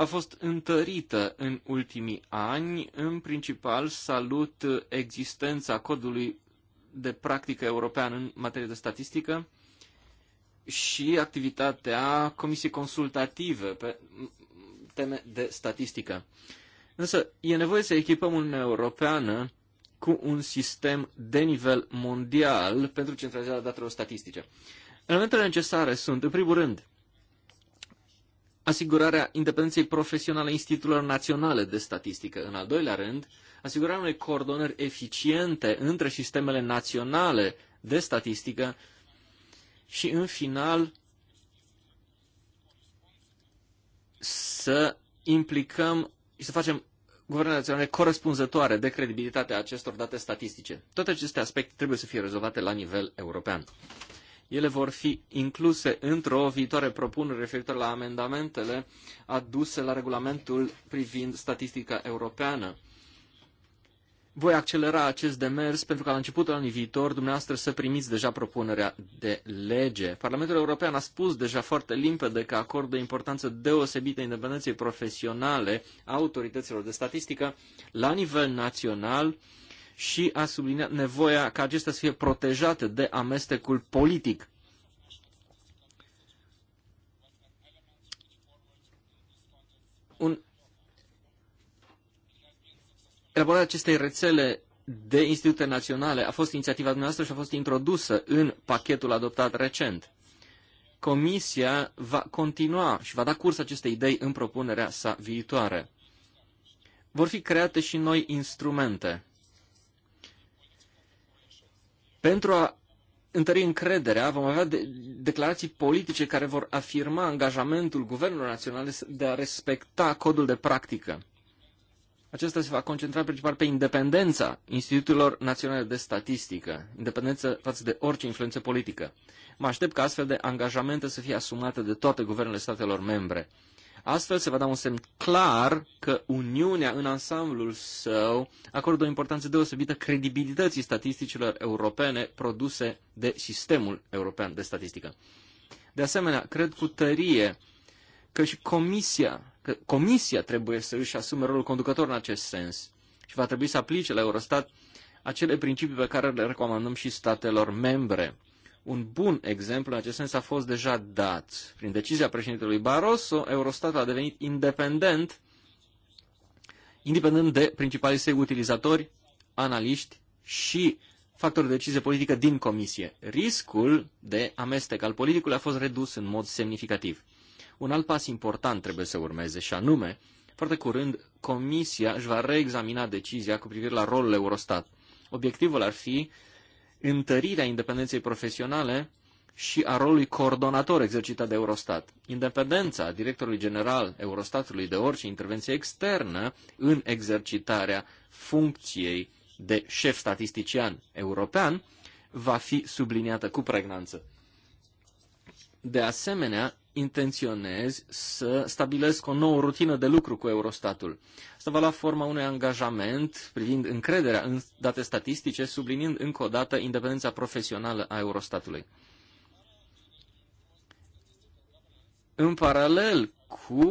a fost întărită în ultimii ani. În principal, salut existența codului de practică european în materie de statistică și activitatea Comisiei Consultative pe teme de statistică. Însă, e nevoie să echipăm Uniunea Europeană cu un sistem de nivel mondial pentru centralizarea datelor statistice. Elementele necesare sunt, în primul rând, asigurarea independenței profesionale a instituțiilor naționale de statistică. În al doilea rând, asigurarea unei coordonări eficiente între sistemele naționale de statistică și, în final, să implicăm și să facem guvernele naționale corespunzătoare de credibilitatea acestor date statistice. Toate aceste aspecte trebuie să fie rezolvate la nivel european ele vor fi incluse într-o viitoare propunere referitoare la amendamentele aduse la regulamentul privind statistica europeană. Voi accelera acest demers pentru ca la începutul anului viitor dumneavoastră să primiți deja propunerea de lege. Parlamentul European a spus deja foarte limpede că acordă importanță deosebită independenței profesionale a autorităților de statistică la nivel național și a subliniat nevoia ca acestea să fie protejate de amestecul politic. Un Elaborarea acestei rețele de institute naționale a fost inițiativa dumneavoastră și a fost introdusă în pachetul adoptat recent. Comisia va continua și va da curs acestei idei în propunerea sa viitoare. Vor fi create și noi instrumente. Pentru a întări încrederea, vom avea de- declarații politice care vor afirma angajamentul guvernului naționale de a respecta codul de practică. Acesta se va concentra principal pe independența Institutelor Naționale de Statistică, independență față de orice influență politică. Mă aștept ca astfel de angajamente să fie asumate de toate guvernele statelor membre. Astfel se va da un semn clar că Uniunea în ansamblul său acordă o importanță deosebită credibilității statisticilor europene produse de sistemul european de statistică. De asemenea, cred cu tărie că și Comisia, că comisia trebuie să își asume rolul conducător în acest sens și va trebui să aplice la Eurostat acele principii pe care le recomandăm și statelor membre. Un bun exemplu în acest sens a fost deja dat. Prin decizia președintelui Barroso, Eurostat a devenit independent, independent de principalii săi utilizatori, analiști și factori de decizie politică din comisie. Riscul de amestec al politicului a fost redus în mod semnificativ. Un alt pas important trebuie să urmeze și anume, foarte curând, comisia își va reexamina decizia cu privire la rolul Eurostat. Obiectivul ar fi întărirea independenței profesionale și a rolului coordonator exercitat de Eurostat. Independența directorului general Eurostatului de orice intervenție externă în exercitarea funcției de șef statistician european va fi subliniată cu pregnanță. De asemenea, intenționez să stabilesc o nouă rutină de lucru cu Eurostatul. Asta va lua forma unui angajament privind încrederea în date statistice, subliniind încă o dată independența profesională a Eurostatului. În paralel cu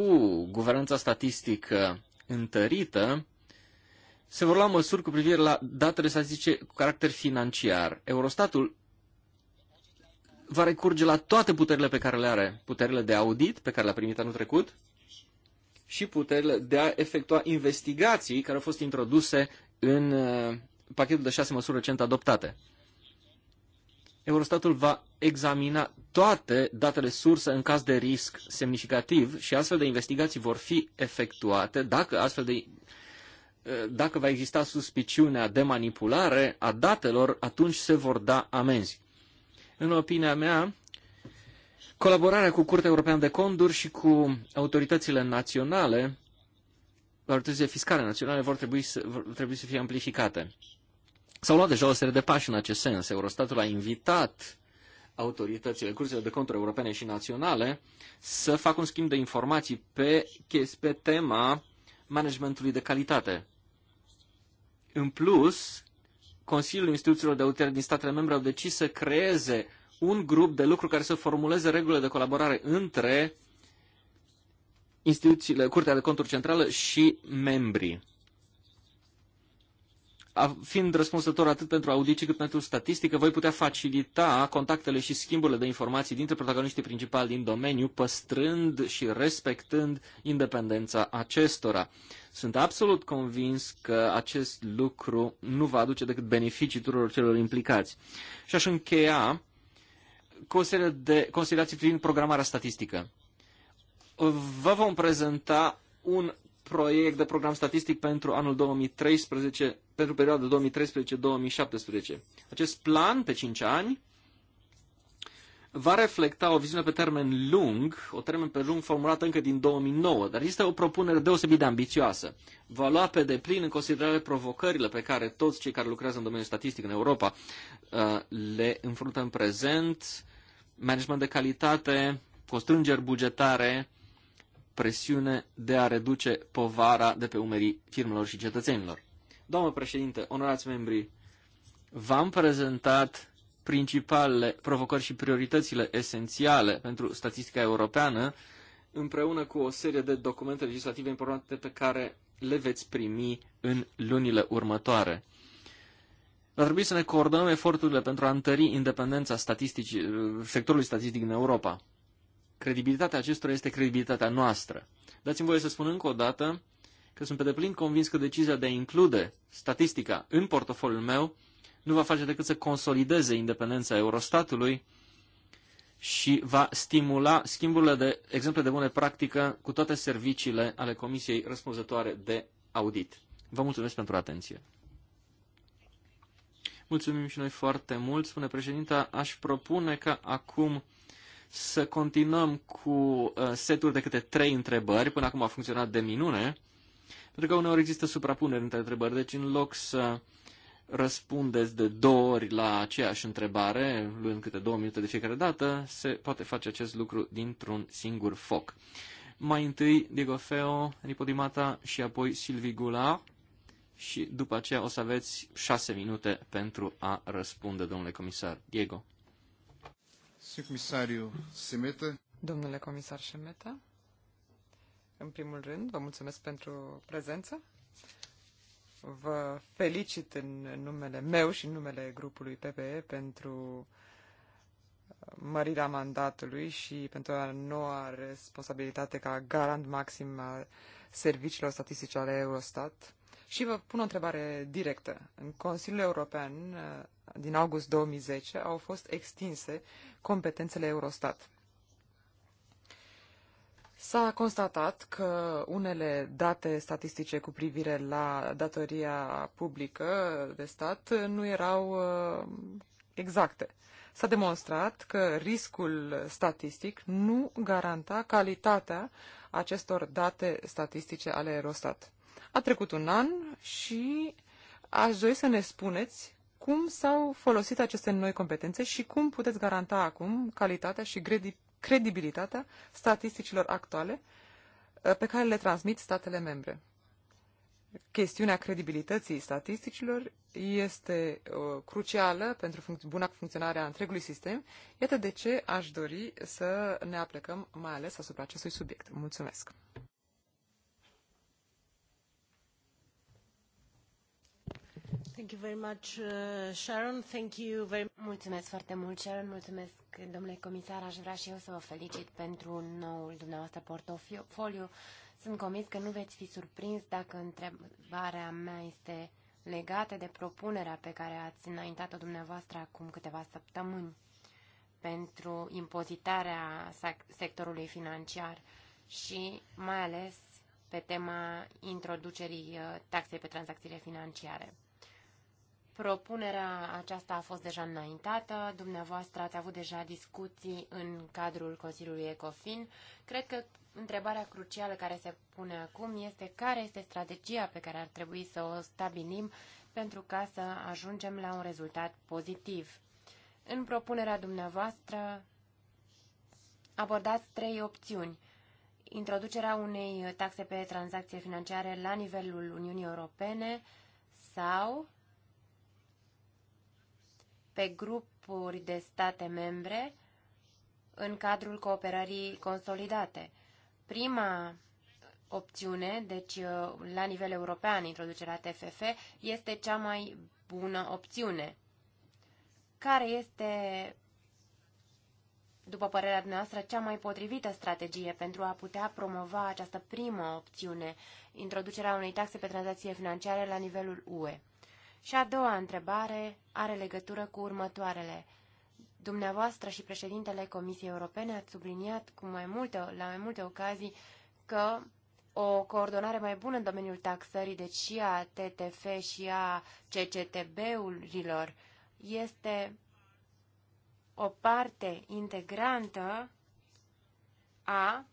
guvernanța statistică întărită, se vor lua măsuri cu privire la datele statistice cu caracter financiar. Eurostatul va recurge la toate puterile pe care le are, puterile de audit pe care le-a primit anul trecut și puterile de a efectua investigații care au fost introduse în uh, pachetul de șase măsuri recent adoptate. Eurostatul va examina toate datele sursă în caz de risc semnificativ și astfel de investigații vor fi efectuate dacă astfel de uh, dacă va exista suspiciunea de manipulare a datelor, atunci se vor da amenzi. În opinia mea, colaborarea cu Curtea Europeană de Conduri și cu autoritățile naționale, autoritățile fiscale naționale, vor trebui să, vor trebui să fie amplificate. S-au luat deja o serie de pași în acest sens. Eurostatul a invitat autoritățile, curțile de conturi europene și naționale să facă un schimb de informații pe, pe tema managementului de calitate. În plus, Consiliul Instituțiilor de Autoritate din statele membre au decis să creeze un grup de lucru care să formuleze regulile de colaborare între instituțiile, Curtea de Conturi Centrală și membrii fiind răspunsător atât pentru audici cât pentru statistică, voi putea facilita contactele și schimburile de informații dintre protagoniștii principali din domeniu, păstrând și respectând independența acestora. Sunt absolut convins că acest lucru nu va aduce decât beneficii tuturor celor implicați. Și aș încheia cu o serie de considerații privind programarea statistică. Vă vom prezenta un proiect de program statistic pentru anul 2013, pentru perioada 2013-2017. Acest plan pe 5 ani va reflecta o viziune pe termen lung, o termen pe lung formulată încă din 2009, dar este o propunere deosebit de ambițioasă. Va lua pe deplin în considerare provocările pe care toți cei care lucrează în domeniul statistic în Europa uh, le înfruntă în prezent, management de calitate, constrângeri bugetare, presiune de a reduce povara de pe umerii firmelor și cetățenilor. Doamnă președinte, onorați membrii, v-am prezentat principalele provocări și prioritățile esențiale pentru statistica europeană, împreună cu o serie de documente legislative importante pe care le veți primi în lunile următoare. Va trebui să ne coordonăm eforturile pentru a întări independența statisticii, sectorului statistic în Europa credibilitatea acestora este credibilitatea noastră. Dați-mi voie să spun încă o dată că sunt pe deplin convins că decizia de a include statistica în portofoliul meu nu va face decât să consolideze independența Eurostatului și va stimula schimburile de exemple de bune practică cu toate serviciile ale Comisiei răspunzătoare de audit. Vă mulțumesc pentru atenție. Mulțumim și noi foarte mult, spune președinta. Aș propune ca acum să continuăm cu uh, setul de câte trei întrebări. Până acum a funcționat de minune, pentru că uneori există suprapuneri între întrebări. Deci, în loc să răspundeți de două ori la aceeași întrebare, luând câte două minute de fiecare dată, se poate face acest lucru dintr-un singur foc. Mai întâi Diego Feo, Nipodimata și apoi Silvi Gula și după aceea o să aveți șase minute pentru a răspunde, domnule comisar. Diego. Semeta. Domnule comisar Semeta, în primul rând, vă mulțumesc pentru prezență. Vă felicit în numele meu și în numele grupului PPE pentru uh, mărirea mandatului și pentru a noua responsabilitate ca garant maxim a serviciilor statistice ale Eurostat. Și vă pun o întrebare directă. În Consiliul European uh, din august 2010 au fost extinse competențele Eurostat. S-a constatat că unele date statistice cu privire la datoria publică de stat nu erau uh, exacte. S-a demonstrat că riscul statistic nu garanta calitatea acestor date statistice ale Eurostat. A trecut un an și aș dori să ne spuneți cum s-au folosit aceste noi competențe și cum puteți garanta acum calitatea și credibilitatea statisticilor actuale uh, pe care le transmit statele membre. Chestiunea credibilității statisticilor este uh, crucială pentru func- buna funcționare a întregului sistem. Iată de ce aș dori să ne aplecăm mai ales asupra acestui subiect. Mulțumesc! Thank you very much, uh, Sharon. Thank you very... Mulțumesc foarte mult, Sharon. Mulțumesc, domnule comisar. Aș vrea și eu să vă felicit pentru noul dumneavoastră portofoliu. Sunt convins că nu veți fi surprins dacă întrebarea mea este legată de propunerea pe care ați înaintat-o dumneavoastră acum câteva săptămâni pentru impozitarea sectorului financiar și mai ales pe tema introducerii uh, taxei pe tranzacțiile financiare. Propunerea aceasta a fost deja înaintată, dumneavoastră ați avut deja discuții în cadrul Consiliului ECOFIN. Cred că întrebarea crucială care se pune acum este care este strategia pe care ar trebui să o stabilim pentru ca să ajungem la un rezultat pozitiv. În propunerea dumneavoastră abordați trei opțiuni. Introducerea unei taxe pe tranzacție financiare la nivelul Uniunii Europene sau pe grupuri de state membre în cadrul cooperării consolidate. Prima opțiune, deci uh, la nivel european introducerea TFF, este cea mai bună opțiune. Care este, după părerea noastră, cea mai potrivită strategie pentru a putea promova această primă opțiune, introducerea unei taxe pe tranzacție financiare la nivelul UE? Și a doua întrebare are legătură cu următoarele. Dumneavoastră și președintele Comisiei Europene ați subliniat cu mai multe, la mai multe ocazii că o coordonare mai bună în domeniul taxării, deci și a TTF și a CCTB-urilor, este o parte integrantă a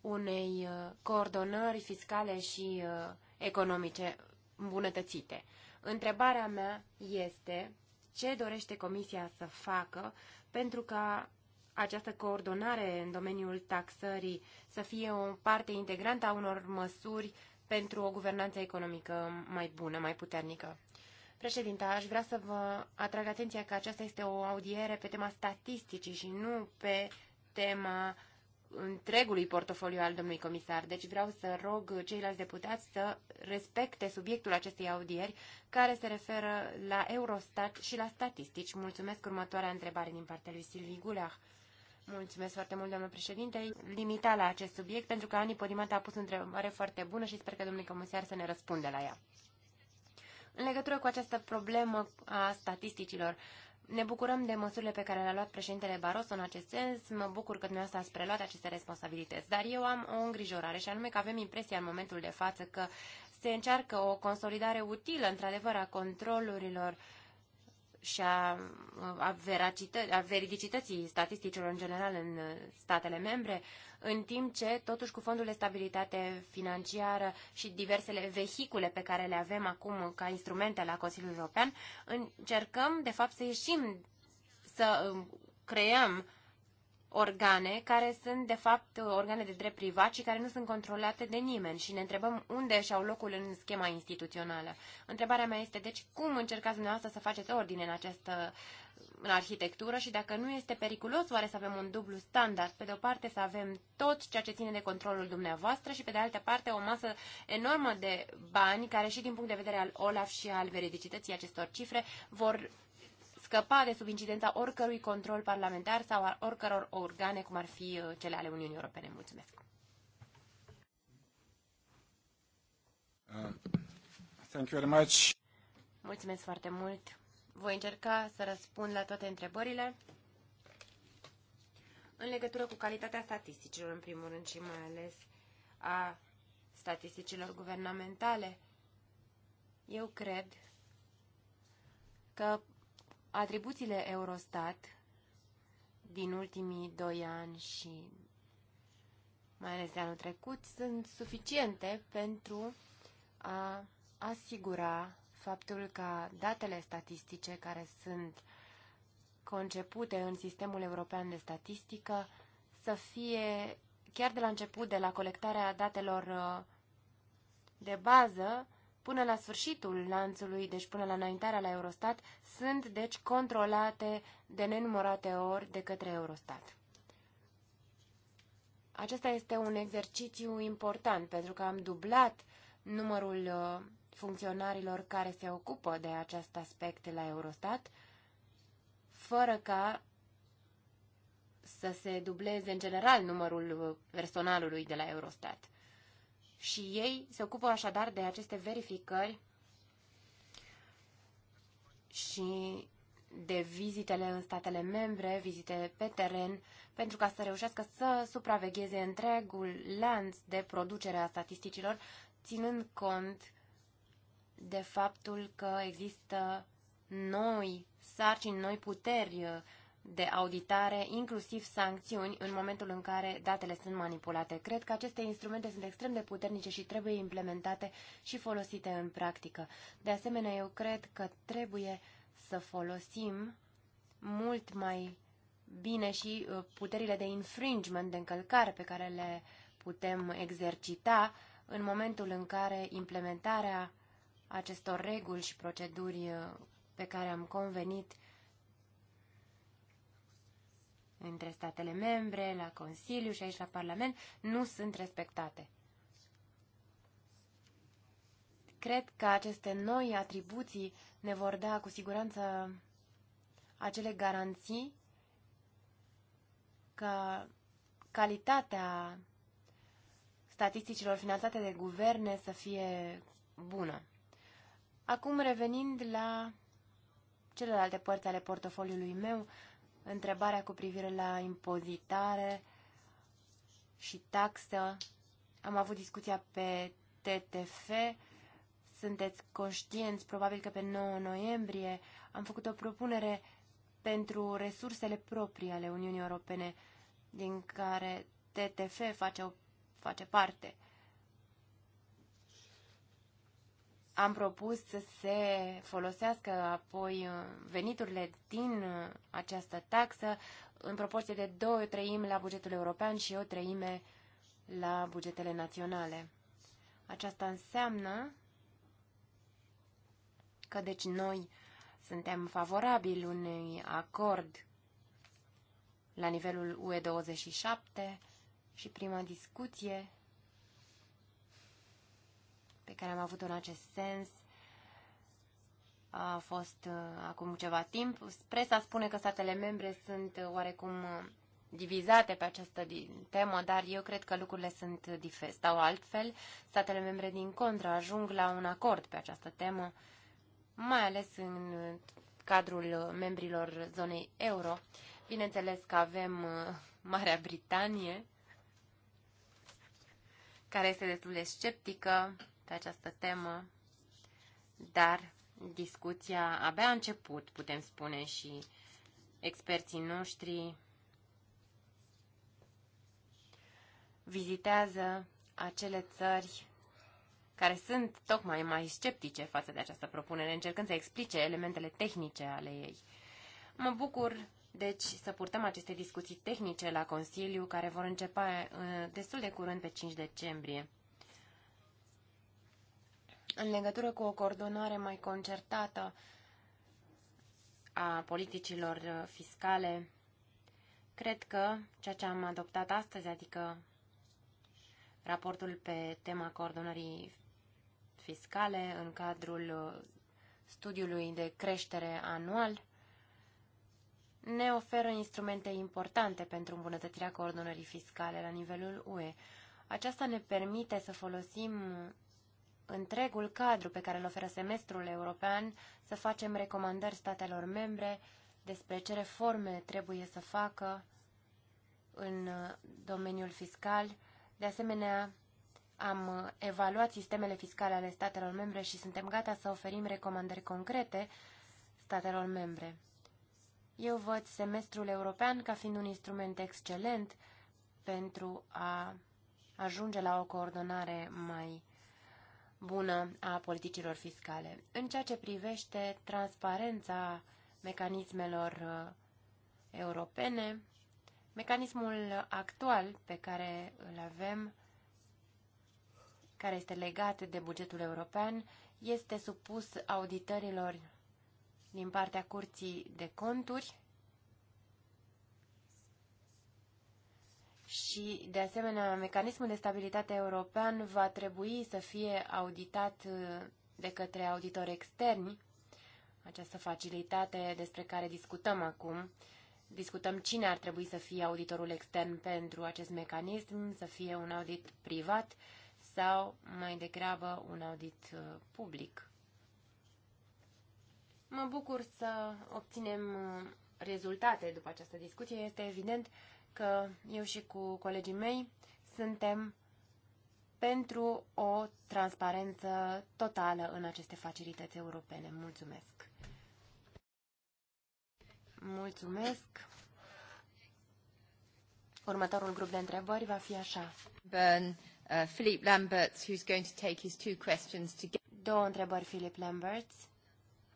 unei uh, coordonări fiscale și uh, economice îmbunătățite. Întrebarea mea este ce dorește Comisia să facă pentru ca această coordonare în domeniul taxării să fie o parte integrantă a unor măsuri pentru o guvernanță economică mai bună, mai puternică. Președinte, aș vrea să vă atrag atenția că aceasta este o audiere pe tema statisticii și nu pe tema întregului portofoliu al domnului comisar. Deci vreau să rog ceilalți deputați să respecte subiectul acestei audieri care se referă la Eurostat și la statistici. Mulțumesc următoarea întrebare din partea lui Silvi Guleah. Mulțumesc foarte mult, domnul președinte. Limita la acest subiect, pentru că Ani Podimata a pus o întrebare foarte bună și sper că domnul comisar să ne răspunde la ea. În legătură cu această problemă a statisticilor, ne bucurăm de măsurile pe care le-a luat președintele Barroso în acest sens. Mă bucur că dumneavoastră ați preluat aceste responsabilități. Dar eu am o îngrijorare și anume că avem impresia în momentul de față că se încearcă o consolidare utilă, într-adevăr, a controlurilor uh, și a, a, a veridicității statisticilor în general în uh, statele membre, în timp ce, totuși, cu fondul de stabilitate financiară și diversele vehicule pe care le avem acum ca instrumente la Consiliul European, încercăm, de fapt, să ieșim, să um, creăm organe care sunt, de fapt, organe de drept privat și care nu sunt controlate de nimeni și ne întrebăm unde și-au locul în schema instituțională. Întrebarea mea este, deci, cum încercați dumneavoastră să faceți ordine în această în arhitectură și dacă nu este periculos oare să avem un dublu standard, pe de o parte să avem tot ceea ce ține de controlul dumneavoastră și pe de altă parte o masă enormă de bani care și din punct de vedere al OLAF și al veridicității acestor cifre vor scăpa de sub incidența oricărui control parlamentar sau al oricăror organe, cum ar fi uh, cele ale Uniunii Europene. Mulțumesc! Uh, thank you very much. Mulțumesc foarte mult! Voi încerca să răspund la toate întrebările în legătură cu calitatea statisticilor, în primul rând, și mai ales a statisticilor guvernamentale. Eu cred că Atribuțiile Eurostat din ultimii doi ani și mai ales de anul trecut sunt suficiente pentru a asigura faptul că datele statistice care sunt concepute în sistemul european de statistică să fie chiar de la început, de la colectarea datelor uh, de bază, până la sfârșitul lanțului, deci până la înaintarea la Eurostat, sunt deci controlate de nenumărate ori de către Eurostat. Acesta este un exercițiu important pentru că am dublat numărul uh, funcționarilor care se ocupă de acest aspect la Eurostat, fără ca să se dubleze în general numărul uh, personalului de la Eurostat și ei se ocupă așadar de aceste verificări și de vizitele în statele membre, vizite pe teren, pentru ca să reușească să supravegheze întregul lanț de producere a statisticilor, ținând cont de faptul că există noi sarcini, noi puteri de auditare, inclusiv sancțiuni, în momentul în care datele sunt manipulate. Cred că aceste instrumente sunt extrem de puternice și trebuie implementate și folosite în practică. De asemenea, eu cred că trebuie să folosim mult mai bine și uh, puterile de infringement, de încălcare pe care le putem exercita în momentul în care implementarea acestor reguli și proceduri uh, pe care am convenit între statele membre, la Consiliu și aici la Parlament, nu sunt respectate. Cred că aceste noi atribuții ne vor da cu siguranță acele garanții că calitatea statisticilor finanțate de guverne să fie bună. Acum revenind la celelalte părți ale portofoliului meu, întrebarea cu privire la impozitare și taxă. Am avut discuția pe TTF. Sunteți conștienți, probabil că pe 9 noiembrie am făcut o propunere pentru resursele proprii ale Uniunii Europene, din care TTF face, o, face parte. am propus să se folosească apoi uh, veniturile din uh, această taxă în proporție de două treimi la bugetul european și o treime la bugetele naționale. Aceasta înseamnă că deci noi suntem favorabili unui acord la nivelul UE27 și prima discuție pe care am avut-o în acest sens a fost uh, acum ceva timp. Presa spune că statele membre sunt uh, oarecum uh, divizate pe această temă, dar eu cred că lucrurile sunt diferite. Stau altfel, statele membre din contră ajung la un acord pe această temă, mai ales în cadrul membrilor zonei euro. Bineînțeles că avem Marea Britanie, care este destul de sceptică pe această temă, dar discuția abia a început, putem spune, și experții noștri vizitează acele țări care sunt tocmai mai sceptice față de această propunere, încercând să explice elementele tehnice ale ei. Mă bucur, deci, să purtăm aceste discuții tehnice la Consiliu, care vor începe uh, destul de curând pe 5 decembrie. În legătură cu o coordonare mai concertată a politicilor uh, fiscale, cred că ceea ce am adoptat astăzi, adică raportul pe tema coordonării fiscale în cadrul uh, studiului de creștere anual, ne oferă instrumente importante pentru îmbunătățirea coordonării fiscale la nivelul UE. Aceasta ne permite să folosim întregul cadru pe care îl oferă semestrul european, să facem recomandări statelor membre despre ce reforme trebuie să facă în uh, domeniul fiscal. De asemenea, am uh, evaluat sistemele fiscale ale statelor membre și suntem gata să oferim recomandări concrete statelor membre. Eu văd semestrul european ca fiind un instrument excelent pentru a ajunge la o coordonare mai bună a politicilor fiscale. În ceea ce privește transparența mecanismelor uh, europene, mecanismul actual pe care îl avem, care este legat de bugetul european, este supus auditărilor din partea Curții de Conturi și, de asemenea, mecanismul de stabilitate european va trebui să fie auditat uh, de către auditori externi, această facilitate despre care discutăm acum. Discutăm cine ar trebui să fie auditorul extern pentru acest mecanism, să fie un audit privat sau mai degrabă un audit uh, public. Mă bucur să obținem uh, rezultate după această discuție. Este evident că eu și cu colegii mei suntem pentru o transparență totală în aceste facilități europene. Mulțumesc! Mulțumesc! Următorul grup de întrebări va fi așa. Bern, uh, Philip Lamberts, who's going to take his two questions get... Două întrebări, Philip Lamberts.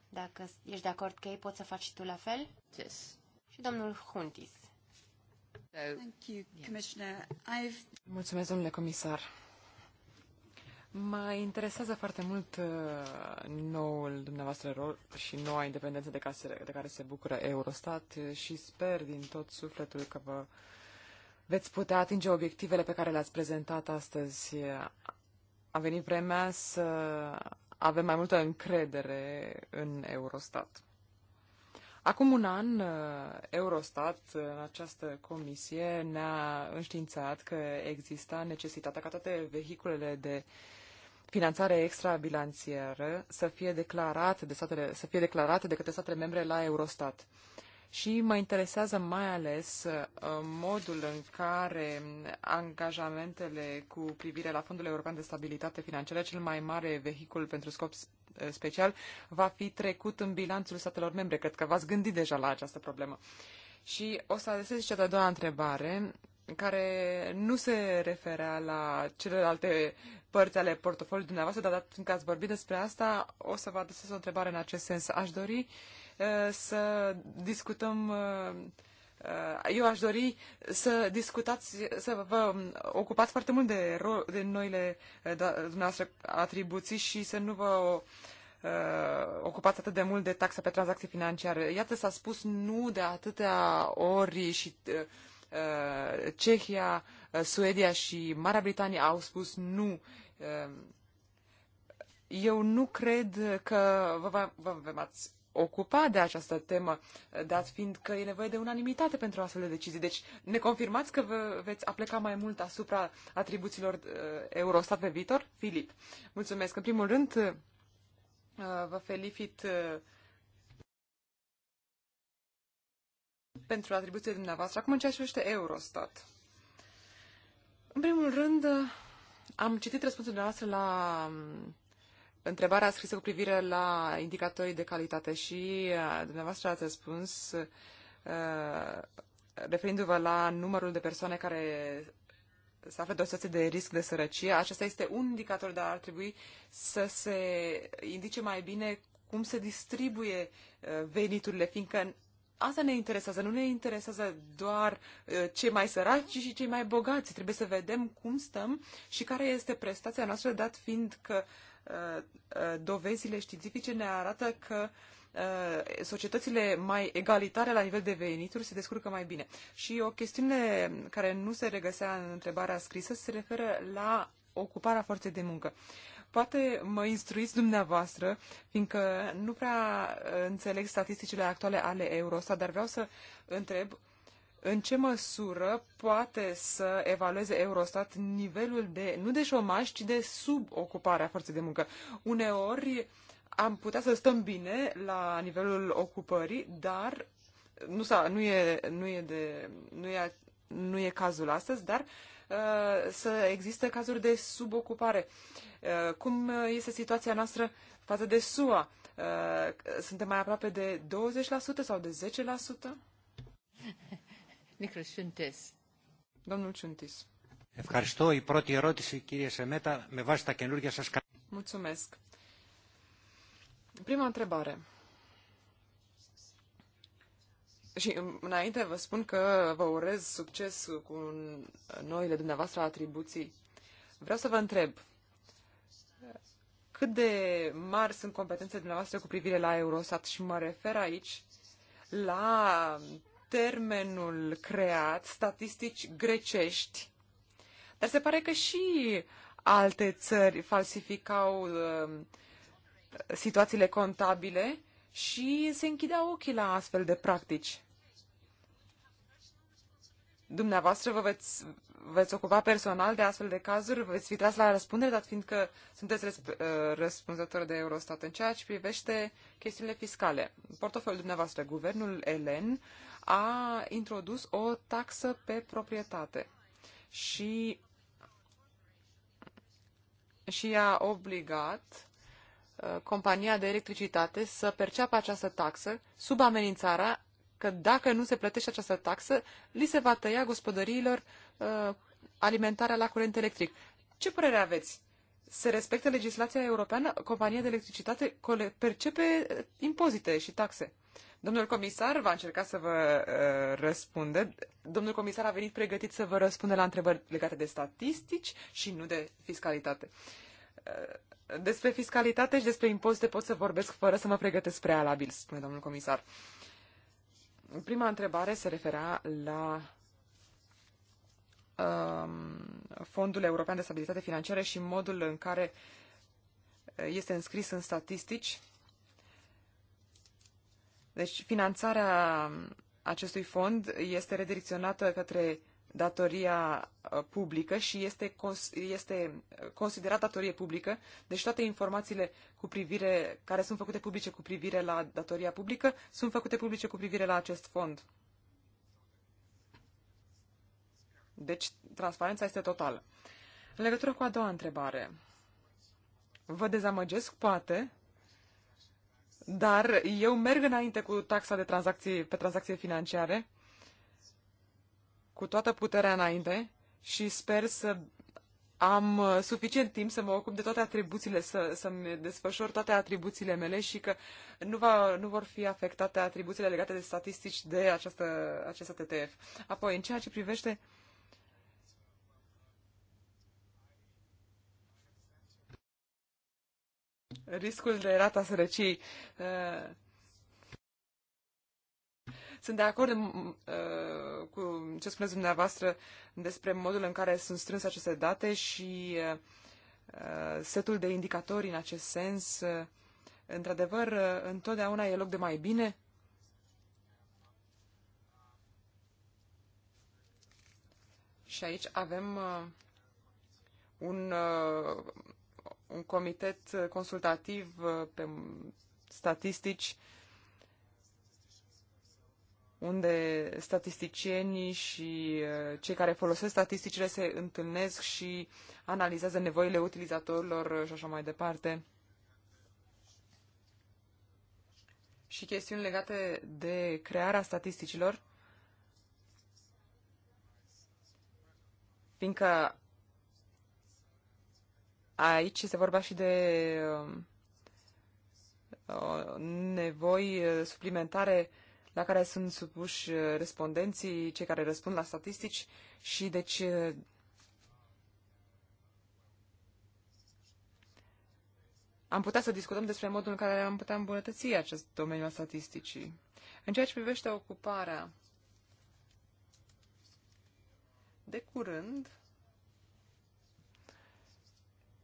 Dacă ești de acord, că ei poți să faci și tu la fel? Yes. Și domnul Huntis. Uh, Mulțumesc, domnule comisar. Mă interesează foarte mult uh, noul dumneavoastră rol și noua independență de, case, de care se bucură Eurostat și sper din tot sufletul că vă veți putea atinge obiectivele pe care le-ați prezentat astăzi. A venit vremea să avem mai multă încredere în Eurostat. Acum un an, uh, Eurostat, uh, în această comisie, ne-a înștiințat că exista necesitatea ca toate vehiculele de finanțare extrabilanțieră să fie declarate de, statele, să fie declarate de către statele membre la Eurostat. Și mă interesează mai ales uh, modul în care angajamentele cu privire la Fondul European de Stabilitate Financiară, cel mai mare vehicul pentru scop Eh, special va fi trecut în bilanțul statelor membre. Cred că v-ați gândit deja la această problemă. Și o să adresez cea de-a doua întrebare, care nu se referea la celelalte părți ale portofoliului dumneavoastră, dar fiindcă ați vorbit despre asta, o să vă adresez o întrebare în acest sens. Aș dori uh, să discutăm uh, Uh, eu aș dori să discutați, să vă ocupați foarte mult de, ro- de noile uh, dumneavoastră atribuții și să nu vă uh, ocupați atât de mult de taxa pe tranzacții financiare. Iată, s-a spus nu de atâtea ori și uh, uh Cehia, Suedia și Marea Britanie au spus nu. Uh, eu nu cred că vă, vă, vă, vă ați ocupa de această temă, dat fiind că e nevoie de unanimitate pentru astfel de decizii. Deci ne confirmați că vă veți apleca mai mult asupra atribuțiilor uh, Eurostat pe viitor? Filip, mulțumesc. În primul rând, uh, vă felicit uh, pentru atribuțiile dumneavoastră. Acum, în ceea ce privește Eurostat. În primul rând, am citit răspunsul dumneavoastră la um, întrebarea scrisă cu privire la indicatorii de calitate și uh, dumneavoastră ați răspuns uh, referindu-vă la numărul de persoane care se află de o de risc de sărăcie. Acesta este un indicator, dar ar trebui să se indice mai bine cum se distribuie uh, veniturile, fiindcă asta ne interesează. Nu ne interesează doar cei mai săraci, ci și cei mai bogați. Trebuie să vedem cum stăm și care este prestația noastră, dat fiind că uh, dovezile științifice ne arată că uh, societățile mai egalitare la nivel de venituri se descurcă mai bine. Și o chestiune care nu se regăsea în întrebarea scrisă se referă la ocuparea forței de muncă. Poate mă instruiți dumneavoastră, fiindcă nu prea înțeleg statisticile actuale ale Eurostat, dar vreau să întreb uh, în ce măsură poate să evalueze Eurostat nivelul de, nu de șomaj, ci de subocupare a forței de muncă. Uneori am putea să stăm bine la nivelul ocupării, dar nu, nu, e, nu, e, de, nu, e, nu e cazul astăzi, dar uh, să există cazuri de subocupare. Uh, cum este situația noastră față de SUA? Uh, suntem mai aproape de 20% sau de 10%? Mulțumesc. Prima întrebare. Și înainte vă spun că vă urez succes cu noile dumneavoastră atribuții. Vreau să vă întreb, cât de mari sunt competențele dumneavoastră cu privire la Eurosat și mă refer aici la termenul creat, statistici grecești, dar se pare că și alte țări falsificau uh, situațiile contabile și se închideau ochii la astfel de practici. Dumneavoastră vă veți, veți ocupa personal de astfel de cazuri, vă veți fi tras la răspundere, dar fiindcă sunteți răsp- uh, răspunzător de Eurostat în ceea ce privește chestiunile fiscale. Portofelul dumneavoastră, guvernul Elen, a introdus o taxă pe proprietate și, și a obligat uh, compania de electricitate să perceapă această taxă sub amenințarea că dacă nu se plătește această taxă, li se va tăia gospodăriilor uh, alimentarea la curent electric. Ce părere aveți? Se respectă legislația europeană? Compania de electricitate percepe uh, impozite și taxe. Uh, Domnul comisar va încerca să vă uh, răspunde. Domnul comisar a venit pregătit să vă răspundă la întrebări legate de statistici și nu de fiscalitate. Uh, despre fiscalitate și despre impozite pot să vorbesc fără să mă pregătesc prealabil, spune domnul comisar. Prima întrebare se referea la um, Fondul European de Stabilitate Financiară și modul în care uh, este înscris în statistici deci finanțarea acestui fond este redirecționată către datoria uh, publică și este, este considerat datorie publică, deci toate informațiile cu privire, care sunt făcute publice cu privire la datoria publică sunt făcute publice cu privire la acest fond. Deci transparența este totală. În legătură cu a doua întrebare, vă dezamăgesc poate, dar eu merg înainte cu taxa de tranzacții, pe tranzacție financiare, cu toată puterea înainte și sper să am uh, suficient timp să mă ocup de toate atribuțiile, să, să-mi desfășor toate atribuțiile mele și că nu, va, nu vor fi afectate atribuțiile legate de statistici de această, această TTF. Apoi, în ceea ce privește uh, riscul de rata sărăciei. Uh, sunt de acord mm, uh, cu ce spuneți dumneavoastră despre modul în care sunt strânse aceste date și uh, setul de indicatori în acest sens. Într-adevăr, întotdeauna e loc de mai bine. Și aici avem un un comitet consultativ uh, pe statistici unde statisticienii și uh, cei care folosesc statisticile se întâlnesc și analizează nevoile utilizatorilor și așa mai departe. Și chestiuni legate de crearea statisticilor, fiindcă Aici se vorbea și de uh, nevoi uh, suplimentare la care sunt supuși uh, respondenții, cei care răspund la statistici și deci am putea să discutăm despre modul în care am putea îmbunătăți acest domeniu al statisticii. În ceea ce privește ocuparea, de curând,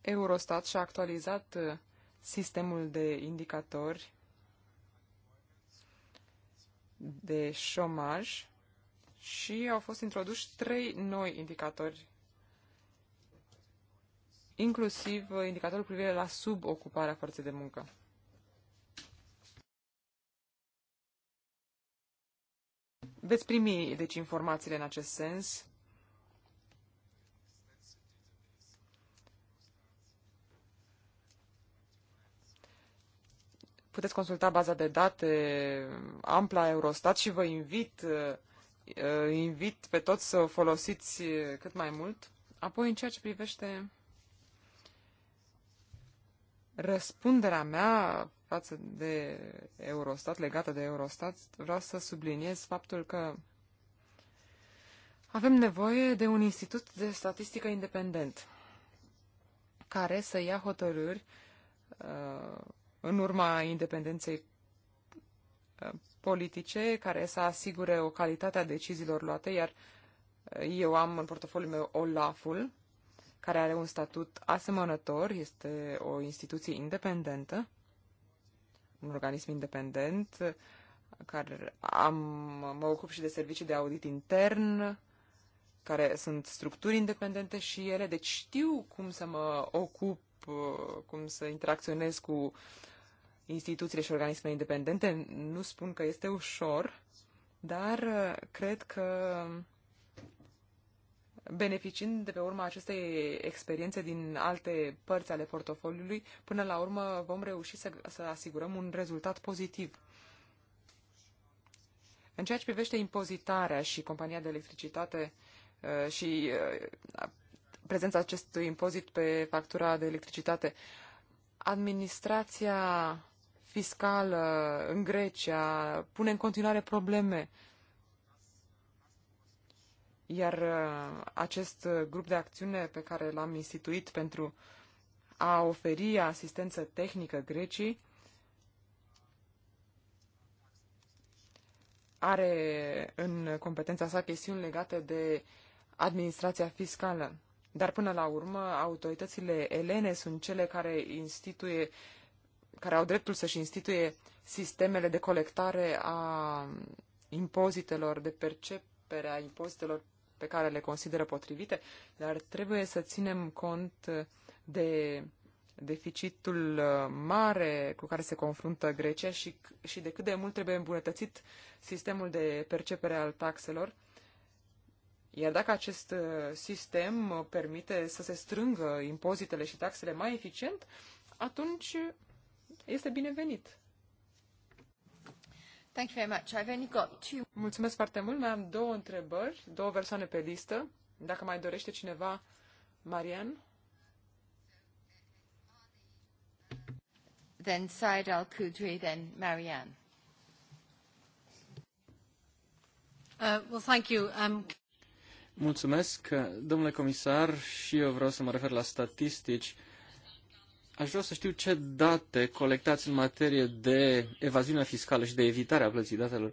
Eurostat și-a actualizat uh, sistemul de indicatori de șomaj și au fost introduși trei noi indicatori, inclusiv uh, indicatorul privire la subocuparea forței de muncă. Veți primi, deci, informațiile în acest sens Puteți consulta baza de date ampla Eurostat și vă invit, uh, invit pe toți să o folosiți cât mai mult. Apoi, în ceea ce privește răspunderea mea față de Eurostat, legată de Eurostat, vreau să subliniez faptul că avem nevoie de un institut de statistică independent care să ia hotărâri uh, în urma independenței uh, politice care să asigure o calitate a deciziilor luate, iar uh, eu am în portofoliul meu OLAF-ul, care are un statut asemănător, este o instituție independentă, un organism independent, care am, mă ocup și de servicii de audit intern, care sunt structuri independente și ele, deci știu cum să mă ocup Uh, cum să interacționez cu instituțiile și organismele independente. Nu spun că este ușor, dar uh, cred că beneficiind de pe urma acestei experiențe din alte părți ale portofoliului, până la urmă vom reuși să, să asigurăm un rezultat pozitiv. În ceea ce privește impozitarea și compania de electricitate uh, și prezența acestui impozit pe factura de electricitate. Administrația fiscală în Grecia pune în continuare probleme. Iar uh, acest grup de acțiune pe care l-am instituit pentru a oferi asistență tehnică Greciei are în competența sa chestiuni legate de administrația fiscală. Dar până la urmă, autoritățile elene sunt cele care instituie, care au dreptul să-și instituie sistemele de colectare a impozitelor, de percepere a impozitelor pe care le consideră potrivite, dar trebuie să ținem cont de deficitul uh, mare cu care se confruntă Grecia și, și de cât de mult trebuie îmbunătățit sistemul de percepere al taxelor iar dacă acest uh, sistem uh, permite să se strângă impozitele și taxele mai eficient, atunci este binevenit. Thank you very much. I've only got two... Mulțumesc foarte mult. Mai am două întrebări, două persoane pe listă. Dacă mai dorește cineva, Marian. Then Said Al-Kudri, then Marianne. Uh, well, thank you. Um... Mulțumesc, domnule comisar, și eu vreau să mă refer la statistici. Aș vrea să știu ce date colectați în materie de evaziune fiscală și de evitare a plății datelor.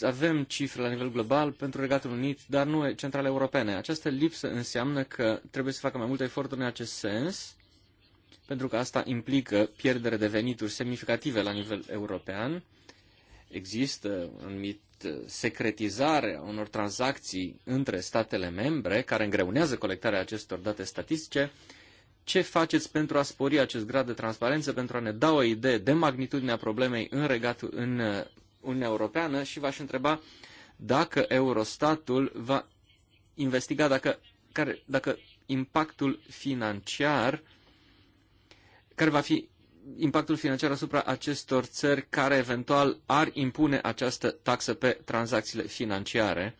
Avem cifre la nivel global pentru Regatul Unit, dar nu centrale europene. Această lipsă înseamnă că trebuie să facă mai multe eforturi în acest sens, pentru că asta implică pierdere de venituri semnificative la nivel european există mit uh, secretizare a unor tranzacții între statele membre care îngreunează colectarea acestor date statistice, ce faceți pentru a spori acest grad de transparență, pentru a ne da o idee de magnitudinea problemei în regatul în uh, Uniunea Europeană și v-aș întreba dacă Eurostatul va investiga dacă, care, dacă impactul financiar care va fi impactul financiar asupra acestor țări care eventual ar impune această taxă pe tranzacțiile financiare.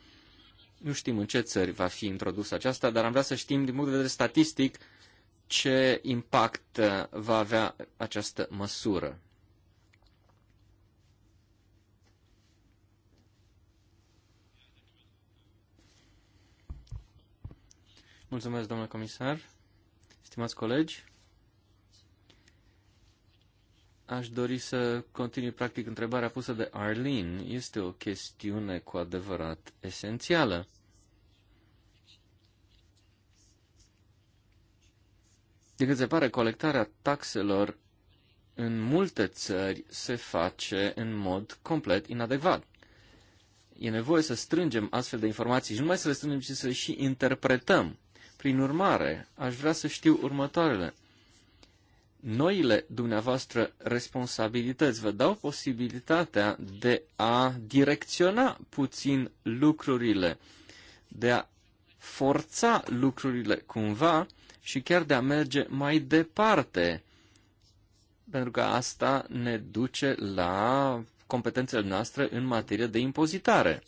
Nu știm în ce țări va fi introdusă aceasta, dar am vrea să știm din punct de vedere statistic ce impact uh, va avea această măsură. Mulțumesc, domnule comisar. Stimați colegi, aș dori să continui practic întrebarea pusă de Arlene. Este o chestiune cu adevărat esențială. De cât se pare, colectarea taxelor în multe țări se face în mod complet inadecvat. E nevoie să strângem astfel de informații și nu mai să le strângem, ci să le și interpretăm. Prin urmare, aș vrea să știu următoarele noile dumneavoastră responsabilități vă dau posibilitatea de a direcționa puțin lucrurile, de a forța lucrurile cumva și chiar de a merge mai departe, pentru că asta ne duce la competențele noastre în materie de impozitare.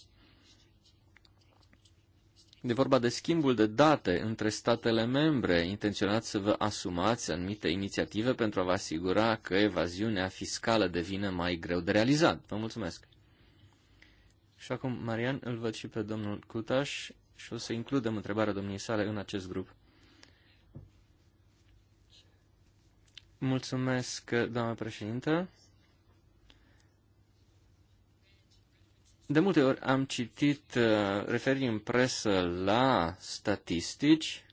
De vorba de schimbul de date între statele membre. Intenționați să vă asumați anumite inițiative pentru a vă asigura că evaziunea fiscală devine mai greu de realizat. Vă mulțumesc! Și acum, Marian, îl văd și pe domnul Cutaș și o să includem întrebarea domniei sale în acest grup. Mulțumesc, doamnă președintă. De multe ori am citit uh, referii în presă la statistici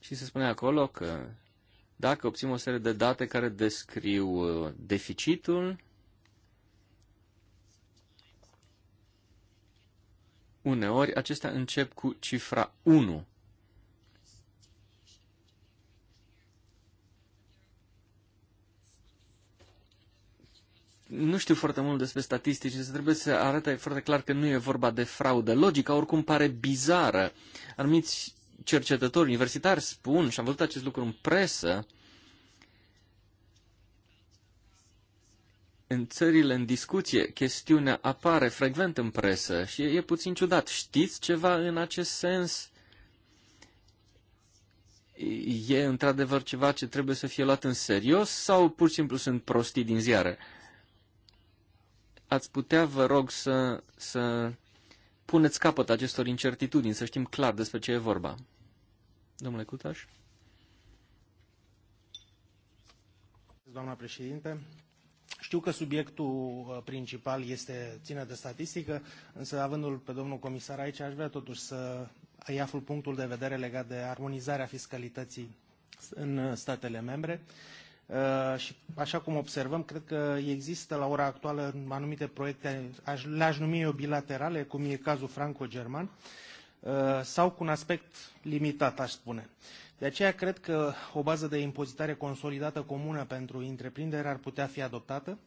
și se spune acolo că dacă obținem o serie de date care descriu uh, deficitul, uneori acestea încep cu cifra 1 nu știu foarte mult despre statistici, însă trebuie să arate foarte clar că nu e vorba de fraudă. Logica oricum pare bizară. Anumiți cercetători universitari spun, și am văzut acest lucru în presă, în țările în discuție, chestiunea apare frecvent în presă și e, e puțin ciudat. Știți ceva în acest sens? E într-adevăr ceva ce trebuie să fie luat în serios sau pur și simplu sunt prostii din ziare? ați putea, vă rog, să, să puneți capăt acestor incertitudini, să știm clar despre ce e vorba. Domnule Cutaș? Doamna președinte, știu că subiectul uh, principal este, ține de statistică, însă avândul pe domnul comisar aici, aș vrea totuși să ia punctul de vedere legat de armonizarea fiscalității în uh, statele membre. Uh, și așa cum observăm, cred că există la ora actuală anumite proiecte, le-aș numi eu bilaterale, cum e cazul franco-german, uh, sau cu un aspect limitat, aș spune. De aceea cred că o bază de impozitare consolidată comună pentru întreprindere ar putea fi adoptată,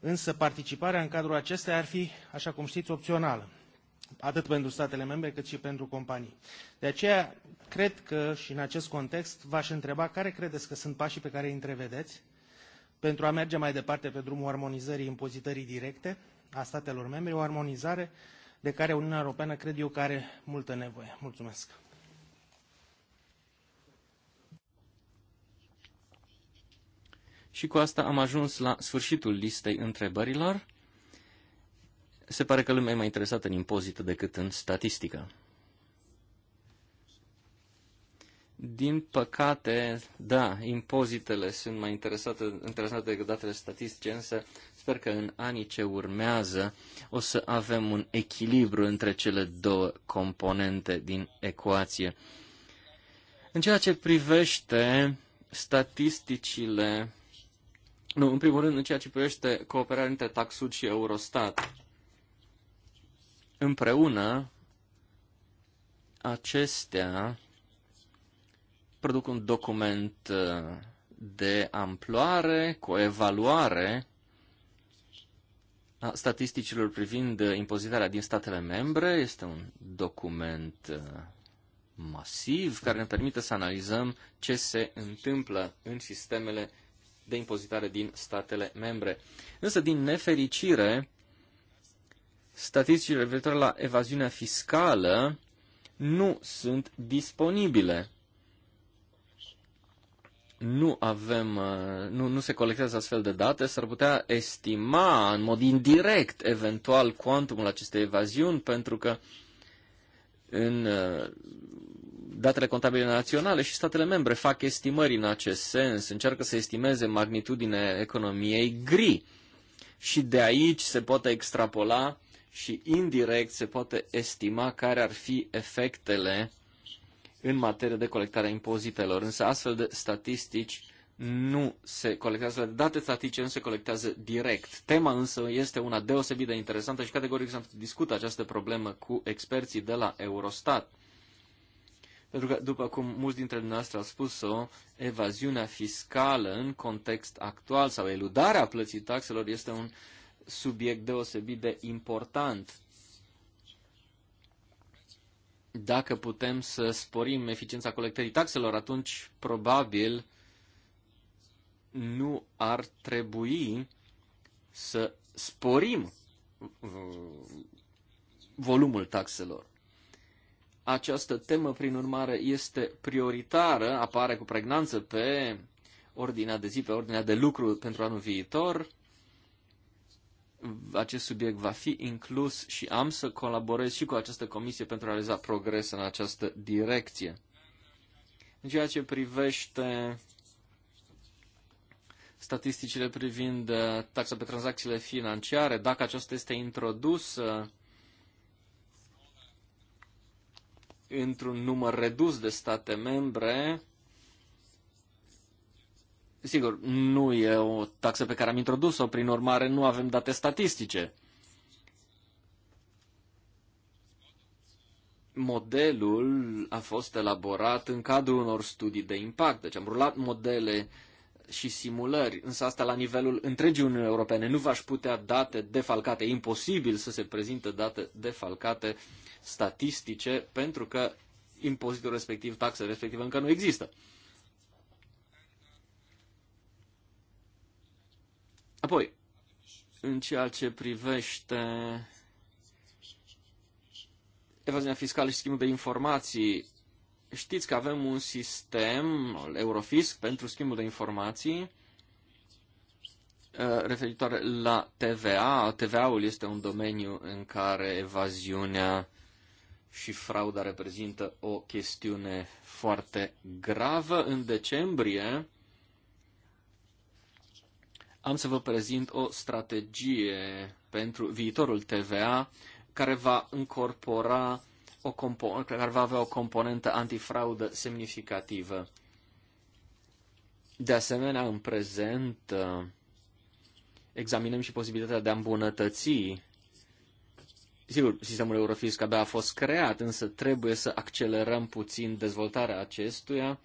însă participarea în cadrul acesteia ar fi, așa cum știți, opțională atât pentru statele membre cât și pentru companii. De aceea, cred că și în acest context v-aș întreba care credeți că sunt pașii pe care îi întrevedeți pentru a merge mai departe pe drumul armonizării impozitării directe a statelor membre, o armonizare de care Uniunea Europeană cred eu că are multă nevoie. Mulțumesc! Și cu asta am ajuns la sfârșitul listei întrebărilor. Se pare că lumea e mai interesată în impozită decât în statistică. Din păcate, da, impozitele sunt mai interesate, interesate decât datele statistice, însă sper că în anii ce urmează o să avem un echilibru între cele două componente din ecuație. În ceea ce privește statisticile, nu, în primul rând, în ceea ce privește cooperarea între Taxud și Eurostat, Împreună, acestea produc un document uh, de amploare, cu o evaluare a statisticilor privind uh, impozitarea din statele membre. Este un document uh, masiv care ne permite să analizăm ce se întâmplă în sistemele de impozitare din statele membre. Însă, din nefericire, statisticile referitoare la evaziunea fiscală nu sunt disponibile. Nu avem, uh, nu, nu se colectează astfel de date, s-ar putea estima în mod indirect eventual cuantumul acestei evaziuni, pentru că în uh, datele contabile naționale și statele membre fac estimări în acest sens, încearcă să estimeze magnitudinea economiei gri. Și de aici se poate extrapola și indirect se poate estima care ar fi efectele în materie de colectare a impozitelor. Însă astfel de statistici nu se colectează, date statistice nu se colectează direct. Tema însă este una deosebit de interesantă și categoric să discut această problemă cu experții de la Eurostat. Pentru că, după cum mulți dintre dumneavoastră au spus-o, evaziunea fiscală în context actual sau eludarea plății taxelor este un uh, subiect deosebit de important. Dacă putem să sporim eficiența colectării taxelor, atunci probabil nu ar trebui să sporim volumul taxelor. Această temă, prin urmare, este prioritară, apare cu pregnanță pe ordinea de zi, pe ordinea de lucru pentru anul viitor acest subiect va fi inclus și am să colaborez și cu această comisie pentru a realiza progres în această direcție. În ceea ce privește statisticile privind uh, taxa pe tranzacțiile financiare, dacă aceasta este introdusă într-un număr redus de state membre, Sigur, nu e o taxă pe care am introdus-o, prin urmare nu avem date statistice. Modelul a fost elaborat în cadrul unor studii de impact, deci am rulat modele și simulări, însă asta la nivelul întregii Uniunii Europene. Nu v-aș putea date defalcate, e imposibil să se prezinte date defalcate statistice, pentru că impozitul respectiv, taxa respectivă încă nu există. Apoi, în ceea ce privește evaziunea fiscală și schimbul de informații, știți că avem un sistem, Eurofisc, pentru schimbul de informații uh, referitoare la TVA. TVA-ul este un domeniu în care evaziunea și frauda reprezintă o chestiune foarte gravă. În decembrie am să vă prezint o strategie pentru viitorul TVA care va încorpora o care va avea o componentă antifraudă semnificativă. De asemenea, în prezent uh, examinăm și posibilitatea de a îmbunătăți Sigur, sistemul Eurofisc abia a fost creat, însă trebuie să accelerăm puțin dezvoltarea acestuia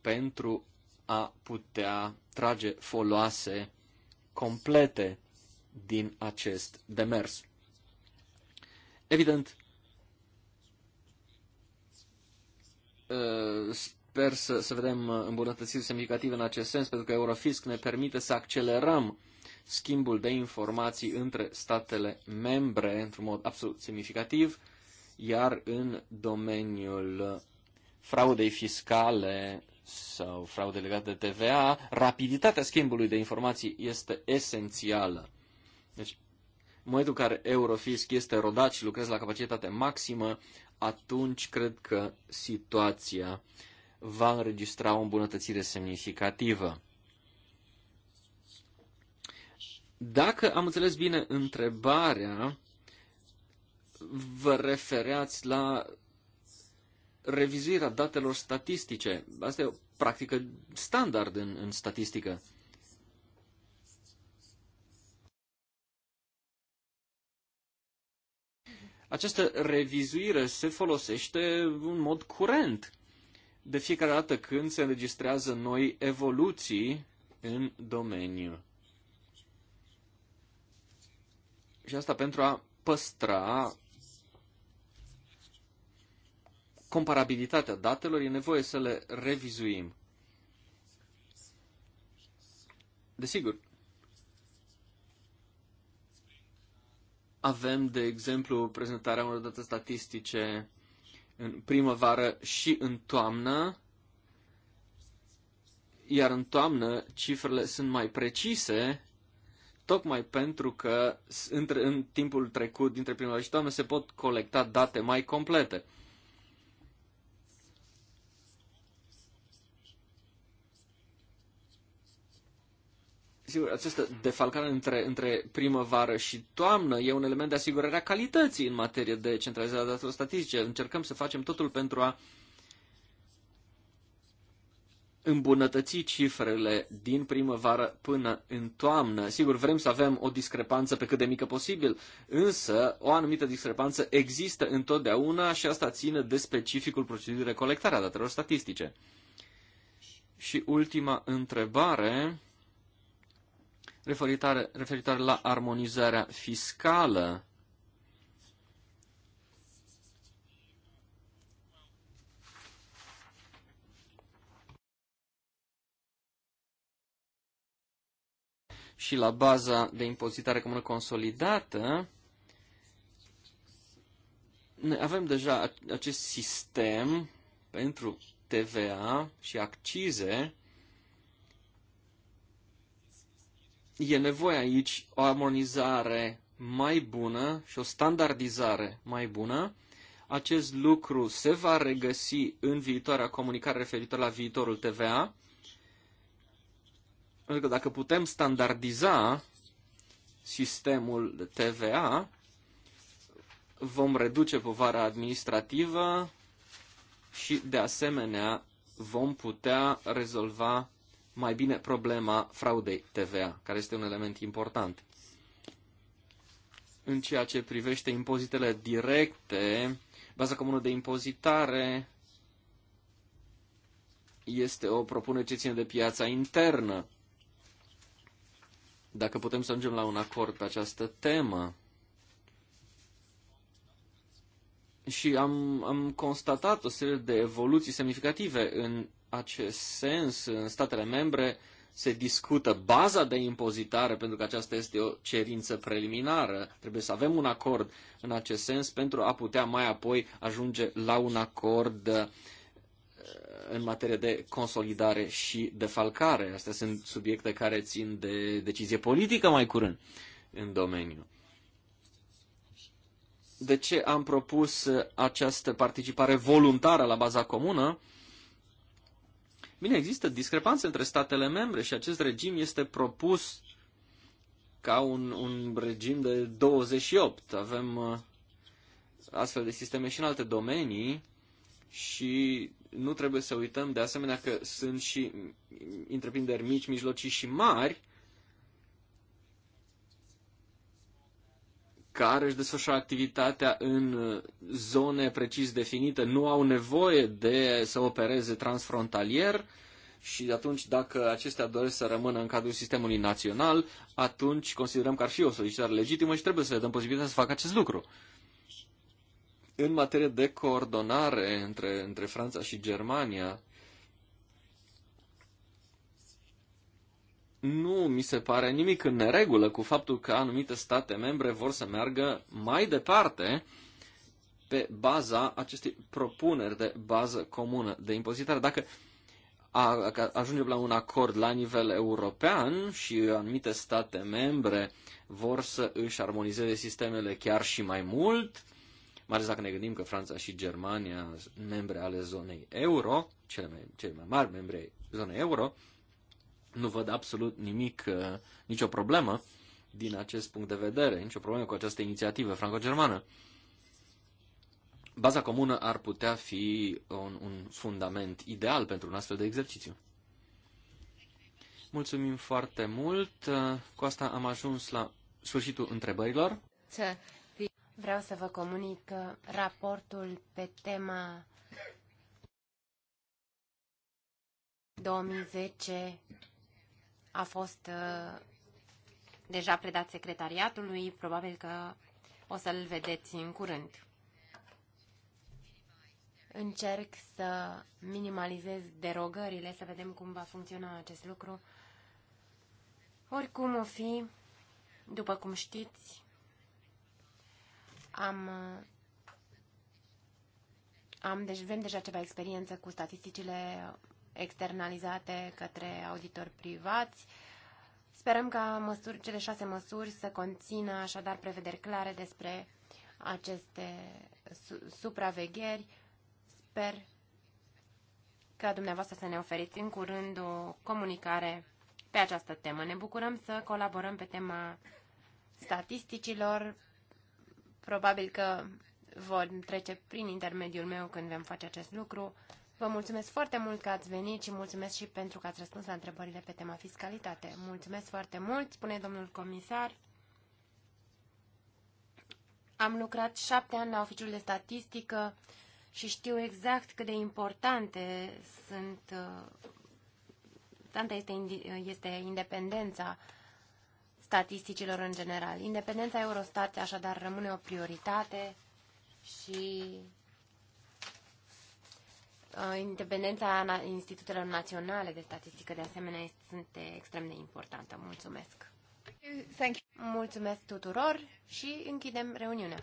pentru a putea trage foloase complete din acest demers. Evident, uh, sper să, să vedem îmbunătățiri semnificative în acest sens, pentru că Eurofisc ne permite să accelerăm schimbul de informații între statele membre într-un mod absolut semnificativ, iar în domeniul fraudei fiscale sau fraude legate de TVA, rapiditatea schimbului de informații este esențială. Deci, în momentul în care Eurofisc este rodat și lucrez la capacitate maximă, atunci cred că situația va înregistra o îmbunătățire semnificativă. Dacă am înțeles bine întrebarea, vă refereați la revizuirea datelor statistice. Asta e o practică standard în, în statistică. Această revizuire se folosește în mod curent. De fiecare dată când se înregistrează noi evoluții în domeniu. Și asta pentru a păstra comparabilitatea datelor, e nevoie să le revizuim. Desigur, avem, de exemplu, prezentarea unor date statistice în primăvară și în toamnă, iar în toamnă cifrele sunt mai precise, tocmai pentru că între, în timpul trecut, dintre primăvară și toamnă, se pot colecta date mai complete. Sigur, această defalcare între, între primăvară și toamnă e un element de asigurare a calității în materie de centralizare a datelor statistice. Încercăm să facem totul pentru a îmbunătăți cifrele din primăvară până în toamnă. Sigur, vrem să avem o discrepanță pe cât de mică posibil, însă o anumită discrepanță există întotdeauna și asta ține de specificul procedurii de colectare a datelor statistice. Și ultima întrebare referitoare, referitoare la armonizarea fiscală. și la baza de impozitare comună consolidată, noi avem deja acest sistem pentru TVA și accize e nevoie aici o armonizare mai bună și o standardizare mai bună. Acest lucru se va regăsi în viitoarea comunicare referitor la viitorul TVA. Pentru că dacă putem standardiza sistemul TVA, vom reduce povara administrativă și, de asemenea, vom putea rezolva mai bine problema fraudei TVA, care este un element important. În ceea ce privește impozitele directe, baza comună de impozitare este o propunere ce ține de piața internă. Dacă putem să ajungem la un acord pe această temă, și am, am constatat o serie de evoluții semnificative în acest sens, în statele membre se discută baza de impozitare, pentru că aceasta este o cerință preliminară. Trebuie să avem un acord în acest sens pentru a putea mai apoi ajunge la un acord uh, în materie de consolidare și defalcare. Astea sunt subiecte care țin de decizie politică mai curând în domeniu. De ce am propus această participare voluntară la baza comună? Bine, există discrepanțe între statele membre și acest regim este propus ca un, un regim de 28. Avem uh, astfel de sisteme și în alte domenii și nu trebuie să uităm de asemenea că sunt și mm, mm, întreprinderi mici, mijlocii și mari care își desfășoară activitatea în uh, zone precis definite, nu au nevoie de să opereze transfrontalier și atunci dacă acestea doresc să rămână în cadrul sistemului național, atunci considerăm că ar fi o solicitare legitimă și trebuie să le dăm posibilitatea să facă acest lucru. În materie de coordonare între, între Franța și Germania, nu mi se pare nimic în neregulă cu faptul că anumite state membre vor să meargă mai departe pe baza acestei propuneri de bază comună de impozitare. Dacă ajungem la un acord la nivel european și anumite state membre vor să își armonizeze sistemele chiar și mai mult, mai ales dacă ne gândim că Franța și Germania sunt membre ale zonei euro, cele mai, cele mai mari membre zonei euro, nu văd absolut nimic, uh, nicio problemă din acest punct de vedere, nicio problemă cu această inițiativă franco-germană. Baza comună ar putea fi un, un fundament ideal pentru un astfel de exercițiu. Mulțumim foarte mult. Uh, cu asta am ajuns la sfârșitul întrebărilor. Vreau să vă comunic raportul pe tema 2010 a fost uh, deja predat secretariatului, probabil că o să-l vedeți în curând. Încerc să minimalizez derogările, să vedem cum va funcționa acest lucru. Oricum o fi, după cum știți, am, am deci avem deja ceva experiență cu statisticile externalizate către auditori privați. Sperăm ca măsuri, cele șase măsuri să conțină așadar prevederi clare despre aceste supravegheri. Sper ca dumneavoastră să ne oferiți în curând o comunicare pe această temă. Ne bucurăm să colaborăm pe tema statisticilor. Probabil că vor trece prin intermediul meu când vom face acest lucru. Vă mulțumesc foarte mult că ați venit și mulțumesc și pentru că ați răspuns la întrebările pe tema fiscalitate. Mulțumesc foarte mult, spune domnul comisar. Am lucrat șapte ani la oficiul de statistică și știu exact cât de importante sunt uh, tanta este, uh, este independența statisticilor în general. Independența Eurostat așadar rămâne o prioritate și Uh, independența institutelor naționale de statistică, de asemenea, este extrem de importantă. Mulțumesc! Mulțumesc tuturor și închidem reuniunea.